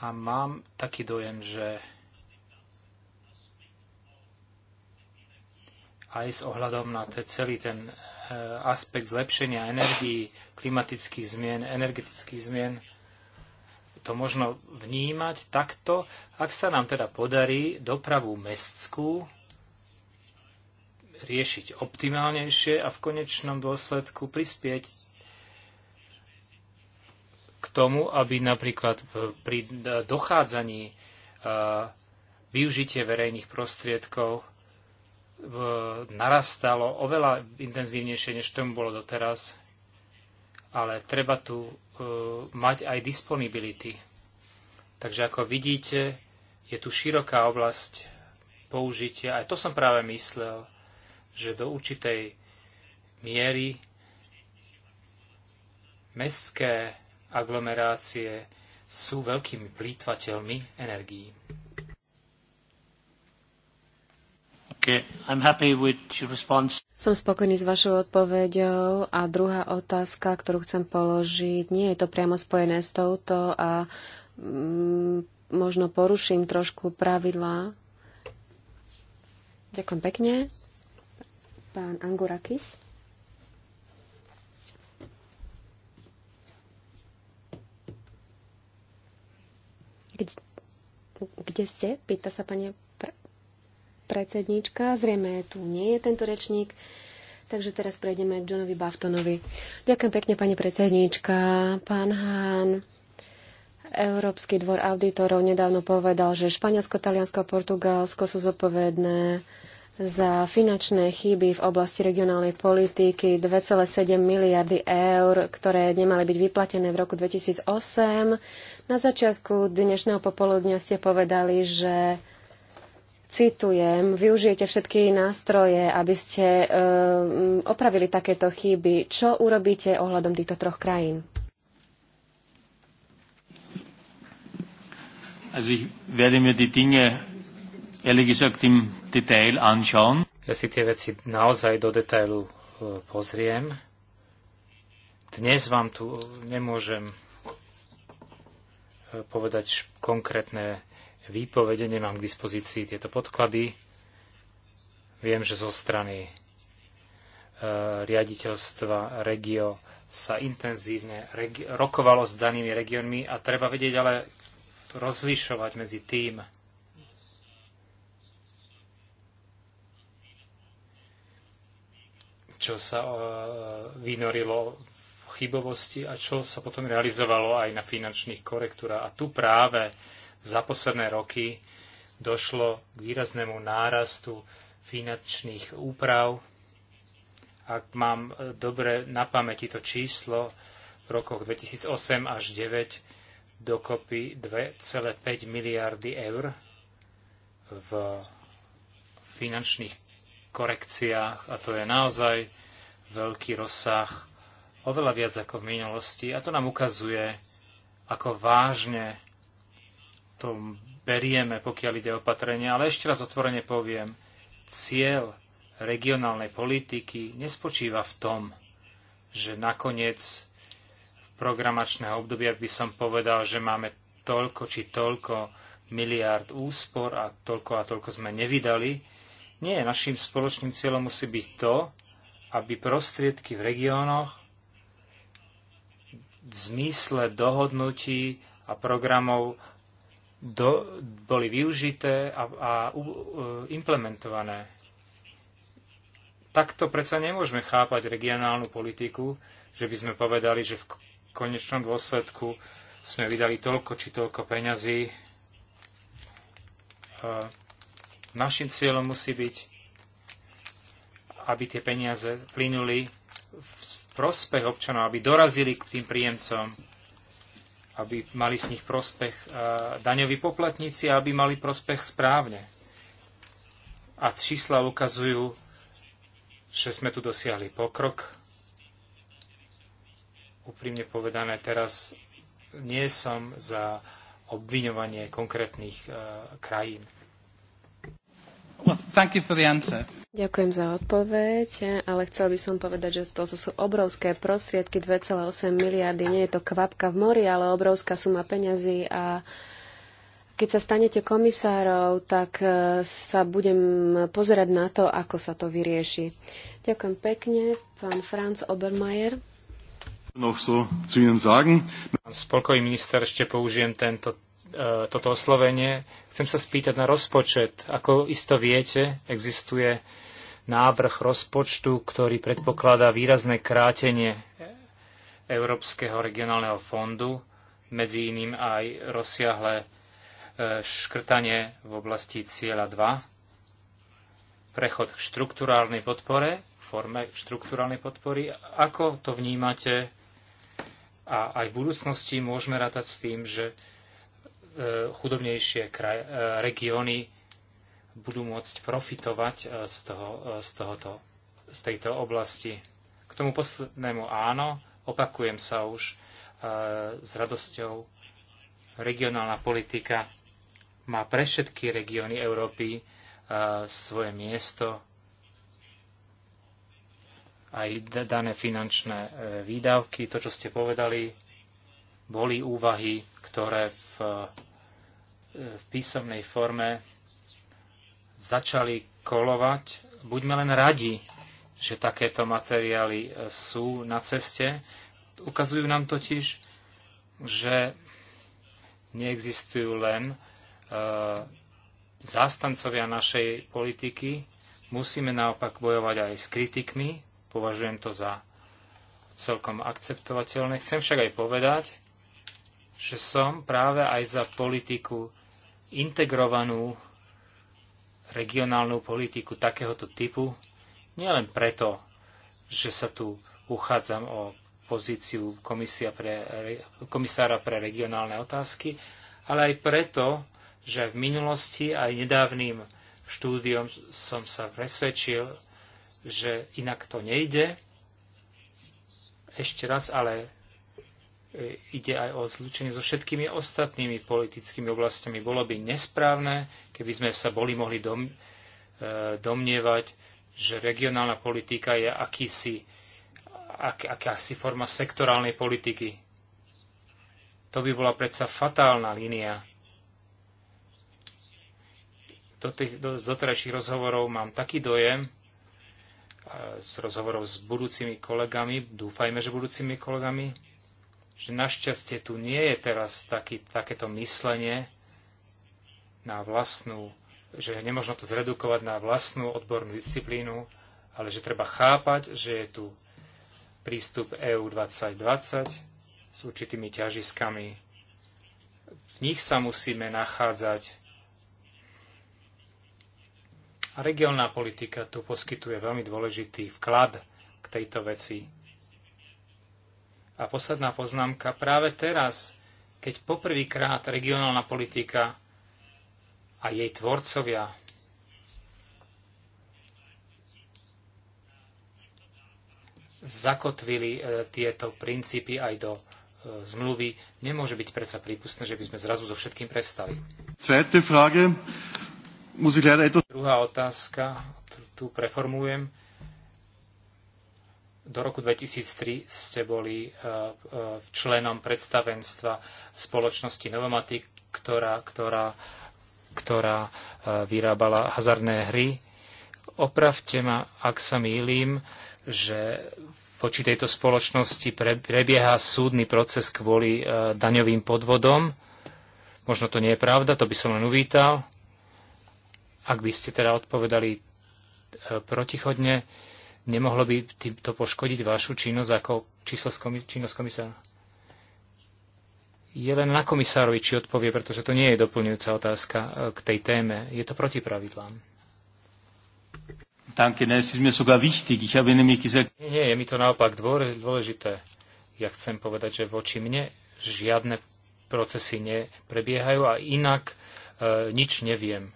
a mám taký dojem, že aj s ohľadom na te, celý ten e, aspekt zlepšenia energií, klimatických zmien, energetických zmien, to možno vnímať takto, ak sa nám teda podarí dopravu mestskú riešiť optimálnejšie a v konečnom dôsledku prispieť k tomu, aby napríklad pri dochádzaní využitie verejných prostriedkov narastalo oveľa intenzívnejšie, než tomu bolo doteraz. Ale treba tu e, mať aj disponibility. Takže ako vidíte, je tu široká oblasť použitia. Aj to som práve myslel, že do určitej miery mestské aglomerácie sú veľkými plýtvateľmi energií. Okay. Som spokojný s vašou odpoveďou a druhá otázka, ktorú chcem položiť, nie je to priamo spojené s touto a mm, možno poruším trošku pravidlá. Ďakujem pekne. Pán Angurakis. Kde, kde ste? Pýta sa pani pre, predsedníčka. Zrejme tu nie je tento rečník. Takže teraz prejdeme k Johnovi Baftonovi. Ďakujem pekne, pani predsedníčka. Pán Hán, Európsky dvor auditorov nedávno povedal, že Španielsko, Taliansko a Portugalsko sú zodpovedné za finančné chyby v oblasti regionálnej politiky 2,7 miliardy eur, ktoré nemali byť vyplatené v roku 2008. Na začiatku dnešného popoludnia ste povedali, že citujem, využijete všetky nástroje, aby ste e, opravili takéto chyby. Čo urobíte ohľadom týchto troch krajín? Also ich werde mir die Dinge ja si tie veci naozaj do detailu e, pozriem. Dnes vám tu nemôžem e, povedať konkrétne výpovede, nemám k dispozícii tieto podklady. Viem, že zo strany e, riaditeľstva Regio sa intenzívne rokovalo s danými regiónmi a treba vedieť ale rozlišovať medzi tým, čo sa e, vynorilo v chybovosti a čo sa potom realizovalo aj na finančných korektúrach. A tu práve za posledné roky došlo k výraznému nárastu finančných úprav. Ak mám e, dobre na pamäti to číslo, v rokoch 2008 až 2009 dokopy 2,5 miliardy eur v finančných korekciách a to je naozaj veľký rozsah, oveľa viac ako v minulosti a to nám ukazuje, ako vážne to berieme, pokiaľ ide opatrenie, ale ešte raz otvorene poviem, cieľ regionálnej politiky nespočíva v tom, že nakoniec v programačného obdobia by som povedal, že máme toľko či toľko miliárd úspor a toľko a toľko sme nevydali nie, našim spoločným cieľom musí byť to, aby prostriedky v regiónoch v zmysle dohodnutí a programov do, boli využité a, a u, uh, implementované. Takto predsa nemôžeme chápať regionálnu politiku, že by sme povedali, že v konečnom dôsledku sme vydali toľko či toľko peňazí. Uh, Našim cieľom musí byť, aby tie peniaze plynuli v prospech občanov, aby dorazili k tým príjemcom, aby mali z nich prospech eh, daňoví poplatníci a aby mali prospech správne. A čísla ukazujú, že sme tu dosiahli pokrok. Úprimne povedané, teraz nie som za obviňovanie konkrétnych eh, krajín. Ďakujem za odpoveď, ale chcel by som povedať, že to sú obrovské prostriedky, 2,8 miliardy. Nie je to kvapka v mori, ale obrovská suma peňazí a keď sa stanete komisárov, tak e, sa budem pozerať na to, ako sa to vyrieši. Ďakujem pekne, pán Franz Obermeier. spolkový minister, ešte použijem tento, e, toto oslovenie Chcem sa spýtať na rozpočet. Ako isto viete, existuje návrh rozpočtu, ktorý predpokladá výrazné krátenie Európskeho regionálneho fondu, medzi iným aj rozsiahle e, škrtanie v oblasti cieľa 2, prechod k štruktúrálnej podpore, k forme štruktúrálnej podpory. Ako to vnímate? A aj v budúcnosti môžeme rátať s tým, že E, chudobnejšie kraj, e, regióny budú môcť profitovať e, z, toho, z, tohoto, z tejto oblasti. K tomu poslednému áno, opakujem sa už s radosťou. Regionálna politika má pre všetky regióny Európy svoje miesto aj dané finančné výdavky, to, čo ste povedali, boli úvahy, ktoré v, e, v písomnej forme začali kolovať. Buďme len radi, že takéto materiály e, sú na ceste. Ukazujú nám totiž, že neexistujú len e, zástancovia našej politiky. Musíme naopak bojovať aj s kritikmi. Považujem to za celkom akceptovateľné. Chcem však aj povedať, že som práve aj za politiku integrovanú regionálnu politiku takéhoto typu, nielen preto, že sa tu uchádzam o pozíciu komisia pre, komisára pre regionálne otázky, ale aj preto, že v minulosti aj nedávnym štúdiom som sa presvedčil, že inak to nejde. Ešte raz ale E, ide aj o zlučenie so všetkými ostatnými politickými oblastiami. Bolo by nesprávne, keby sme sa boli mohli dom, e, domnievať, že regionálna politika je akýsi, ak, akási forma sektorálnej politiky. To by bola predsa fatálna línia. Do tých, do, z doterajších rozhovorov mám taký dojem, z rozhovorov s budúcimi kolegami, dúfajme, že budúcimi kolegami, že našťastie tu nie je teraz taký, takéto myslenie na vlastnú, že nemôžno to zredukovať na vlastnú odbornú disciplínu, ale že treba chápať, že je tu prístup EU 2020 s určitými ťažiskami. V nich sa musíme nachádzať. A regionálna politika tu poskytuje veľmi dôležitý vklad k tejto veci a posledná poznámka. Práve teraz, keď poprvýkrát regionálna politika a jej tvorcovia zakotvili e, tieto princípy aj do e, zmluvy, nemôže byť predsa prípustné, že by sme zrazu so všetkým prestali. Druhá otázka, tu preformulujem do roku 2003 ste boli e, e, členom predstavenstva spoločnosti Novomatic, ktorá, ktorá, ktorá e, vyrábala hazardné hry. Opravte ma, ak sa mýlim, že voči tejto spoločnosti prebieha súdny proces kvôli daňovým podvodom. Možno to nie je pravda, to by som len uvítal. Ak by ste teda odpovedali protichodne, Nemohlo by to poškodiť vašu činnosť ako činnosť komisára? Je len na komisárovi, či odpovie, pretože to nie je doplňujúca otázka e, k tej téme. Je to proti pravidlám. Danke, ne, mir sogar wichtig. Ich habe nämlich gesagt... Nie, nie, je mi to naopak dôležité. Ja chcem povedať, že voči mne žiadne procesy neprebiehajú a inak e, nič neviem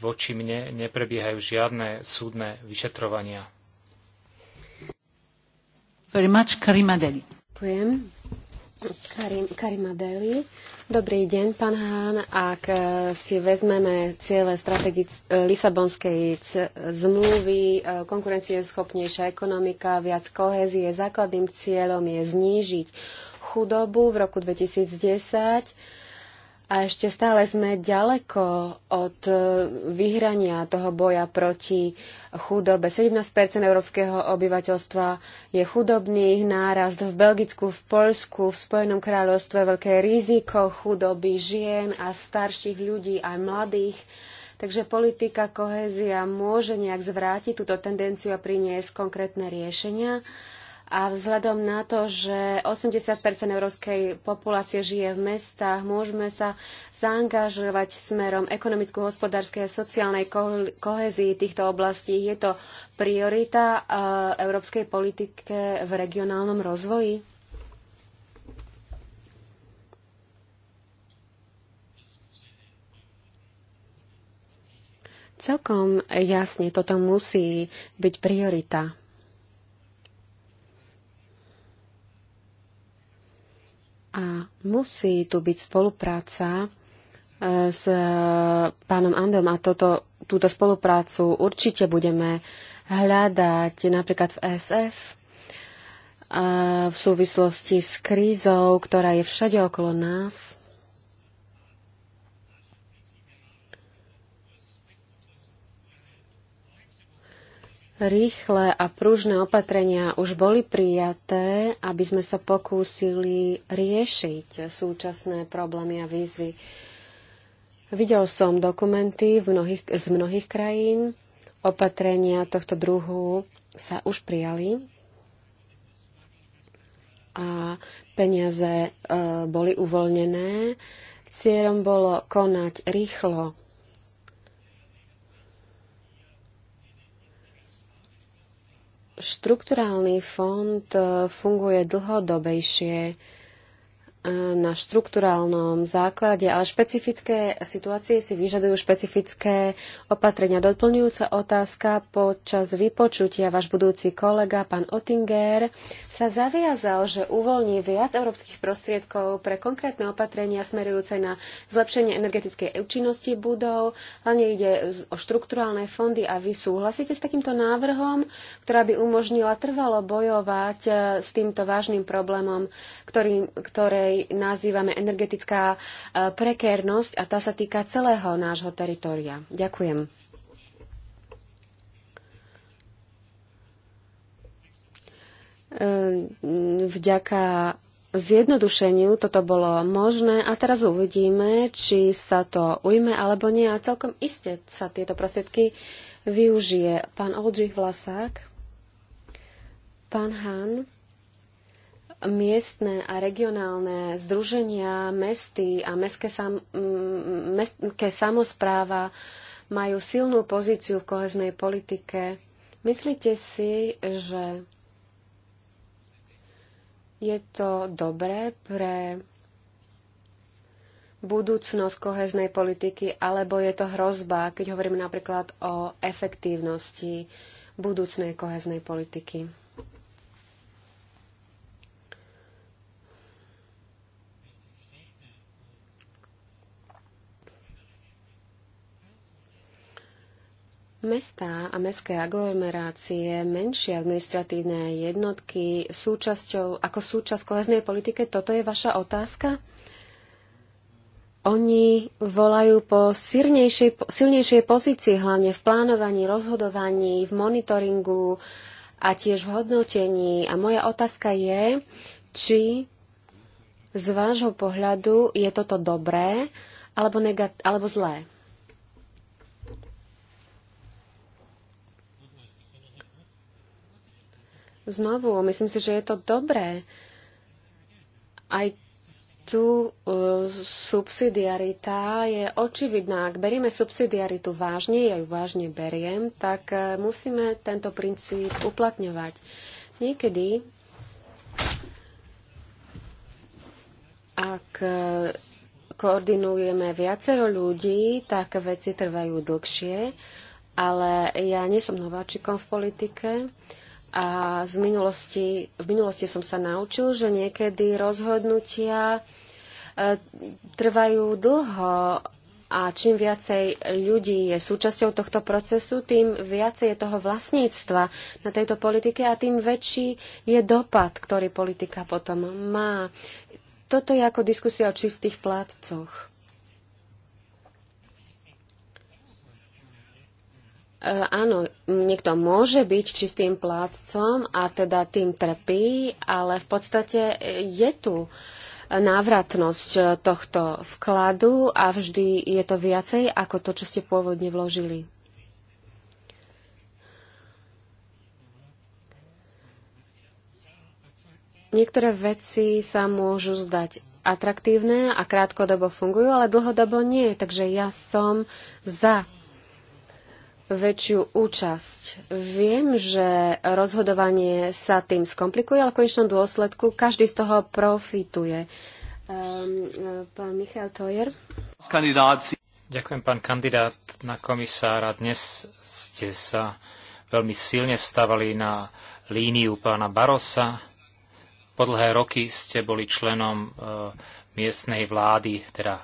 voči mne neprebiehajú žiadne súdne vyšetrovania. Very much, Karima Deli. Ďakujem. Karim, Karima Deli. Dobrý deň, pán Hán. Ak eh, si vezmeme ciele strategic- eh, Lisabonskej zmluvy, eh, schopnejšia ekonomika, viac kohezie, základným cieľom je znížiť chudobu v roku 2010 a ešte stále sme ďaleko od e, vyhrania toho boja proti chudobe. 17 európskeho obyvateľstva je chudobných, nárast v Belgicku, v Poľsku, v Spojenom kráľovstve veľké riziko chudoby žien a starších ľudí aj mladých. Takže politika kohézia môže nejak zvrátiť túto tendenciu a priniesť konkrétne riešenia. A vzhľadom na to, že 80 európskej populácie žije v mestách, môžeme sa zaangažovať smerom ekonomicko-hospodárskej a sociálnej ko- kohezii týchto oblastí. Je to priorita uh, európskej politike v regionálnom rozvoji? Celkom jasne toto musí byť priorita A musí tu byť spolupráca e, s e, pánom Andom a toto, túto spoluprácu určite budeme hľadať napríklad v SF e, v súvislosti s krízou, ktorá je všade okolo nás Rýchle a pružné opatrenia už boli prijaté, aby sme sa pokúsili riešiť súčasné problémy a výzvy. Videl som dokumenty v mnohých, z mnohých krajín. Opatrenia tohto druhu sa už prijali a peniaze e, boli uvoľnené. Cieľom bolo konať rýchlo Štrukturálny fond eh, funguje dlhodobejšie E, na štrukturálnom základe, ale špecifické situácie si vyžadujú špecifické opatrenia. Doplňujúca otázka počas vypočutia váš budúci kolega, pán Ottinger, sa zaviazal, že uvoľní viac európskych prostriedkov pre konkrétne opatrenia smerujúce na zlepšenie energetickej účinnosti budov. Hlavne ide o štrukturálne fondy a vy súhlasíte s takýmto návrhom, ktorá by umožnila trvalo bojovať e, s týmto vážnym problémom, ktorý, ktoré ktorej nazývame energetická e, prekérnosť a tá sa týka celého nášho teritoria. Ďakujem. E, vďaka zjednodušeniu toto bolo možné a teraz uvidíme, či sa to ujme alebo nie a celkom iste sa tieto prostriedky využije. Pán Oldřich Vlasák, pán Han miestne a regionálne združenia, mesty a mestské, sam, mm, mestské samozpráva majú silnú pozíciu v koheznej politike. Myslíte si, že je to dobré pre budúcnosť koheznej politiky, alebo je to hrozba, keď hovoríme napríklad o efektívnosti budúcnej koheznej politiky? Mestá a mestské aglomerácie, menšie administratívne jednotky súčasťou, ako súčasť koheznej politike, toto je vaša otázka? Oni volajú po silnejšej, silnejšej pozícii, hlavne v plánovaní, rozhodovaní, v monitoringu a tiež v hodnotení. A moja otázka je, či z vášho pohľadu je toto dobré alebo, negat- alebo zlé. znovu. Myslím si, že je to dobré. Aj tu uh, subsidiarita je očividná. Ak berieme subsidiaritu vážne, ja ju vážne beriem, tak uh, musíme tento princíp uplatňovať. Niekedy, ak uh, koordinujeme viacero ľudí, tak veci trvajú dlhšie, ale ja nie som nováčikom v politike. Uh, a z minulosti, v minulosti som sa naučil, že niekedy rozhodnutia e, trvajú dlho a čím viacej ľudí je súčasťou tohto procesu, tým viacej je toho vlastníctva na tejto politike a tým väčší je dopad, ktorý politika potom má. Toto je ako diskusia o čistých plátcoch. Eh, áno, niekto môže byť čistým plátcom a teda tým trpí, ale v podstate eh, je tu eh, návratnosť tohto vkladu a vždy je to viacej ako to, čo ste pôvodne vložili. Niektoré veci sa môžu zdať atraktívne a krátkodobo fungujú, ale dlhodobo nie. Takže ja som za väčšiu účasť. Viem, že rozhodovanie sa tým skomplikuje, ale v konečnom dôsledku každý z toho profituje. Ehm, pán Michal Tojer. Ďakujem, pán kandidát na komisára. Dnes ste sa veľmi silne stavali na líniu pána Barosa. Po dlhé roky ste boli členom uh, miestnej vlády, teda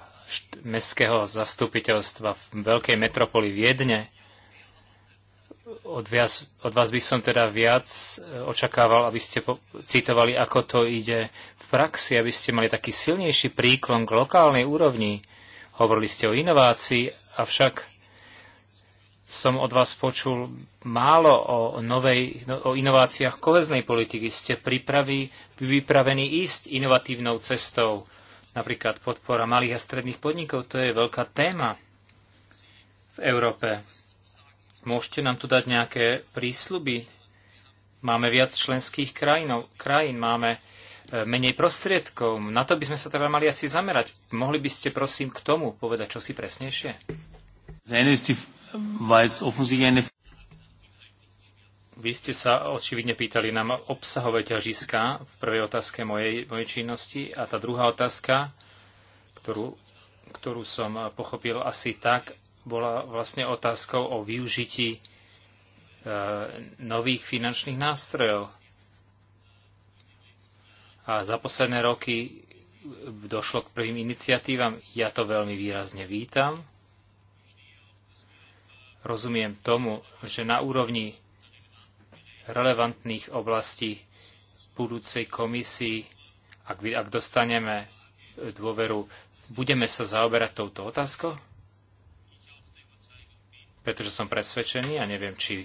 mestského zastupiteľstva v veľkej metropoli Viedne. Od, viac, od vás by som teda viac e, očakával, aby ste po, citovali, ako to ide v praxi, aby ste mali taký silnejší príklon k lokálnej úrovni. Hovorili ste o inovácii, avšak som od vás počul málo o, novej, no, o inováciách koveznej politiky. Ste pripraví, pripravení ísť inovatívnou cestou, napríklad podpora malých a stredných podnikov, to je veľká téma v Európe. Môžete nám tu dať nejaké prísľuby? Máme viac členských krajinov, krajín, máme e, menej prostriedkov. Na to by sme sa teda mali asi zamerať. Mohli by ste prosím k tomu povedať čosi presnejšie? Vy ste sa očividne pýtali nám obsahové ťažiska v prvej otázke mojej, mojej činnosti a tá druhá otázka, ktorú, ktorú som pochopil asi tak, bola vlastne otázkou o využití e, nových finančných nástrojov. A za posledné roky došlo k prvým iniciatívam. Ja to veľmi výrazne vítam. Rozumiem tomu, že na úrovni relevantných oblastí budúcej komisii, ak, ak dostaneme dôveru, budeme sa zaoberať touto otázkou? pretože som presvedčený a neviem, či,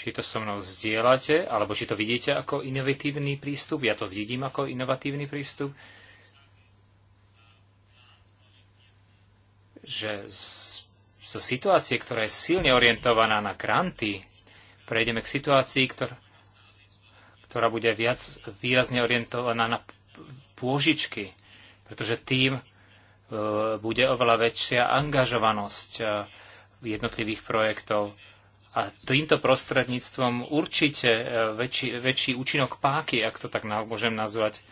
či to so mnou zdieľate, alebo či to vidíte ako inovatívny prístup. Ja to vidím ako inovatívny prístup, že zo situácie, ktorá je silne orientovaná na granty, prejdeme k situácii, ktor, ktorá bude viac výrazne orientovaná na pôžičky, pretože tým E, bude oveľa väčšia angažovanosť e, jednotlivých projektov. A týmto prostredníctvom určite e, väčší, väčší účinok páky, ak to tak môžem nazvať,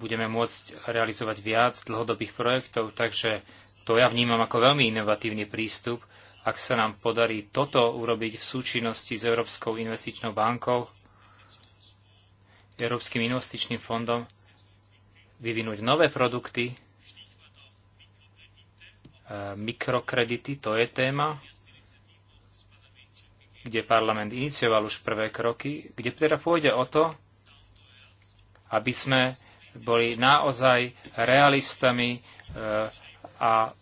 budeme môcť realizovať viac dlhodobých projektov, takže to ja vnímam ako veľmi inovatívny prístup. Ak sa nám podarí toto urobiť v súčinnosti s Európskou investičnou bankou, Európskym investičným fondom, vyvinúť nové produkty. E, mikrokredity, to je téma, kde parlament inicioval už prvé kroky, kde teda pôjde o to, aby sme boli naozaj realistami e, a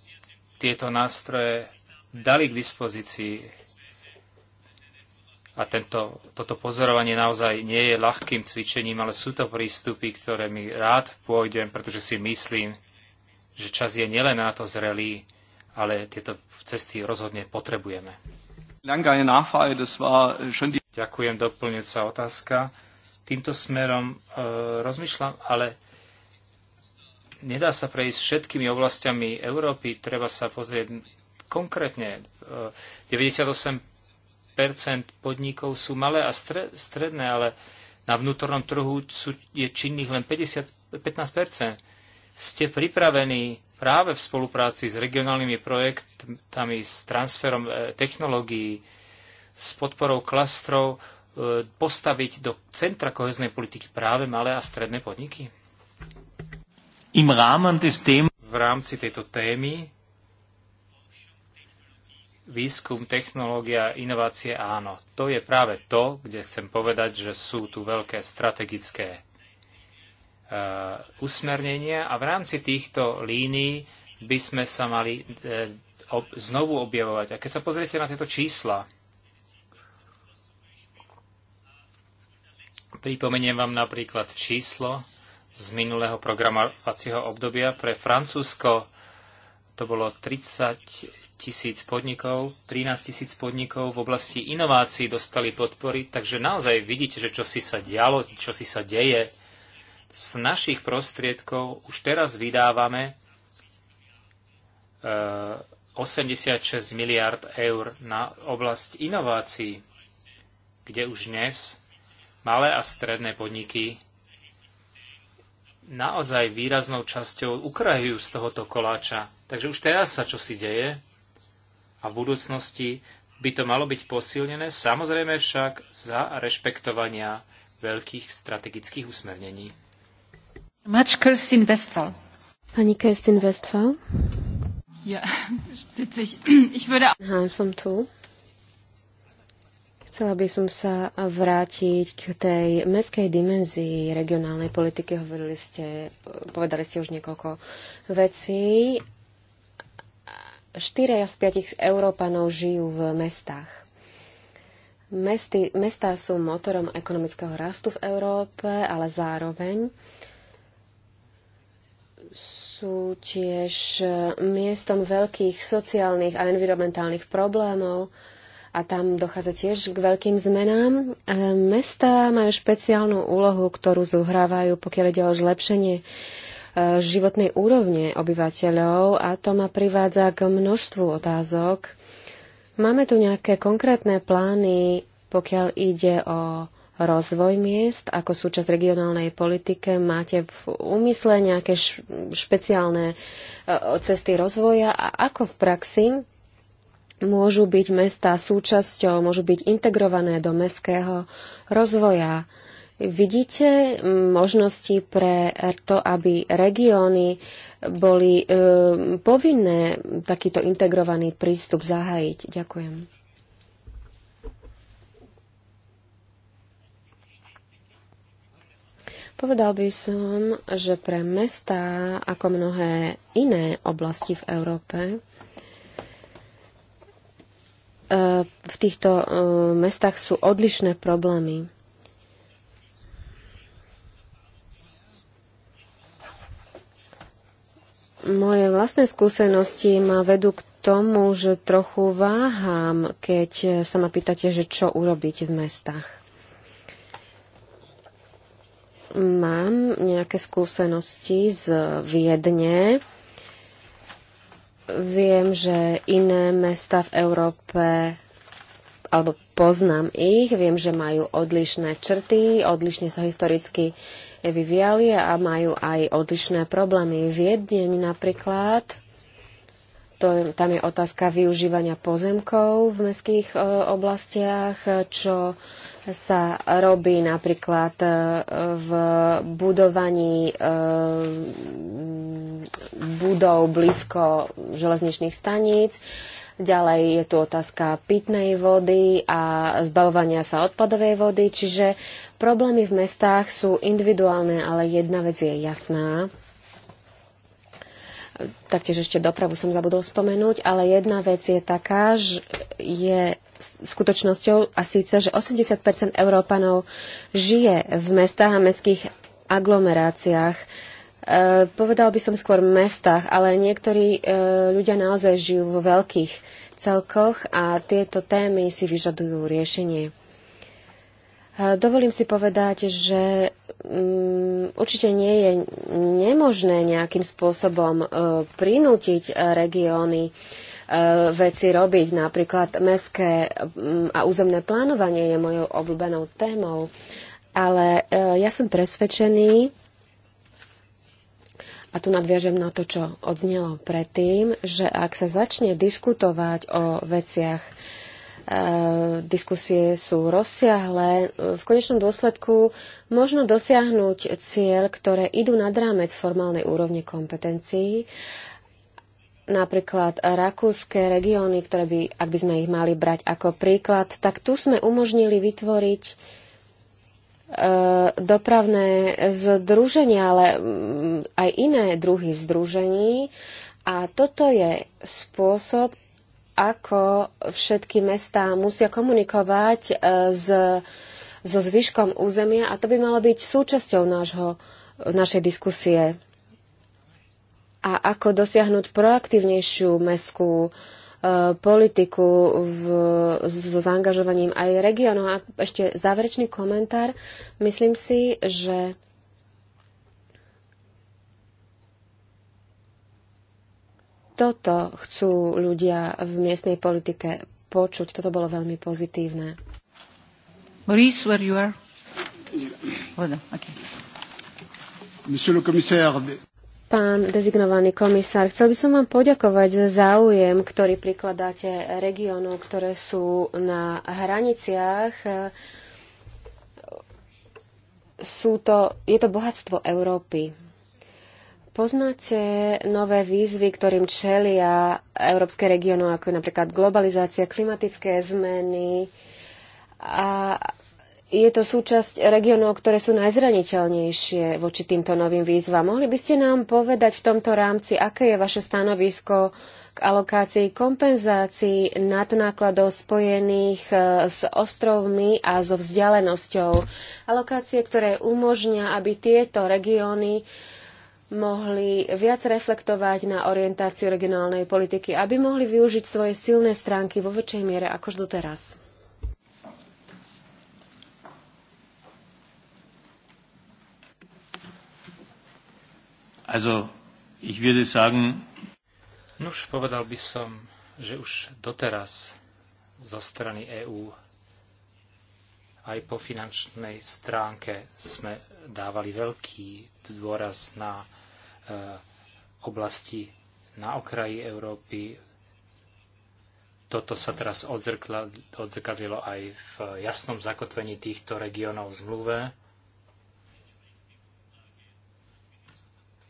tieto nástroje dali k dispozícii a tento, toto pozorovanie naozaj nie je ľahkým cvičením, ale sú to prístupy, ktoré mi rád pôjdem, pretože si myslím, že čas je nielen na to zrelý, ale tieto cesty rozhodne potrebujeme. Ďakujem, doplňujúca otázka. Týmto smerom e, rozmýšľam, ale nedá sa prejsť všetkými oblastiami Európy, treba sa pozrieť konkrétne. E, 98 podnikov sú malé a stredné, ale na vnútornom trhu sú, je činných len 50, 15 Ste pripravení práve v spolupráci s regionálnymi projektami, s transferom e, technológií, s podporou klastrov e, postaviť do centra koheznej politiky práve malé a stredné podniky? Im des tém... V rámci tejto témy Výskum, technológia, inovácie, áno. To je práve to, kde chcem povedať, že sú tu veľké strategické uh, usmernenia a v rámci týchto línií by sme sa mali uh, ob, znovu objavovať. A keď sa pozriete na tieto čísla, pripomeniem vám napríklad číslo z minulého programovacieho obdobia pre Francúzsko to bolo 30 tisíc podnikov, 13 tisíc podnikov v oblasti inovácií dostali podpory, takže naozaj vidíte, že čo si sa dialo, čo si sa deje. Z našich prostriedkov už teraz vydávame 86 eh, miliard eur na oblasť inovácií, kde už dnes malé a stredné podniky naozaj výraznou časťou ukrajujú z tohoto koláča. Takže už teraz sa čo si deje a v budúcnosti by to malo byť posilnené, samozrejme však za rešpektovania veľkých strategických usmernení. Kirstin Westphal. Pani Kirstin Westphal. Ja, ich, ich würde... som tu. Chcela by som sa vrátiť k tej mestskej dimenzii regionálnej politiky. Hovorili ste, povedali ste už niekoľko vecí 4 z 5 Európanov žijú v mestách. Mesty, mestá sú motorom ekonomického rastu v Európe, ale zároveň sú tiež miestom veľkých sociálnych a environmentálnych problémov a tam dochádza tiež k veľkým zmenám. E, mestá majú špeciálnu úlohu, ktorú zohrávajú, pokiaľ ide o zlepšenie životnej úrovne obyvateľov a to ma privádza k množstvu otázok. Máme tu nejaké konkrétne plány, pokiaľ ide o rozvoj miest ako súčasť regionálnej politike? Máte v úmysle nejaké špeciálne e, cesty rozvoja a ako v praxi môžu byť mesta súčasťou, môžu byť integrované do mestského rozvoja? Vidíte možnosti pre to, aby regióny boli e, povinné takýto integrovaný prístup zahájiť? Ďakujem. Povedal by som, že pre mesta, ako mnohé iné oblasti v Európe, e, v týchto e, mestách sú odlišné problémy. Moje vlastné skúsenosti ma vedú k tomu, že trochu váham, keď sa ma pýtate, že čo urobiť v mestách. Mám nejaké skúsenosti z Viedne. Viem, že iné mesta v Európe alebo poznám ich, viem, že majú odlišné črty, odlišne sa historicky uh, vyvíjali a majú aj odlišné problémy. v jedneň napríklad, to, tam je otázka využívania pozemkov v mestských e, oblastiach, čo sa robí napríklad e, v budovaní e, budov blízko železničných staníc. Ďalej je tu otázka pitnej vody a zbavovania sa odpadovej vody, čiže Problémy v mestách sú individuálne, ale jedna vec je jasná. Taktiež ešte dopravu som zabudol spomenúť, ale jedna vec je taká, že je skutočnosťou a síce, že 80 Európanov žije v mestách a mestských aglomeráciách. E, povedal by som skôr mestách, ale niektorí e, ľudia naozaj žijú vo veľkých celkoch a tieto témy si vyžadujú riešenie. Dovolím si povedať, že um, určite nie je nemožné nejakým spôsobom uh, prinútiť e, regióny uh, veci robiť. Napríklad mestské um, a územné plánovanie je mojou obľúbenou témou. Ale uh, ja som presvedčený, a tu nadviažem na to, čo odznelo predtým, že ak sa začne diskutovať o veciach, Eh, diskusie sú rozsiahle. V konečnom dôsledku možno dosiahnuť cieľ, ktoré idú nad rámec formálnej úrovne kompetencií. Napríklad rakúske regióny, ktoré by, ak by sme ich mali brať ako príklad, tak tu sme umožnili vytvoriť eh, dopravné združenia, ale mm, aj iné druhy združení. A toto je spôsob, ako všetky mestá musia komunikovať s, e, so zvyškom územia a to by malo byť súčasťou nášho, našej diskusie. A ako dosiahnuť proaktívnejšiu mestskú e, politiku v, so zaangažovaním aj regionu. A ešte záverečný komentár. Myslím si, že Toto chcú ľudia v miestnej politike počuť. Toto bolo veľmi pozitívne. Maurice, where you are? Monsieur le commissaire, Pán dezignovaný komisár, chcel by som vám poďakovať za záujem, ktorý prikladáte regiónu, ktoré sú na hraniciach. Sú to, je to bohatstvo Európy. Poznáte nové výzvy, ktorým čelia európske regióny, ako je napríklad globalizácia, klimatické zmeny a je to súčasť regiónov, ktoré sú najzraniteľnejšie voči týmto novým výzvam. Mohli by ste nám povedať v tomto rámci, aké je vaše stanovisko k alokácii kompenzácií nadnákladov spojených e, s ostrovmi a so vzdialenosťou. Alokácie, ktoré umožňa, aby tieto regióny mohli viac reflektovať na orientáciu regionálnej politiky, aby mohli využiť svoje silné stránky vo väčšej miere akož doteraz. Also, ich würde sagen... Nuž, povedal by som, že už doteraz zo strany EÚ aj po finančnej stránke sme dávali veľký dôraz na Eh, oblasti na okraji Európy. Toto sa teraz odzrkadlilo aj v jasnom zakotvení týchto regiónov v zmluve.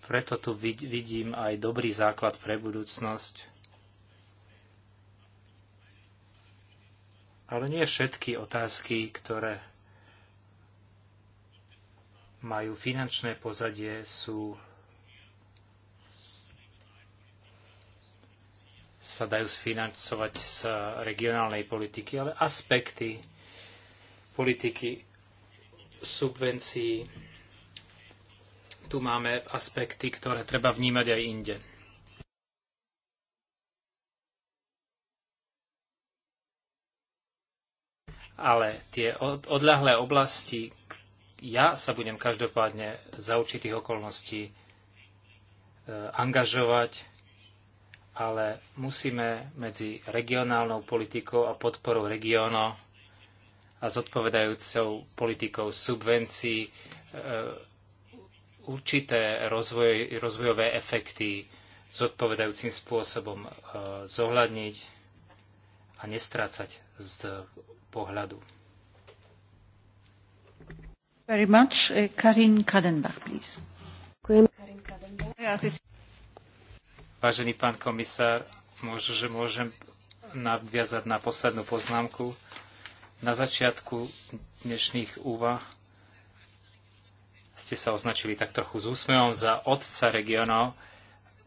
Preto tu vidím aj dobrý základ pre budúcnosť. Ale nie všetky otázky, ktoré majú finančné pozadie, sú sa dajú sfinancovať z regionálnej politiky, ale aspekty politiky subvencií. Tu máme aspekty, ktoré treba vnímať aj inde. ale tie odľahlé oblasti, ja sa budem každopádne za určitých okolností e, angažovať ale musíme medzi regionálnou politikou a podporou regiónov a zodpovedajúcou politikou subvencií e, určité rozvoj, rozvojové efekty zodpovedajúcim spôsobom e, zohľadniť a nestrácať z pohľadu. Very much. E, Karin Kadenbach, please. Karin Kadenbach. Vážený pán komisár, možno, že môžem nadviazať na poslednú poznámku. Na začiatku dnešných úvah ste sa označili tak trochu s úsmevom za otca regionov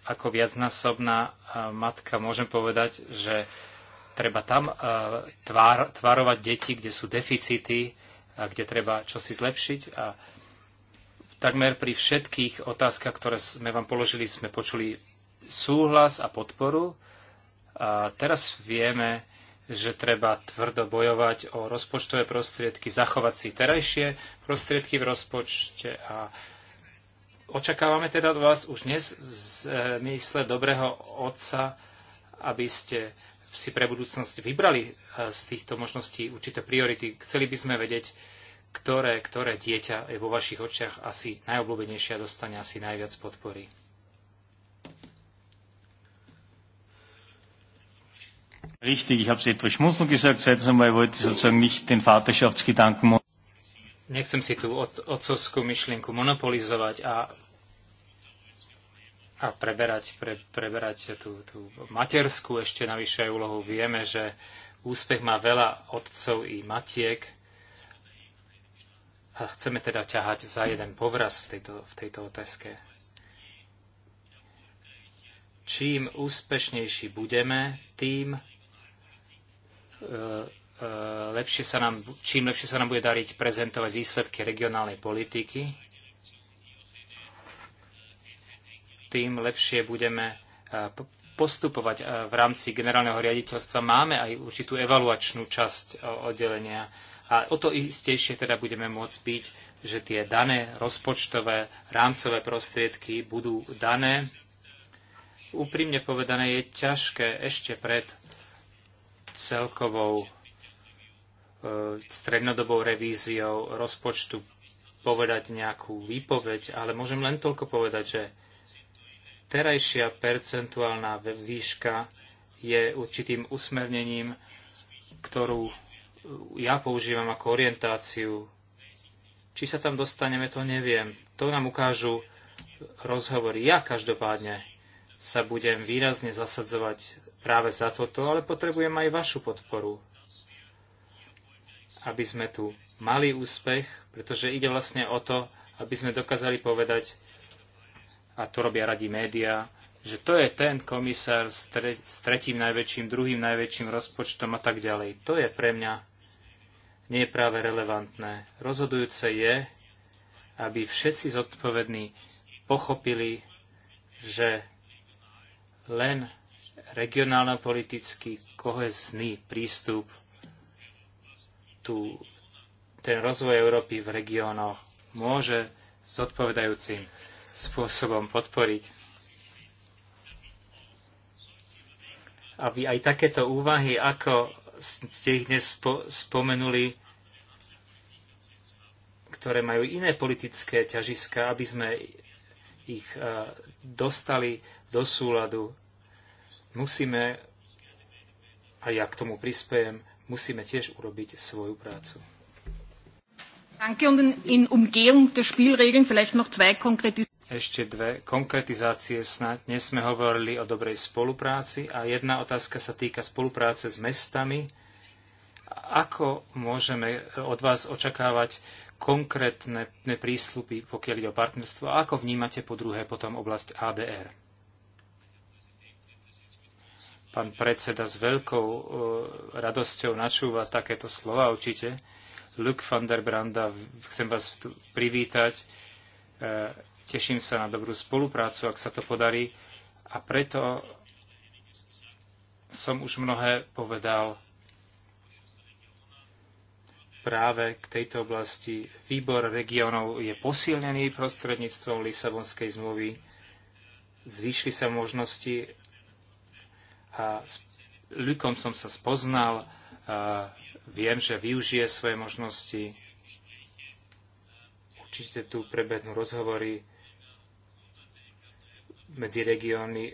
ako viacnásobná matka. Môžem povedať, že treba tam tvár, tvárovať deti, kde sú deficity a kde treba čosi zlepšiť. A takmer pri všetkých otázkach, ktoré sme vám položili, sme počuli súhlas a podporu. A teraz vieme, že treba tvrdo bojovať o rozpočtové prostriedky, zachovať si terajšie prostriedky v rozpočte a očakávame teda od vás už dnes v mysle dobrého otca, aby ste si pre budúcnosť vybrali e, z týchto možností určité priority. Chceli by sme vedieť, ktoré, ktoré dieťa je vo vašich očiach asi najobľúbenejšie a dostane asi najviac podpory. Richtig, ich habe es etwas schmunzeln gesagt. Zweitens einmal wollte ich sozusagen nicht den Vaterschaftsgedanken. Nechcem si tú otcovskú myšlienku monopolizovať a, a preberať, pre, preberať tú, tú materskú ešte navyše aj úlohu. Vieme, že úspech má veľa otcov i matiek a chceme teda ťahať za jeden povraz v tejto, v tejto otázke. Čím úspešnejší budeme, tým E, e, lepšie sa nám, čím lepšie sa nám bude dariť prezentovať výsledky regionálnej politiky, tým lepšie budeme e, postupovať v rámci generálneho riaditeľstva. Máme aj určitú evaluačnú časť oddelenia a o to istejšie teda budeme môcť byť, že tie dané rozpočtové rámcové prostriedky budú dané. Úprimne povedané je ťažké ešte pred celkovou e, strednodobou revíziou rozpočtu povedať nejakú výpoveď, ale môžem len toľko povedať, že terajšia percentuálna výška je určitým usmernením, ktorú ja používam ako orientáciu. Či sa tam dostaneme, to neviem. To nám ukážu rozhovory. Ja každopádne sa budem výrazne zasadzovať práve za toto, ale potrebujem aj vašu podporu, aby sme tu mali úspech, pretože ide vlastne o to, aby sme dokázali povedať, a to robia radi médiá, že to je ten komisár s, tre- s tretím najväčším, druhým najväčším rozpočtom a tak ďalej. To je pre mňa nie je práve relevantné. Rozhodujúce je, aby všetci zodpovední pochopili, že len regionálno-politický kohezný prístup, tu, ten rozvoj Európy v regiónoch môže zodpovedajúcim spôsobom podporiť. Aby aj takéto úvahy, ako ste ich dnes spo- spomenuli, ktoré majú iné politické ťažiska, aby sme ich eh, dostali do súladu Musíme, a ja k tomu prispejem, musíme tiež urobiť svoju prácu. Ešte dve konkretizácie snad. Dnes sme hovorili o dobrej spolupráci a jedna otázka sa týka spolupráce s mestami. Ako môžeme od vás očakávať konkrétne prísľuby, pokiaľ ide o partnerstvo? A ako vnímate po druhé potom oblasť ADR? Pán predseda s veľkou e, radosťou načúva takéto slova určite. Luke van der Branda, chcem vás tu privítať. E, teším sa na dobrú spoluprácu, ak sa to podarí. A preto som už mnohé povedal práve k tejto oblasti. Výbor regiónov je posilnený prostredníctvom Lisabonskej zmluvy. Zvýšli sa možnosti a s Lukom som sa spoznal, a viem, že využije svoje možnosti. Určite tu prebehnú rozhovory medzi regiónmi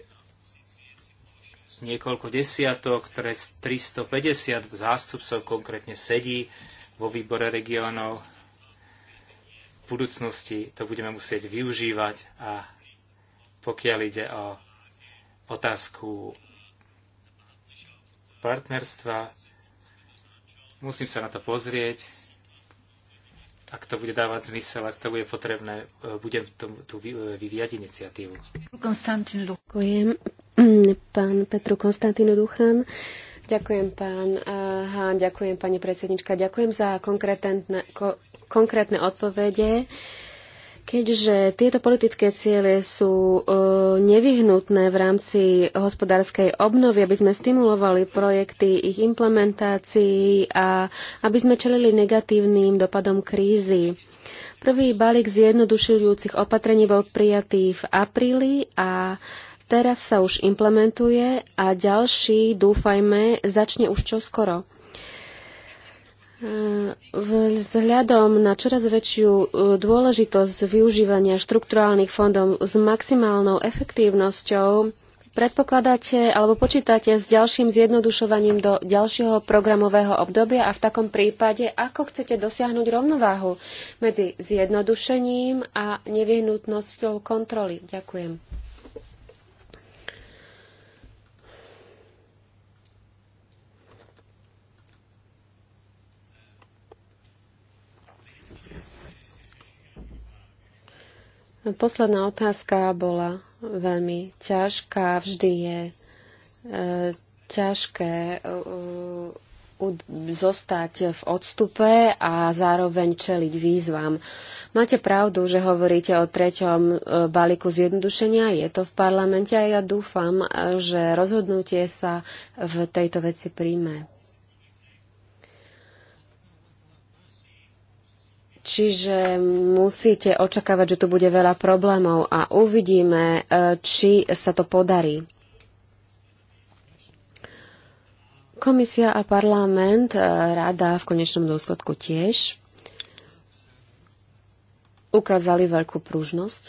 niekoľko desiatok, ktoré 350 zástupcov konkrétne sedí vo výbore regiónov. V budúcnosti to budeme musieť využívať a pokiaľ ide o otázku partnerstva. Musím sa na to pozrieť. Ak to bude dávať zmysel, ak to bude potrebné, e, budem tu e, vyvíjať iniciatívu. Konstantin Ďakujem, pán Petru Konstantinu Duchan. Ďakujem, pán e, Hán, ďakujem, pani predsednička, ďakujem za konkrétne, ko, konkrétne odpovede. Keďže tieto politické ciele sú e, nevyhnutné v rámci hospodárskej obnovy, aby sme stimulovali projekty, ich implementácií a aby sme čelili negatívnym dopadom krízy. Prvý balík zjednodušujúcich opatrení bol prijatý v apríli a teraz sa už implementuje a ďalší, dúfajme, začne už čoskoro. Vzhľadom na čoraz väčšiu e, dôležitosť využívania štrukturálnych fondov s maximálnou efektívnosťou, predpokladáte alebo počítate s ďalším zjednodušovaním do ďalšieho programového obdobia a v takom prípade, ako chcete dosiahnuť rovnováhu medzi zjednodušením a nevyhnutnosťou kontroly? Ďakujem. Posledná otázka bola veľmi ťažká. Vždy je e, ťažké e, u, zostať v odstupe a zároveň čeliť výzvam. Máte pravdu, že hovoríte o treťom e, balíku zjednodušenia. Je to v parlamente a ja dúfam, e, že rozhodnutie sa v tejto veci príjme. Čiže musíte očakávať, že tu bude veľa problémov a uvidíme, e, či sa to podarí. Komisia a parlament, e, rada v konečnom dôsledku tiež ukázali veľkú pružnosť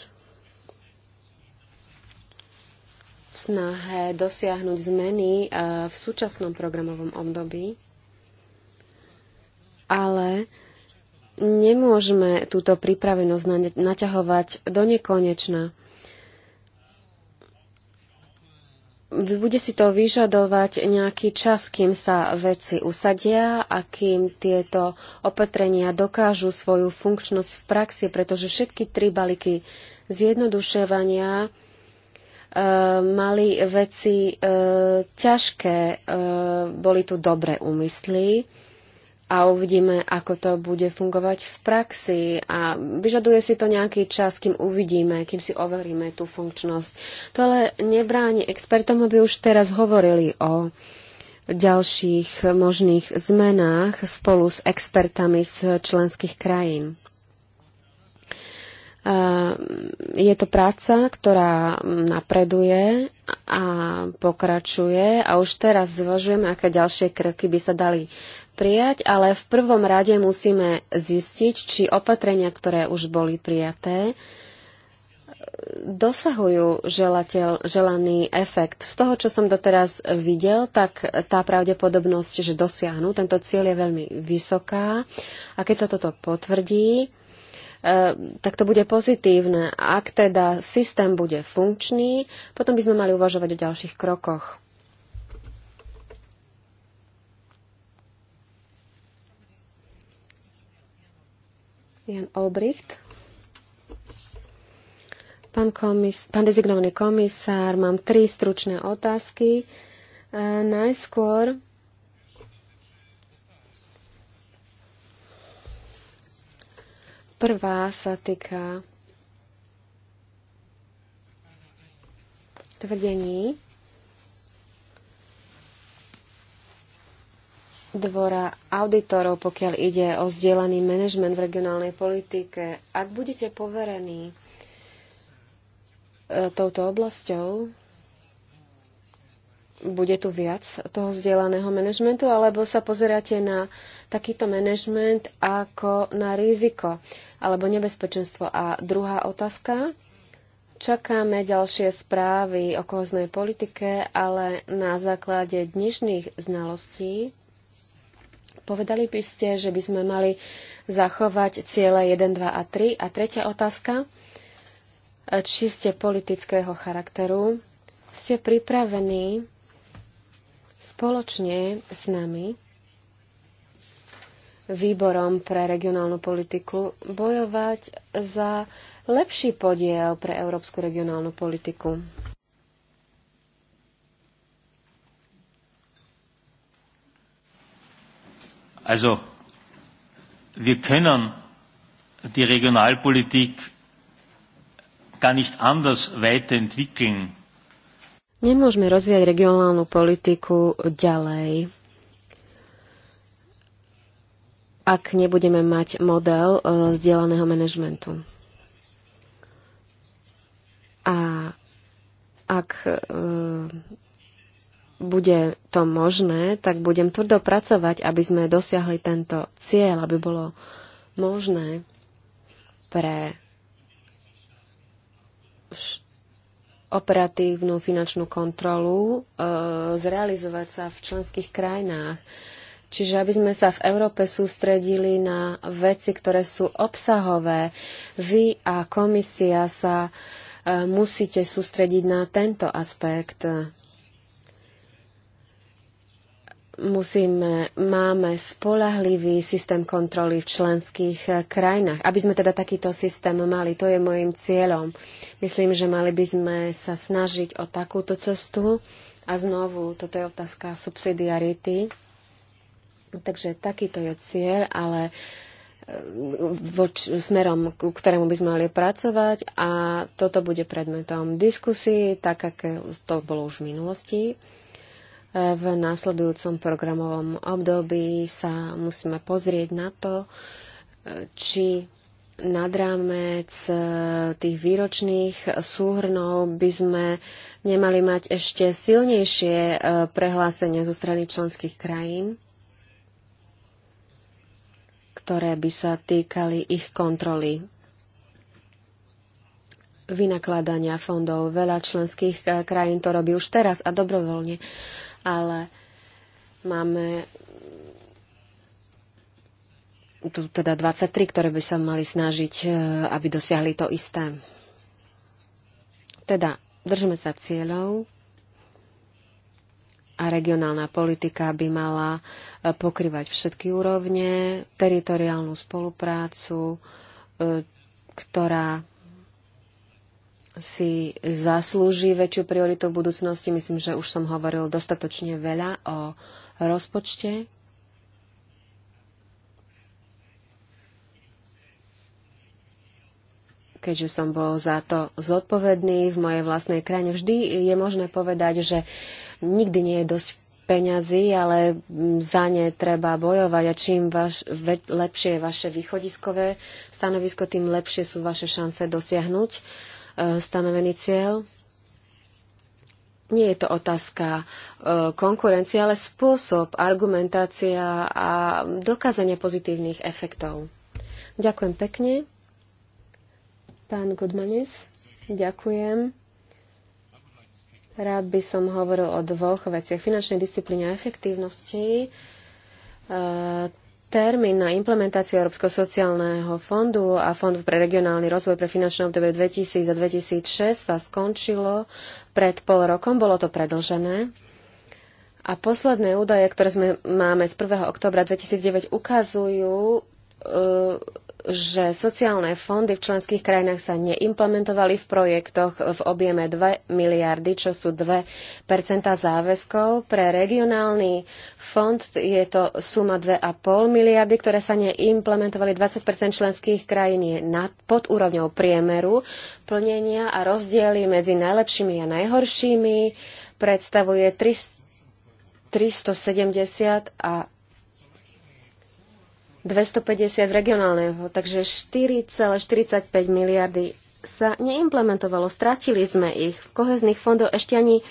v snahe dosiahnuť zmeny e, v súčasnom programovom období, ale nemôžeme túto pripravenosť naťahovať do nekonečna. Bude si to vyžadovať nejaký čas, kým sa veci usadia a kým tieto opatrenia dokážu svoju funkčnosť v praxi, pretože všetky tri balíky zjednodušovania e, mali veci e, ťažké, e, boli tu dobré úmysly a uvidíme, ako to bude fungovať v praxi. A vyžaduje si to nejaký čas, kým uvidíme, kým si overíme tú funkčnosť. To ale nebráni expertom, aby už teraz hovorili o ďalších možných zmenách spolu s expertami z členských krajín. Je to práca, ktorá napreduje a pokračuje a už teraz zvažujeme, aké ďalšie kroky by sa dali prijať, ale v prvom rade musíme zistiť, či opatrenia, ktoré už boli prijaté, dosahujú želateľ, želaný efekt. Z toho, čo som doteraz videl, tak tá pravdepodobnosť, že dosiahnu tento cieľ je veľmi vysoká a keď sa toto potvrdí, e, tak to bude pozitívne. Ak teda systém bude funkčný, potom by sme mali uvažovať o ďalších krokoch. Jan Olbricht. Pán, komis, pán dezignovaný komisár, mám tri stručné otázky. E, najskôr prvá sa týka tvrdení, dvora auditorov, pokiaľ ide o zdieľaný manažment v regionálnej politike. Ak budete poverení e, touto oblasťou, bude tu viac toho zdieľaného manažmentu, alebo sa pozeráte na takýto manažment ako na riziko alebo nebezpečenstvo. A druhá otázka. Čakáme ďalšie správy o kohoznej politike, ale na základe dnešných znalostí Povedali by ste, že by sme mali zachovať ciele 1, 2 a 3? A tretia otázka, či ste politického charakteru. Ste pripravení spoločne s nami, výborom pre regionálnu politiku, bojovať za lepší podiel pre európsku regionálnu politiku? Also wir können die Regionalpolitik gar nicht anders weiterentwickeln. Nemôžeme rozvíjať regionálnu politiku ďalej, ak nebudeme mať model e, zdieľaného manažmentu. A ak e, bude to možné, tak budem tvrdo pracovať, aby sme dosiahli tento cieľ, aby bolo možné pre operatívnu finančnú kontrolu e, zrealizovať sa v členských krajinách. Čiže aby sme sa v Európe sústredili na veci, ktoré sú obsahové. Vy a komisia sa e, musíte sústrediť na tento aspekt musíme, máme spolahlivý systém kontroly v členských eh, krajinách. Aby sme teda takýto systém mali, to je môjim cieľom. Myslím, že mali by sme sa snažiť o takúto cestu. A znovu, toto je otázka subsidiarity. Takže takýto je cieľ, ale eh, voč, smerom, ku ktorému by sme mali pracovať a toto bude predmetom diskusie, tak ako to bolo už v minulosti v následujúcom programovom období sa musíme pozrieť na to, či nad rámec e, tých výročných súhrnov by sme nemali mať ešte silnejšie e, prehlásenia zo strany členských krajín, ktoré by sa týkali ich kontroly vynakladania fondov. Veľa členských e, krajín to robí už teraz a dobrovoľne ale máme tu teda 23, ktoré by sa mali snažiť, e, aby dosiahli to isté. Teda držíme sa cieľov a regionálna politika by mala e, pokrývať všetky úrovne, teritoriálnu spoluprácu, e, ktorá si zaslúži väčšiu prioritu v budúcnosti. Myslím, že už som hovoril dostatočne veľa o rozpočte. Keďže som bol za to zodpovedný v mojej vlastnej krajine, vždy je možné povedať, že nikdy nie je dosť peňazí, ale za ne treba bojovať a čím vaš, ve, lepšie je vaše východiskové stanovisko, tým lepšie sú vaše šance dosiahnuť E, stanovený cieľ. Nie je to otázka e, konkurencie, ale spôsob, argumentácia a dokázania pozitívnych efektov. Ďakujem pekne. Pán Gudmanis, ďakujem. Rád by som hovoril o dvoch veciach. Finančnej disciplíne a efektívnosti. E, Termín na implementáciu Európskeho sociálneho fondu a Fondu pre regionálny rozvoj pre finančné obdobie 2000 a 2006 sa skončilo pred pol rokom, bolo to predlžené. A posledné údaje, ktoré sme, máme z 1. oktobra 2009, ukazujú, e, že sociálne fondy v členských krajinách sa neimplementovali v projektoch v objeme 2 miliardy, čo sú 2 záväzkov. Pre regionálny fond je to suma 2,5 miliardy, ktoré sa neimplementovali. 20 členských krajín je nad, pod úrovňou priemeru plnenia a rozdiely medzi najlepšími a najhoršími predstavuje 300, 370 a 250 regionálneho, takže 4,45 miliardy sa neimplementovalo, stratili sme ich. V kohezných fondoch ešte ani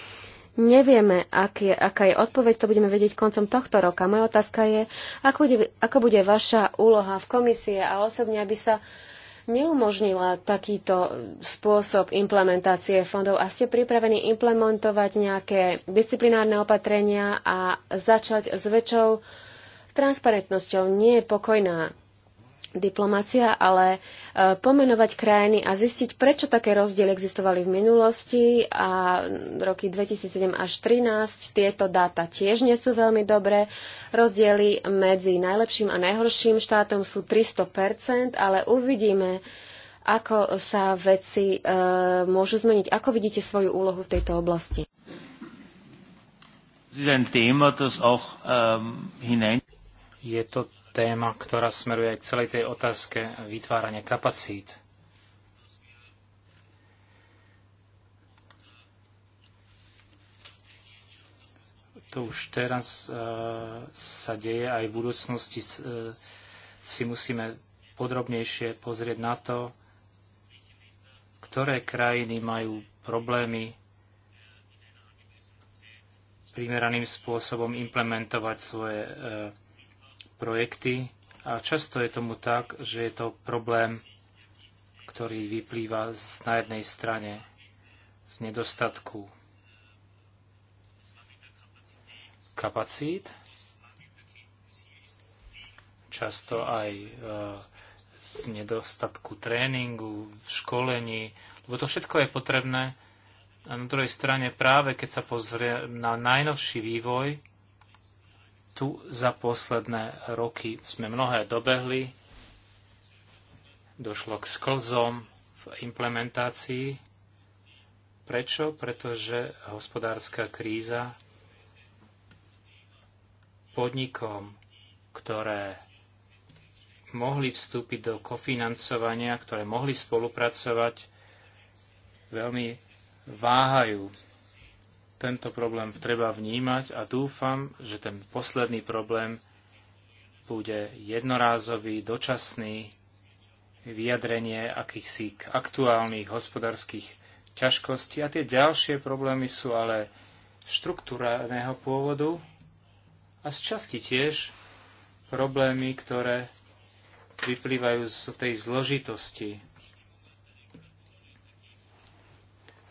nevieme, ak je, aká je odpoveď, to budeme vedieť koncom tohto roka. Moja otázka je, ako bude, ako bude vaša úloha v komisie a osobne, aby sa neumožnila takýto spôsob implementácie fondov a ste pripravení implementovať nejaké disciplinárne opatrenia a začať s väčšou transparentnosťou nie je pokojná diplomácia, ale e, pomenovať krajiny a zistiť, prečo také rozdiely existovali v minulosti a roky 2007 až 2013 tieto dáta tiež nie sú veľmi dobré. Rozdiely medzi najlepším a najhorším štátom sú 300%, ale uvidíme, ako sa veci e, môžu zmeniť. Ako vidíte svoju úlohu v tejto oblasti? Je to téma, ktorá smeruje aj k celej tej otázke vytvárania kapacít. To už teraz e, sa deje aj v budúcnosti. E, si musíme podrobnejšie pozrieť na to, ktoré krajiny majú problémy primeraným spôsobom implementovať svoje e, projekty a často je tomu tak, že je to problém, ktorý vyplýva z, na jednej strane z nedostatku kapacít, často aj e, z nedostatku tréningu, školení, lebo to všetko je potrebné. A na druhej strane práve keď sa pozrie na najnovší vývoj, tu za posledné roky sme mnohé dobehli, došlo k sklzom v implementácii. Prečo? Pretože hospodárska kríza podnikom, ktoré mohli vstúpiť do kofinancovania, ktoré mohli spolupracovať, veľmi váhajú tento problém treba vnímať a dúfam, že ten posledný problém bude jednorázový, dočasný, vyjadrenie akýchsi aktuálnych hospodárskych ťažkostí. A tie ďalšie problémy sú ale štruktúrneho pôvodu a z časti tiež problémy, ktoré vyplývajú z tej zložitosti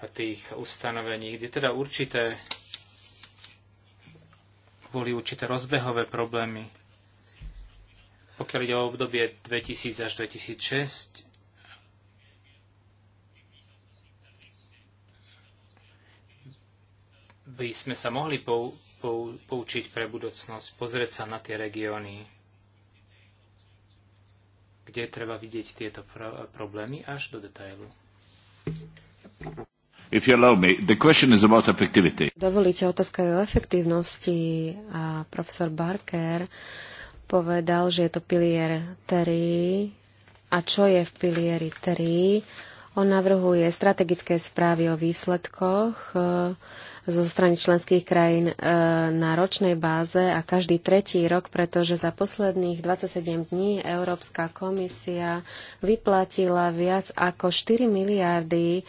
tých ustanovení, kde teda určité boli určité rozbehové problémy. Pokiaľ ide o obdobie 2000 až 2006, by sme sa mohli pou, pou, poučiť pre budúcnosť, pozrieť sa na tie regióny, kde treba vidieť tieto pro, problémy až do detailu. If you allow me, the question is about effectivity. Dovolíte, otázka je o efektívnosti a profesor Barker povedal, že je to pilier 3 a čo je v pilieri 3. On navrhuje strategické správy o výsledkoch e, zo strany členských krajín e, na ročnej báze a každý tretí rok, pretože za posledných 27 dní Európska komisia vyplatila viac ako 4 miliardy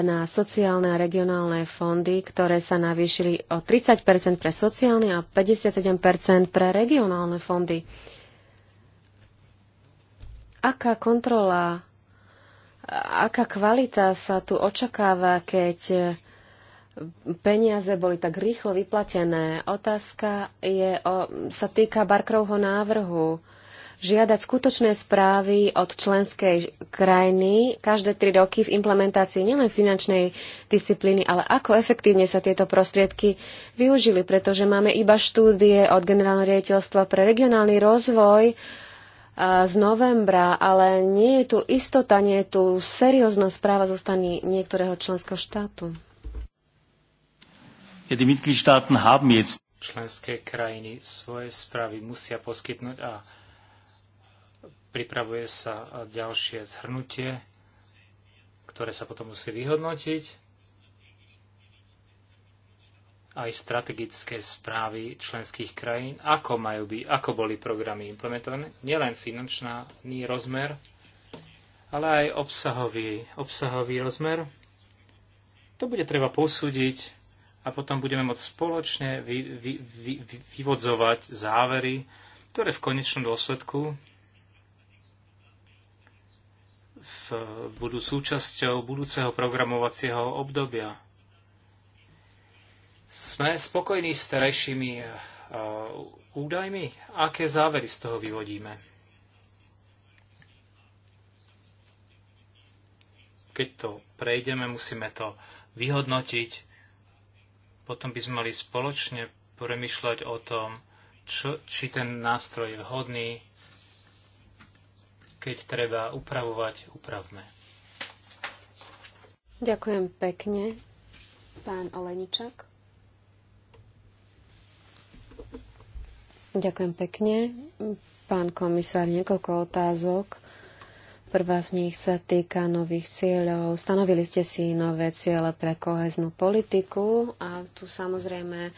na sociálne a regionálne fondy, ktoré sa navýšili o 30 pre sociálne a 57 pre regionálne fondy. Aká kontrola, aká kvalita sa tu očakáva, keď peniaze boli tak rýchlo vyplatené. Otázka je o, sa týka Barkrovho návrhu žiadať skutočné správy od členskej krajiny každé tri roky v implementácii nielen finančnej disciplíny, ale ako efektívne sa tieto prostriedky využili, pretože máme iba štúdie od Generálneho riaditeľstva pre regionálny rozvoj z novembra, ale nie je tu istota, nie je tu seriózna správa zo strany niektorého členského štátu. členské krajiny svoje správy musia poskytnúť a pripravuje sa ďalšie zhrnutie, ktoré sa potom musí vyhodnotiť. Aj strategické správy členských krajín, ako, majú by, ako boli programy implementované, nielen finančný rozmer, ale aj obsahový, obsahový rozmer. To bude treba posúdiť a potom budeme môcť spoločne vy, vy, vy, vy vyvodzovať závery, ktoré v konečnom dôsledku v, budú súčasťou budúceho programovacieho obdobia. Sme spokojní s terajšími eh, údajmi? Aké závery z toho vyvodíme? Keď to prejdeme, musíme to vyhodnotiť. Potom by sme mali spoločne premyšľať o tom, čo, či ten nástroj je vhodný, keď treba upravovať, upravme. Ďakujem pekne, pán Oleničak. Ďakujem pekne. Pán komisár, niekoľko otázok. Prvá z nich sa týka nových cieľov. Stanovili ste si nové ciele pre koheznú politiku a tu samozrejme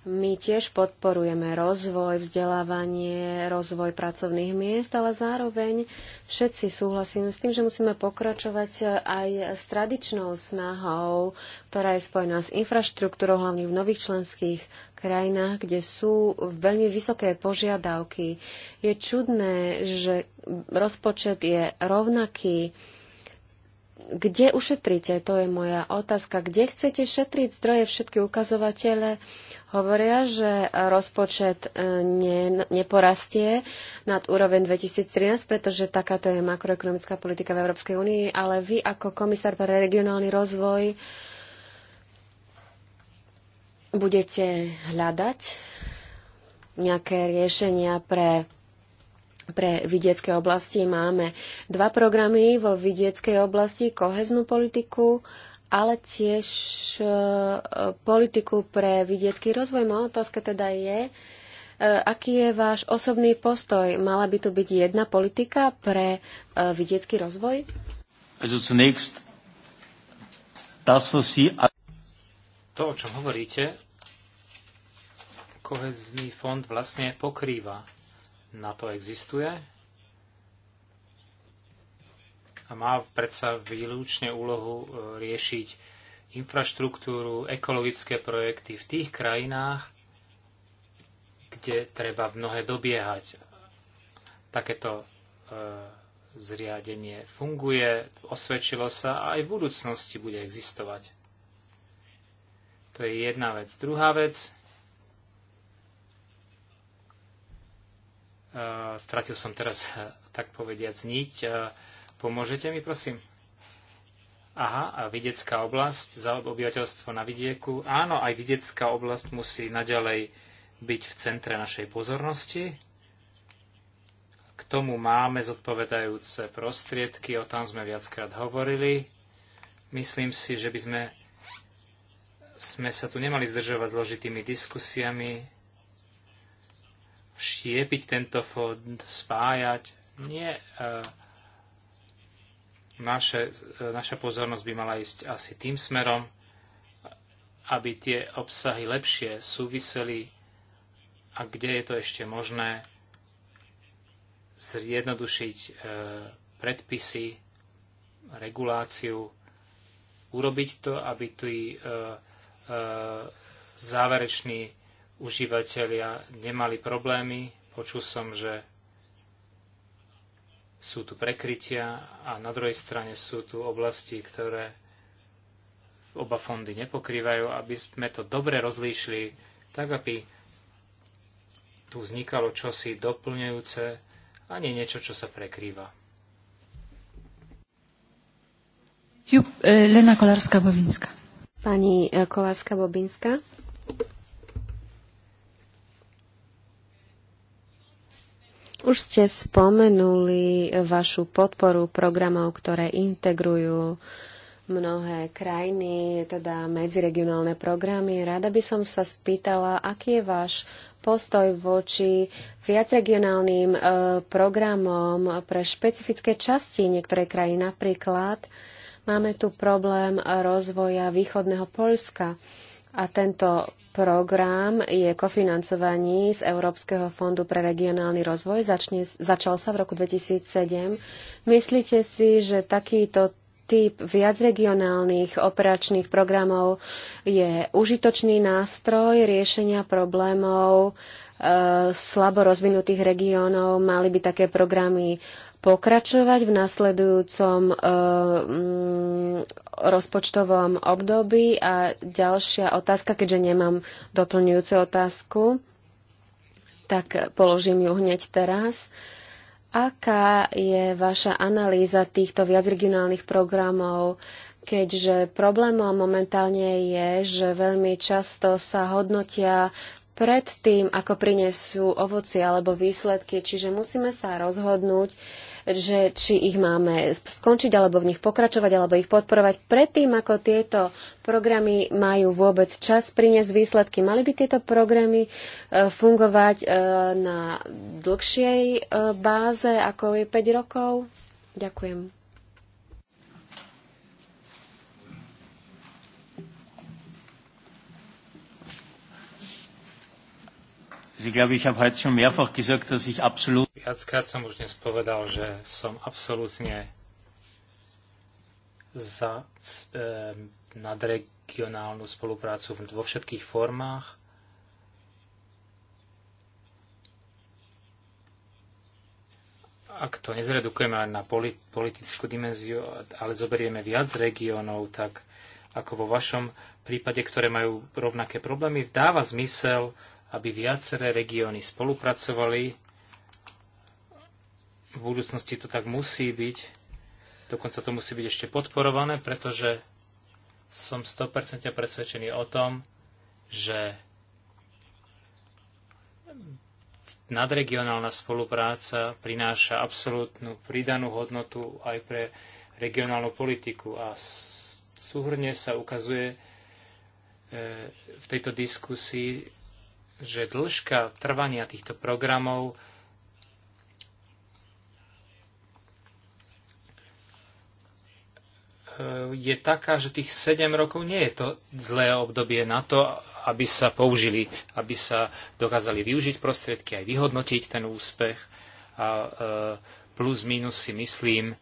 my tiež podporujeme rozvoj, vzdelávanie, rozvoj pracovných miest, ale zároveň všetci súhlasíme s tým, že musíme pokračovať eh, aj s tradičnou snahou, ktorá je spojená s infraštruktúrou, hlavne v nových členských krajinách, kde sú veľmi vysoké požiadavky. Je čudné, že rozpočet je rovnaký. Kde ušetríte? To je moja otázka. Kde chcete šetriť zdroje? Všetky ukazovatele hovoria, že rozpočet e, ne, neporastie nad úroveň 2013, pretože takáto je makroekonomická politika v Európskej únii, ale vy ako komisár pre regionálny rozvoj budete hľadať nejaké riešenia pre pre vidiecké oblasti máme dva programy vo vidieckej oblasti, koheznú politiku, ale tiež e, politiku pre vidiecký rozvoj. Moja otázka teda je, e, aký je váš osobný postoj? Mala by tu byť jedna politika pre e, vidiecký rozvoj? To, o čom hovoríte, kohezný fond vlastne pokrýva. Na to existuje a má predsa výlučne úlohu e, riešiť infraštruktúru, ekologické projekty v tých krajinách, kde treba mnohé dobiehať. Takéto e, zriadenie funguje, osvedčilo sa a aj v budúcnosti bude existovať. To je jedna vec. Druhá vec, e, stratil som teraz, tak povediať zniť. E, Pomôžete mi, prosím? Aha, a vidiecká oblasť za obyvateľstvo na vidieku. Áno, aj vidiecká oblasť musí naďalej byť v centre našej pozornosti. K tomu máme zodpovedajúce prostriedky, o tom sme viackrát hovorili. Myslím si, že by sme, sme sa tu nemali zdržovať zložitými diskusiami, štiepiť tento fond, spájať. Nie, eh, naše, e, naša pozornosť by mala ísť asi tým smerom, aby tie obsahy lepšie súviseli a kde je to ešte možné zjednodušiť e, predpisy, reguláciu, urobiť to, aby tí e, e, záverečný užívateľia nemali problémy. Počul som, že sú tu prekrytia a na druhej strane sú tu oblasti, ktoré oba fondy nepokrývajú, aby sme to dobre rozlíšili, tak aby tu vznikalo čosi doplňujúce a nie niečo, čo sa prekrýva. E, Lena Kolárska-Bobinská. Pani e, Kolárska-Bobinská. Už ste spomenuli vašu podporu programov, ktoré integrujú mnohé krajiny, teda medziregionálne programy. Rada by som sa spýtala, aký je váš postoj voči viacregionálnym e, programom pre špecifické časti niektorej krajiny. Napríklad máme tu problém rozvoja východného Polska. E, a tento program je kofinancovaní z Európskeho fondu pre regionálny rozvoj. Začne, začal sa v roku 2007. Myslíte si, že takýto typ viac regionálnych operačných programov je užitočný nástroj riešenia problémov e, slabo rozvinutých regiónov? Mali by také programy pokračovať v nasledujúcom e, rozpočtovom období. A ďalšia otázka, keďže nemám doplňujúcu otázku, tak položím ju hneď teraz. Aká je vaša analýza týchto viacregionálnych programov, keďže problémom momentálne je, že veľmi často sa hodnotia pred tým, ako prinesú ovoci alebo výsledky, čiže musíme sa rozhodnúť, že či ich máme skončiť alebo v nich pokračovať alebo ich podporovať. Predtým, ako tieto programy majú vôbec čas priniesť výsledky, mali by tieto programy e, fungovať e, na dlhšej e, báze, ako je 5 rokov? Ďakujem. Also glaube, ich heute schon mehrfach gesagt, dass ich absolut... Viackrát som už dnes povedal, že som absolútne za e, nadregionálnu spoluprácu vo všetkých formách. Ak to nezredukujeme len na politickú dimenziu, ale zoberieme viac regiónov, tak ako vo vašom prípade, ktoré majú rovnaké problémy, dáva zmysel aby viaceré regióny spolupracovali. V budúcnosti to tak musí byť. Dokonca to musí byť ešte podporované, pretože som 100% presvedčený o tom, že nadregionálna spolupráca prináša absolútnu pridanú hodnotu aj pre regionálnu politiku a súhrne sa ukazuje e, v tejto diskusii, že dĺžka trvania týchto programov e, je taká, že tých 7 rokov nie je to zlé obdobie na to, aby sa použili, aby sa dokázali využiť prostriedky, aj vyhodnotiť ten úspech. A e, plus minus si myslím,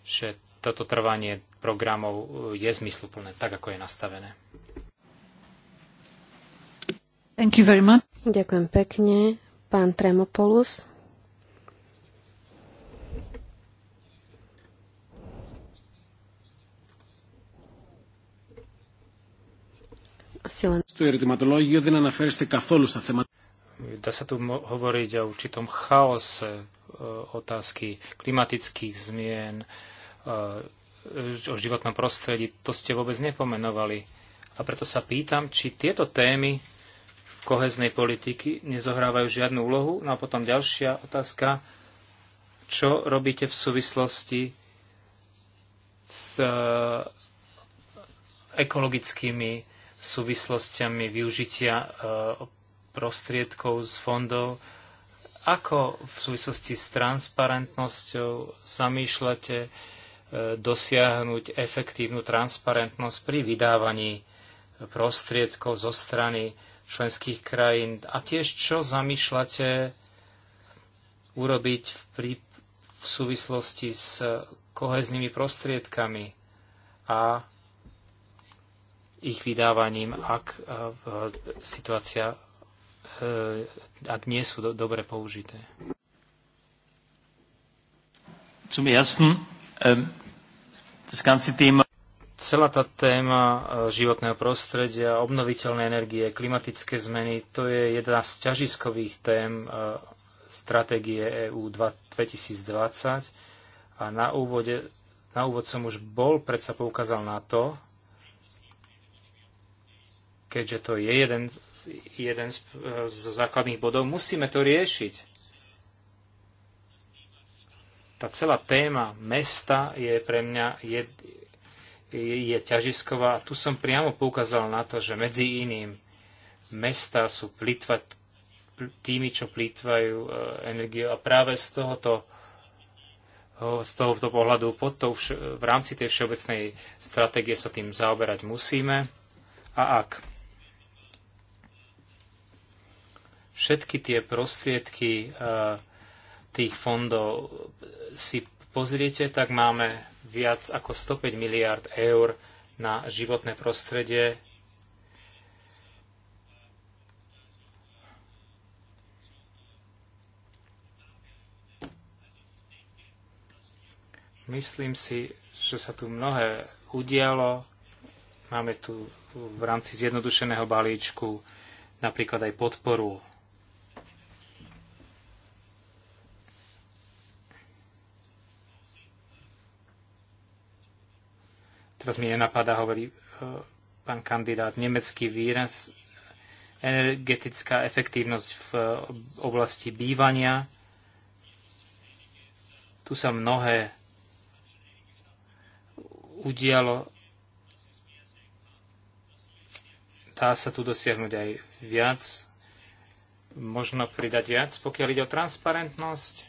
že toto trvanie programov e, je zmysluplné, tak ako je nastavené. Thank you very much. Ďakujem pekne. Pán Tremopoulos. Dá sa tu hovoriť o určitom chaose e, otázky klimatických zmien, e, o životnom prostredí. To ste vôbec nepomenovali. A preto sa pýtam, či tieto témy koheznej politiky nezohrávajú žiadnu úlohu. No a potom ďalšia otázka, čo robíte v súvislosti s e, ekologickými súvislostiami využitia e, prostriedkov z fondov, ako v súvislosti s transparentnosťou zamýšľate e, dosiahnuť efektívnu transparentnosť pri vydávaní prostriedkov zo strany členských krajín. A tiež, čo zamýšľate urobiť v, prí, v súvislosti s koheznými prostriedkami a ich vydávaním, ak e, situácia, e, ak nie sú do, dobre použité. Zum ersten, ähm, das ganze Thema Celá tá téma e, životného prostredia, obnoviteľnej energie, klimatické zmeny, to je jedna z ťažiskových tém e, stratégie EU 2020. A na, úvode, na úvod som už bol, predsa poukázal na to, keďže to je jeden, jeden z, e, z základných bodov, musíme to riešiť tá celá téma mesta je pre mňa jed, je ťažisková. Tu som priamo poukázal na to, že medzi iným mesta sú plýtvať tými, čo plýtvajú e, energiu. A práve z tohoto z tohoto pohľadu pod to, e, v rámci tej všeobecnej stratégie sa tým zaoberať musíme. A ak všetky tie prostriedky e, tých fondov si pozriete, tak máme viac ako 105 miliard eur na životné prostredie. Myslím si, že sa tu mnohé udialo. Máme tu v rámci zjednodušeného balíčku napríklad aj podporu teraz mi nenapadá, hovorí e, pán kandidát, nemecký výraz, energetická efektívnosť v oblasti bývania. Tu sa mnohé udialo. Dá sa tu dosiahnuť aj viac. Možno pridať viac, pokiaľ ide o transparentnosť.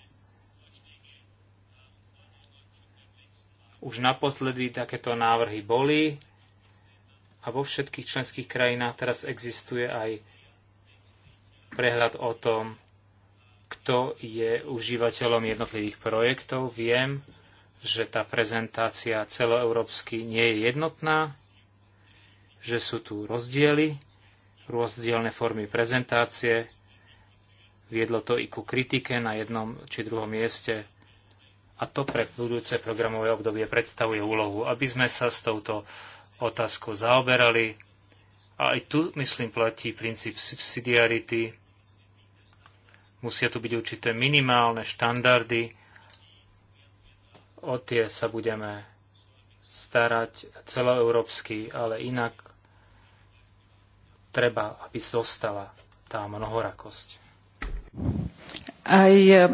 Už naposledy takéto návrhy boli a vo všetkých členských krajinách teraz existuje aj prehľad o tom, kto je užívateľom jednotlivých projektov. Viem, že tá prezentácia celoeurópsky nie je jednotná, že sú tu rozdiely, rozdielne formy prezentácie, Viedlo to i ku kritike na jednom či druhom mieste a to pre budúce programové obdobie predstavuje úlohu, aby sme sa s touto otázkou zaoberali. A aj tu, myslím, platí princíp subsidiarity. Musia tu byť určité minimálne štandardy. O tie sa budeme starať celoeurópsky, ale inak treba, aby zostala tá mnohorakosť. Uh,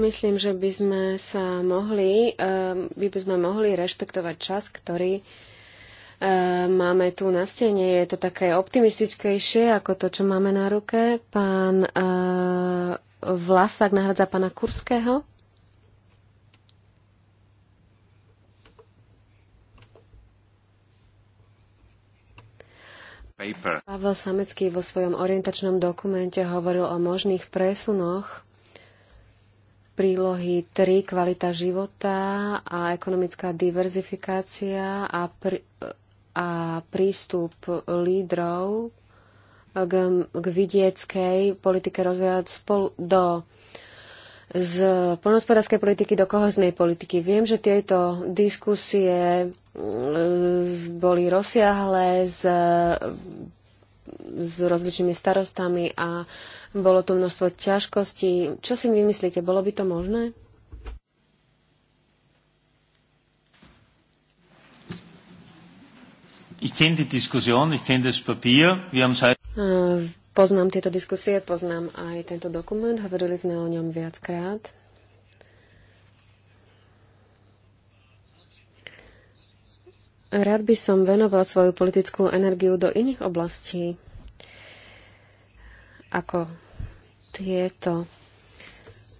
Myslím, že by sme sa mohli, um, by sme mohli rešpektovať čas, ktorý uh, máme tu na stene. Je to také optimistickejšie ako to, čo máme na ruke. Pán uh, Vlasák nahradza pána Kurského. paper. Pavel Samecký vo svojom orientačnom dokumente hovoril o možných presunoch prílohy 3 kvalita života a ekonomická diverzifikácia a, pr- a prístup lídrov k, k vidieckej politike rozvoja spolu do z poľnohospodárskej politiky do kohoznej politiky. Viem, že tieto diskusie mm, boli rozsiahle s, s rozličnými starostami a bolo to množstvo ťažkostí. Čo si vymyslíte, bolo by to možné? Ich kenne die Diskussion, ich kenne das Papier. Wir haben seit ehm, Poznám tieto diskusie, poznám aj tento dokument, hovorili sme o ňom viackrát. Rád by som venoval svoju politickú energiu do iných oblastí, ako tieto.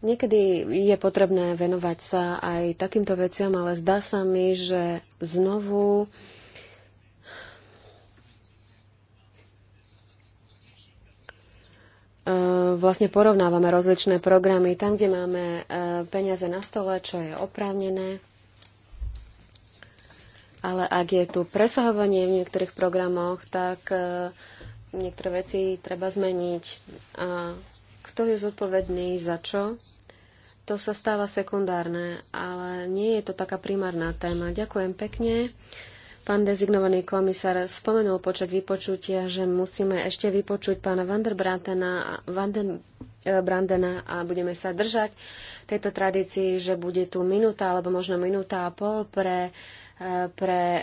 Niekedy je potrebné venovať sa aj takýmto veciam, ale zdá sa mi, že znovu uh, E, vlastne porovnávame rozličné programy tam, kde máme e, peniaze na stole, čo je oprávnené. Ale ak je tu presahovanie v niektorých programoch, tak e, niektoré veci treba zmeniť. A kto je zodpovedný za čo? To sa stáva sekundárne, ale nie je to taká primárna téma. Ďakujem pekne. Pán dezignovaný komisár spomenul počet vypočutia, že musíme ešte vypočuť pána Van der Brandena, Van den, eh, Brandena a budeme sa držať tejto tradícii, že bude tu minúta alebo možno minúta a pol pre, eh, pre eh,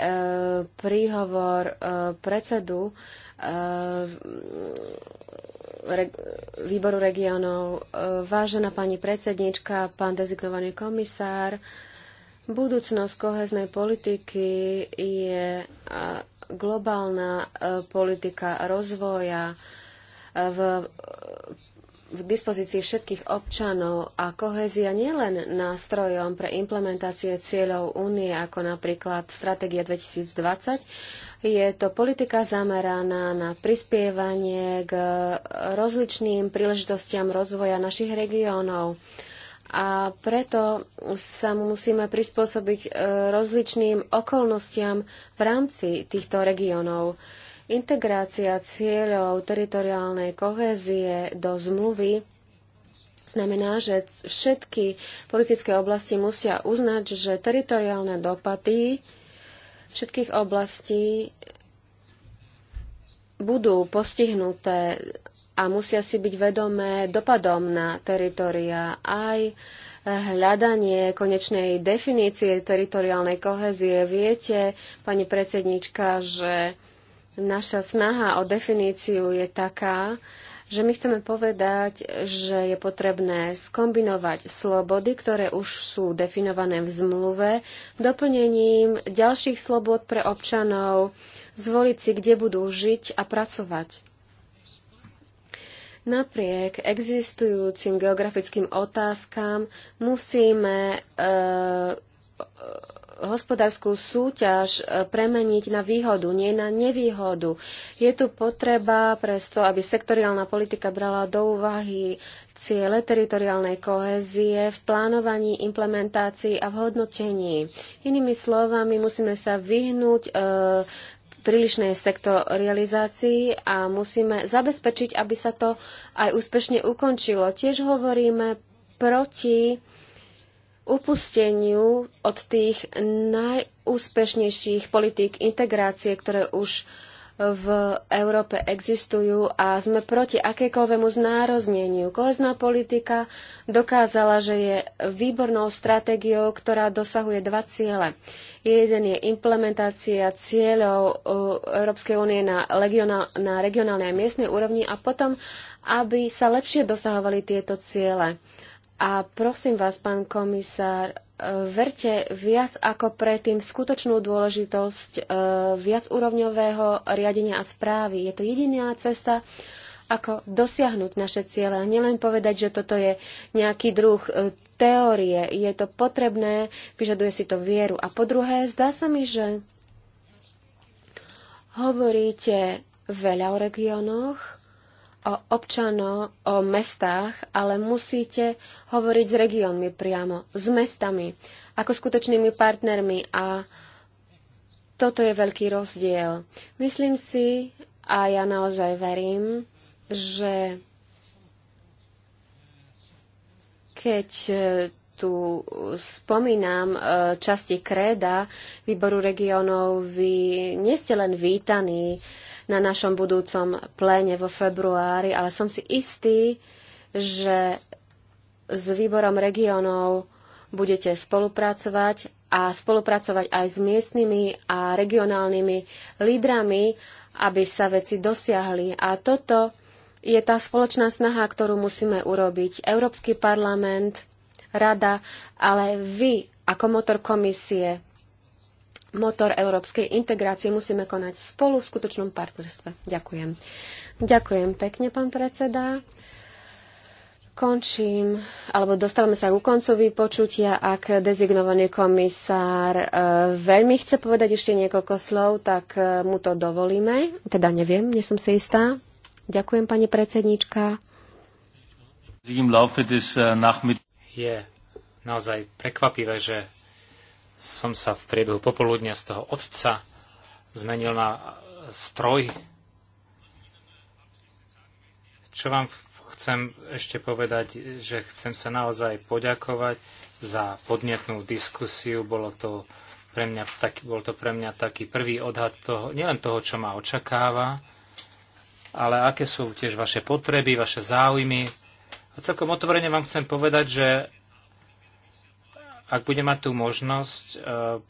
príhovor predsedu výboru regionov. Vážená pani predsednička, pán dezignovaný komisár, Budúcnosť koheznej politiky je globálna e, politika rozvoja e, v, v dispozícii všetkých občanov a kohézia nielen nástrojom pre implementácie cieľov únie, ako napríklad Stratégia 2020, je to politika zameraná na prispievanie k rozličným príležitostiam rozvoja našich regiónov. A preto sa musíme prispôsobiť e, rozličným okolnostiam v rámci týchto regiónov. Integrácia cieľov teritoriálnej kohézie do zmluvy znamená, že všetky politické oblasti musia uznať, že teritoriálne dopady všetkých oblastí budú postihnuté a musia si byť vedomé dopadom na teritoria aj hľadanie konečnej definície teritoriálnej kohezie. Viete, pani predsednička, že naša snaha o definíciu je taká, že my chceme povedať, že je potrebné skombinovať slobody, ktoré už sú definované v zmluve, doplnením ďalších slobod pre občanov, zvoliť si, kde budú žiť a pracovať. Napriek existujúcim geografickým otázkam musíme e, hospodárskú súťaž e, premeniť na výhodu, nie na nevýhodu. Je tu potreba presto, aby sektoriálna politika brala do úvahy ciele teritoriálnej kohézie v plánovaní, implementácii a v hodnotení. Inými slovami, musíme sa vyhnúť e, prílišnej sektorializácii a musíme zabezpečiť, aby sa to aj úspešne ukončilo. Tiež hovoríme proti upusteniu od tých najúspešnejších politík integrácie, ktoré už v Európe existujú a sme proti akékoľvému znározneniu. Kohezná politika dokázala, že je výbornou stratégiou, ktorá dosahuje dva ciele. Jeden je implementácia cieľov uh, Európskej únie na, regionál, na regionálnej a miestnej úrovni a potom, aby sa lepšie dosahovali tieto ciele. A prosím vás, pán komisár, verte viac ako predtým skutočnú dôležitosť e, viacúrovňového riadenia a správy. Je to jediná cesta, ako dosiahnuť naše ciele. A nielen povedať, že toto je nejaký druh e, teórie. Je to potrebné, vyžaduje si to vieru. A po druhé, zdá sa mi, že hovoríte veľa o regiónoch, o občanoch, o mestách, ale musíte hovoriť s regiónmi priamo, s mestami, ako skutočnými partnermi a toto je veľký rozdiel. Myslím si, a ja naozaj verím, že keď tu spomínam e, časti kréda výboru regionov. Vy nie ste len vítaní na našom budúcom pléne vo februári, ale som si istý, že s výborom regionov budete spolupracovať a spolupracovať aj s miestnymi a regionálnymi lídrami, aby sa veci dosiahli. A toto je tá spoločná snaha, ktorú musíme urobiť. Európsky parlament rada, ale vy ako motor komisie, motor európskej integrácie musíme konať spolu v skutočnom partnerstve. Ďakujem. Ďakujem pekne, pán predseda. Končím, alebo dostávame sa k koncu vypočutia, ak dezignovaný komisár e, veľmi chce povedať ešte niekoľko slov, tak e, mu to dovolíme. Teda neviem, nie som si istá. Ďakujem, pani predsednička. Äh, je naozaj prekvapivé, že som sa v priebehu popoludnia z toho otca zmenil na stroj. Čo vám chcem ešte povedať, že chcem sa naozaj poďakovať za podnetnú diskusiu. Bolo to pre mňa, tak, bol to pre mňa taký prvý odhad toho, nielen toho, čo ma očakáva, ale aké sú tiež vaše potreby, vaše záujmy, a celkom otvorene vám chcem povedať, že ak budem mať tú možnosť e,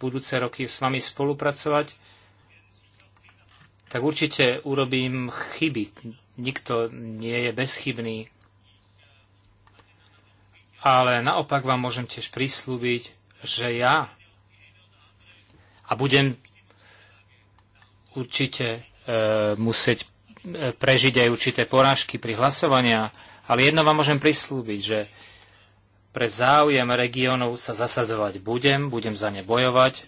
budúce roky s vami spolupracovať, tak určite urobím chyby. Nikto nie je bezchybný. Ale naopak vám môžem tiež prislúbiť, že ja a budem určite e, musieť e, prežiť aj určité porážky pri hlasovania, ale jedno vám môžem prislúbiť, že pre záujem regiónov sa zasadzovať budem, budem za ne bojovať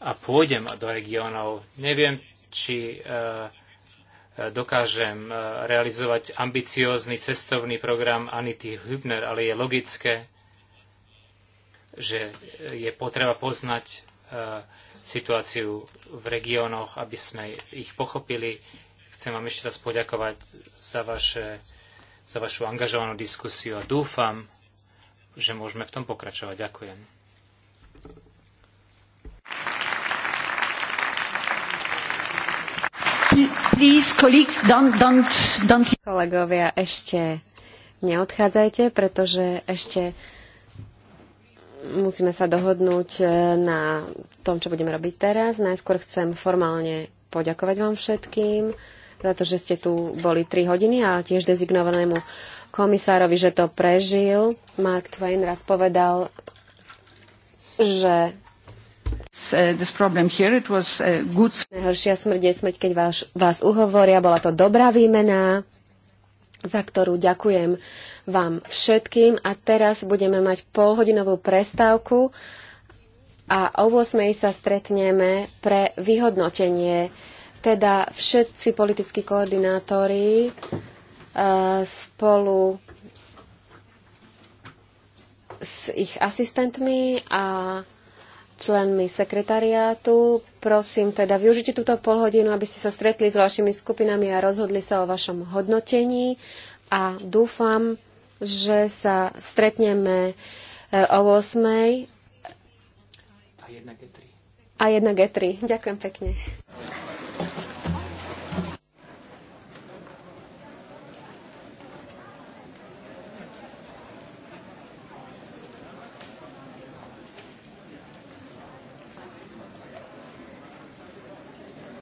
a pôjdem do regiónov. Neviem, či e, e dokážem e, realizovať ambiciózny cestovný program Anity Hübner, ale je logické, že je potreba poznať e, situáciu v regiónoch, aby sme ich pochopili, Chcem vám ešte raz poďakovať za, vaše, za vašu angažovanú diskusiu a dúfam, že môžeme v tom pokračovať. Ďakujem. Please, don't, don't, don't... Kolegovia, ešte neodchádzajte, pretože ešte musíme sa dohodnúť e, na tom, čo budeme robiť teraz. Najskôr chcem formálne poďakovať vám všetkým za to, že ste tu boli 3 hodiny a tiež dezignovanému komisárovi, že to prežil. Mark Twain raz povedal, že uh, here, uh, good... Najhoršia smrť je smrť, keď vás, vás uhovoria. Bola to dobrá výmena, za ktorú ďakujem vám všetkým. A teraz budeme mať polhodinovú prestávku a o 8.00 sa stretneme pre vyhodnotenie teda všetci politickí koordinátori uh, spolu s ich asistentmi a členmi sekretariátu. Prosím teda, využite túto polhodinu, aby ste sa stretli s vašimi skupinami a rozhodli sa o vašom hodnotení a dúfam, že sa stretneme e, o 8. A 1G3. A 1G3. Ďakujem pekne.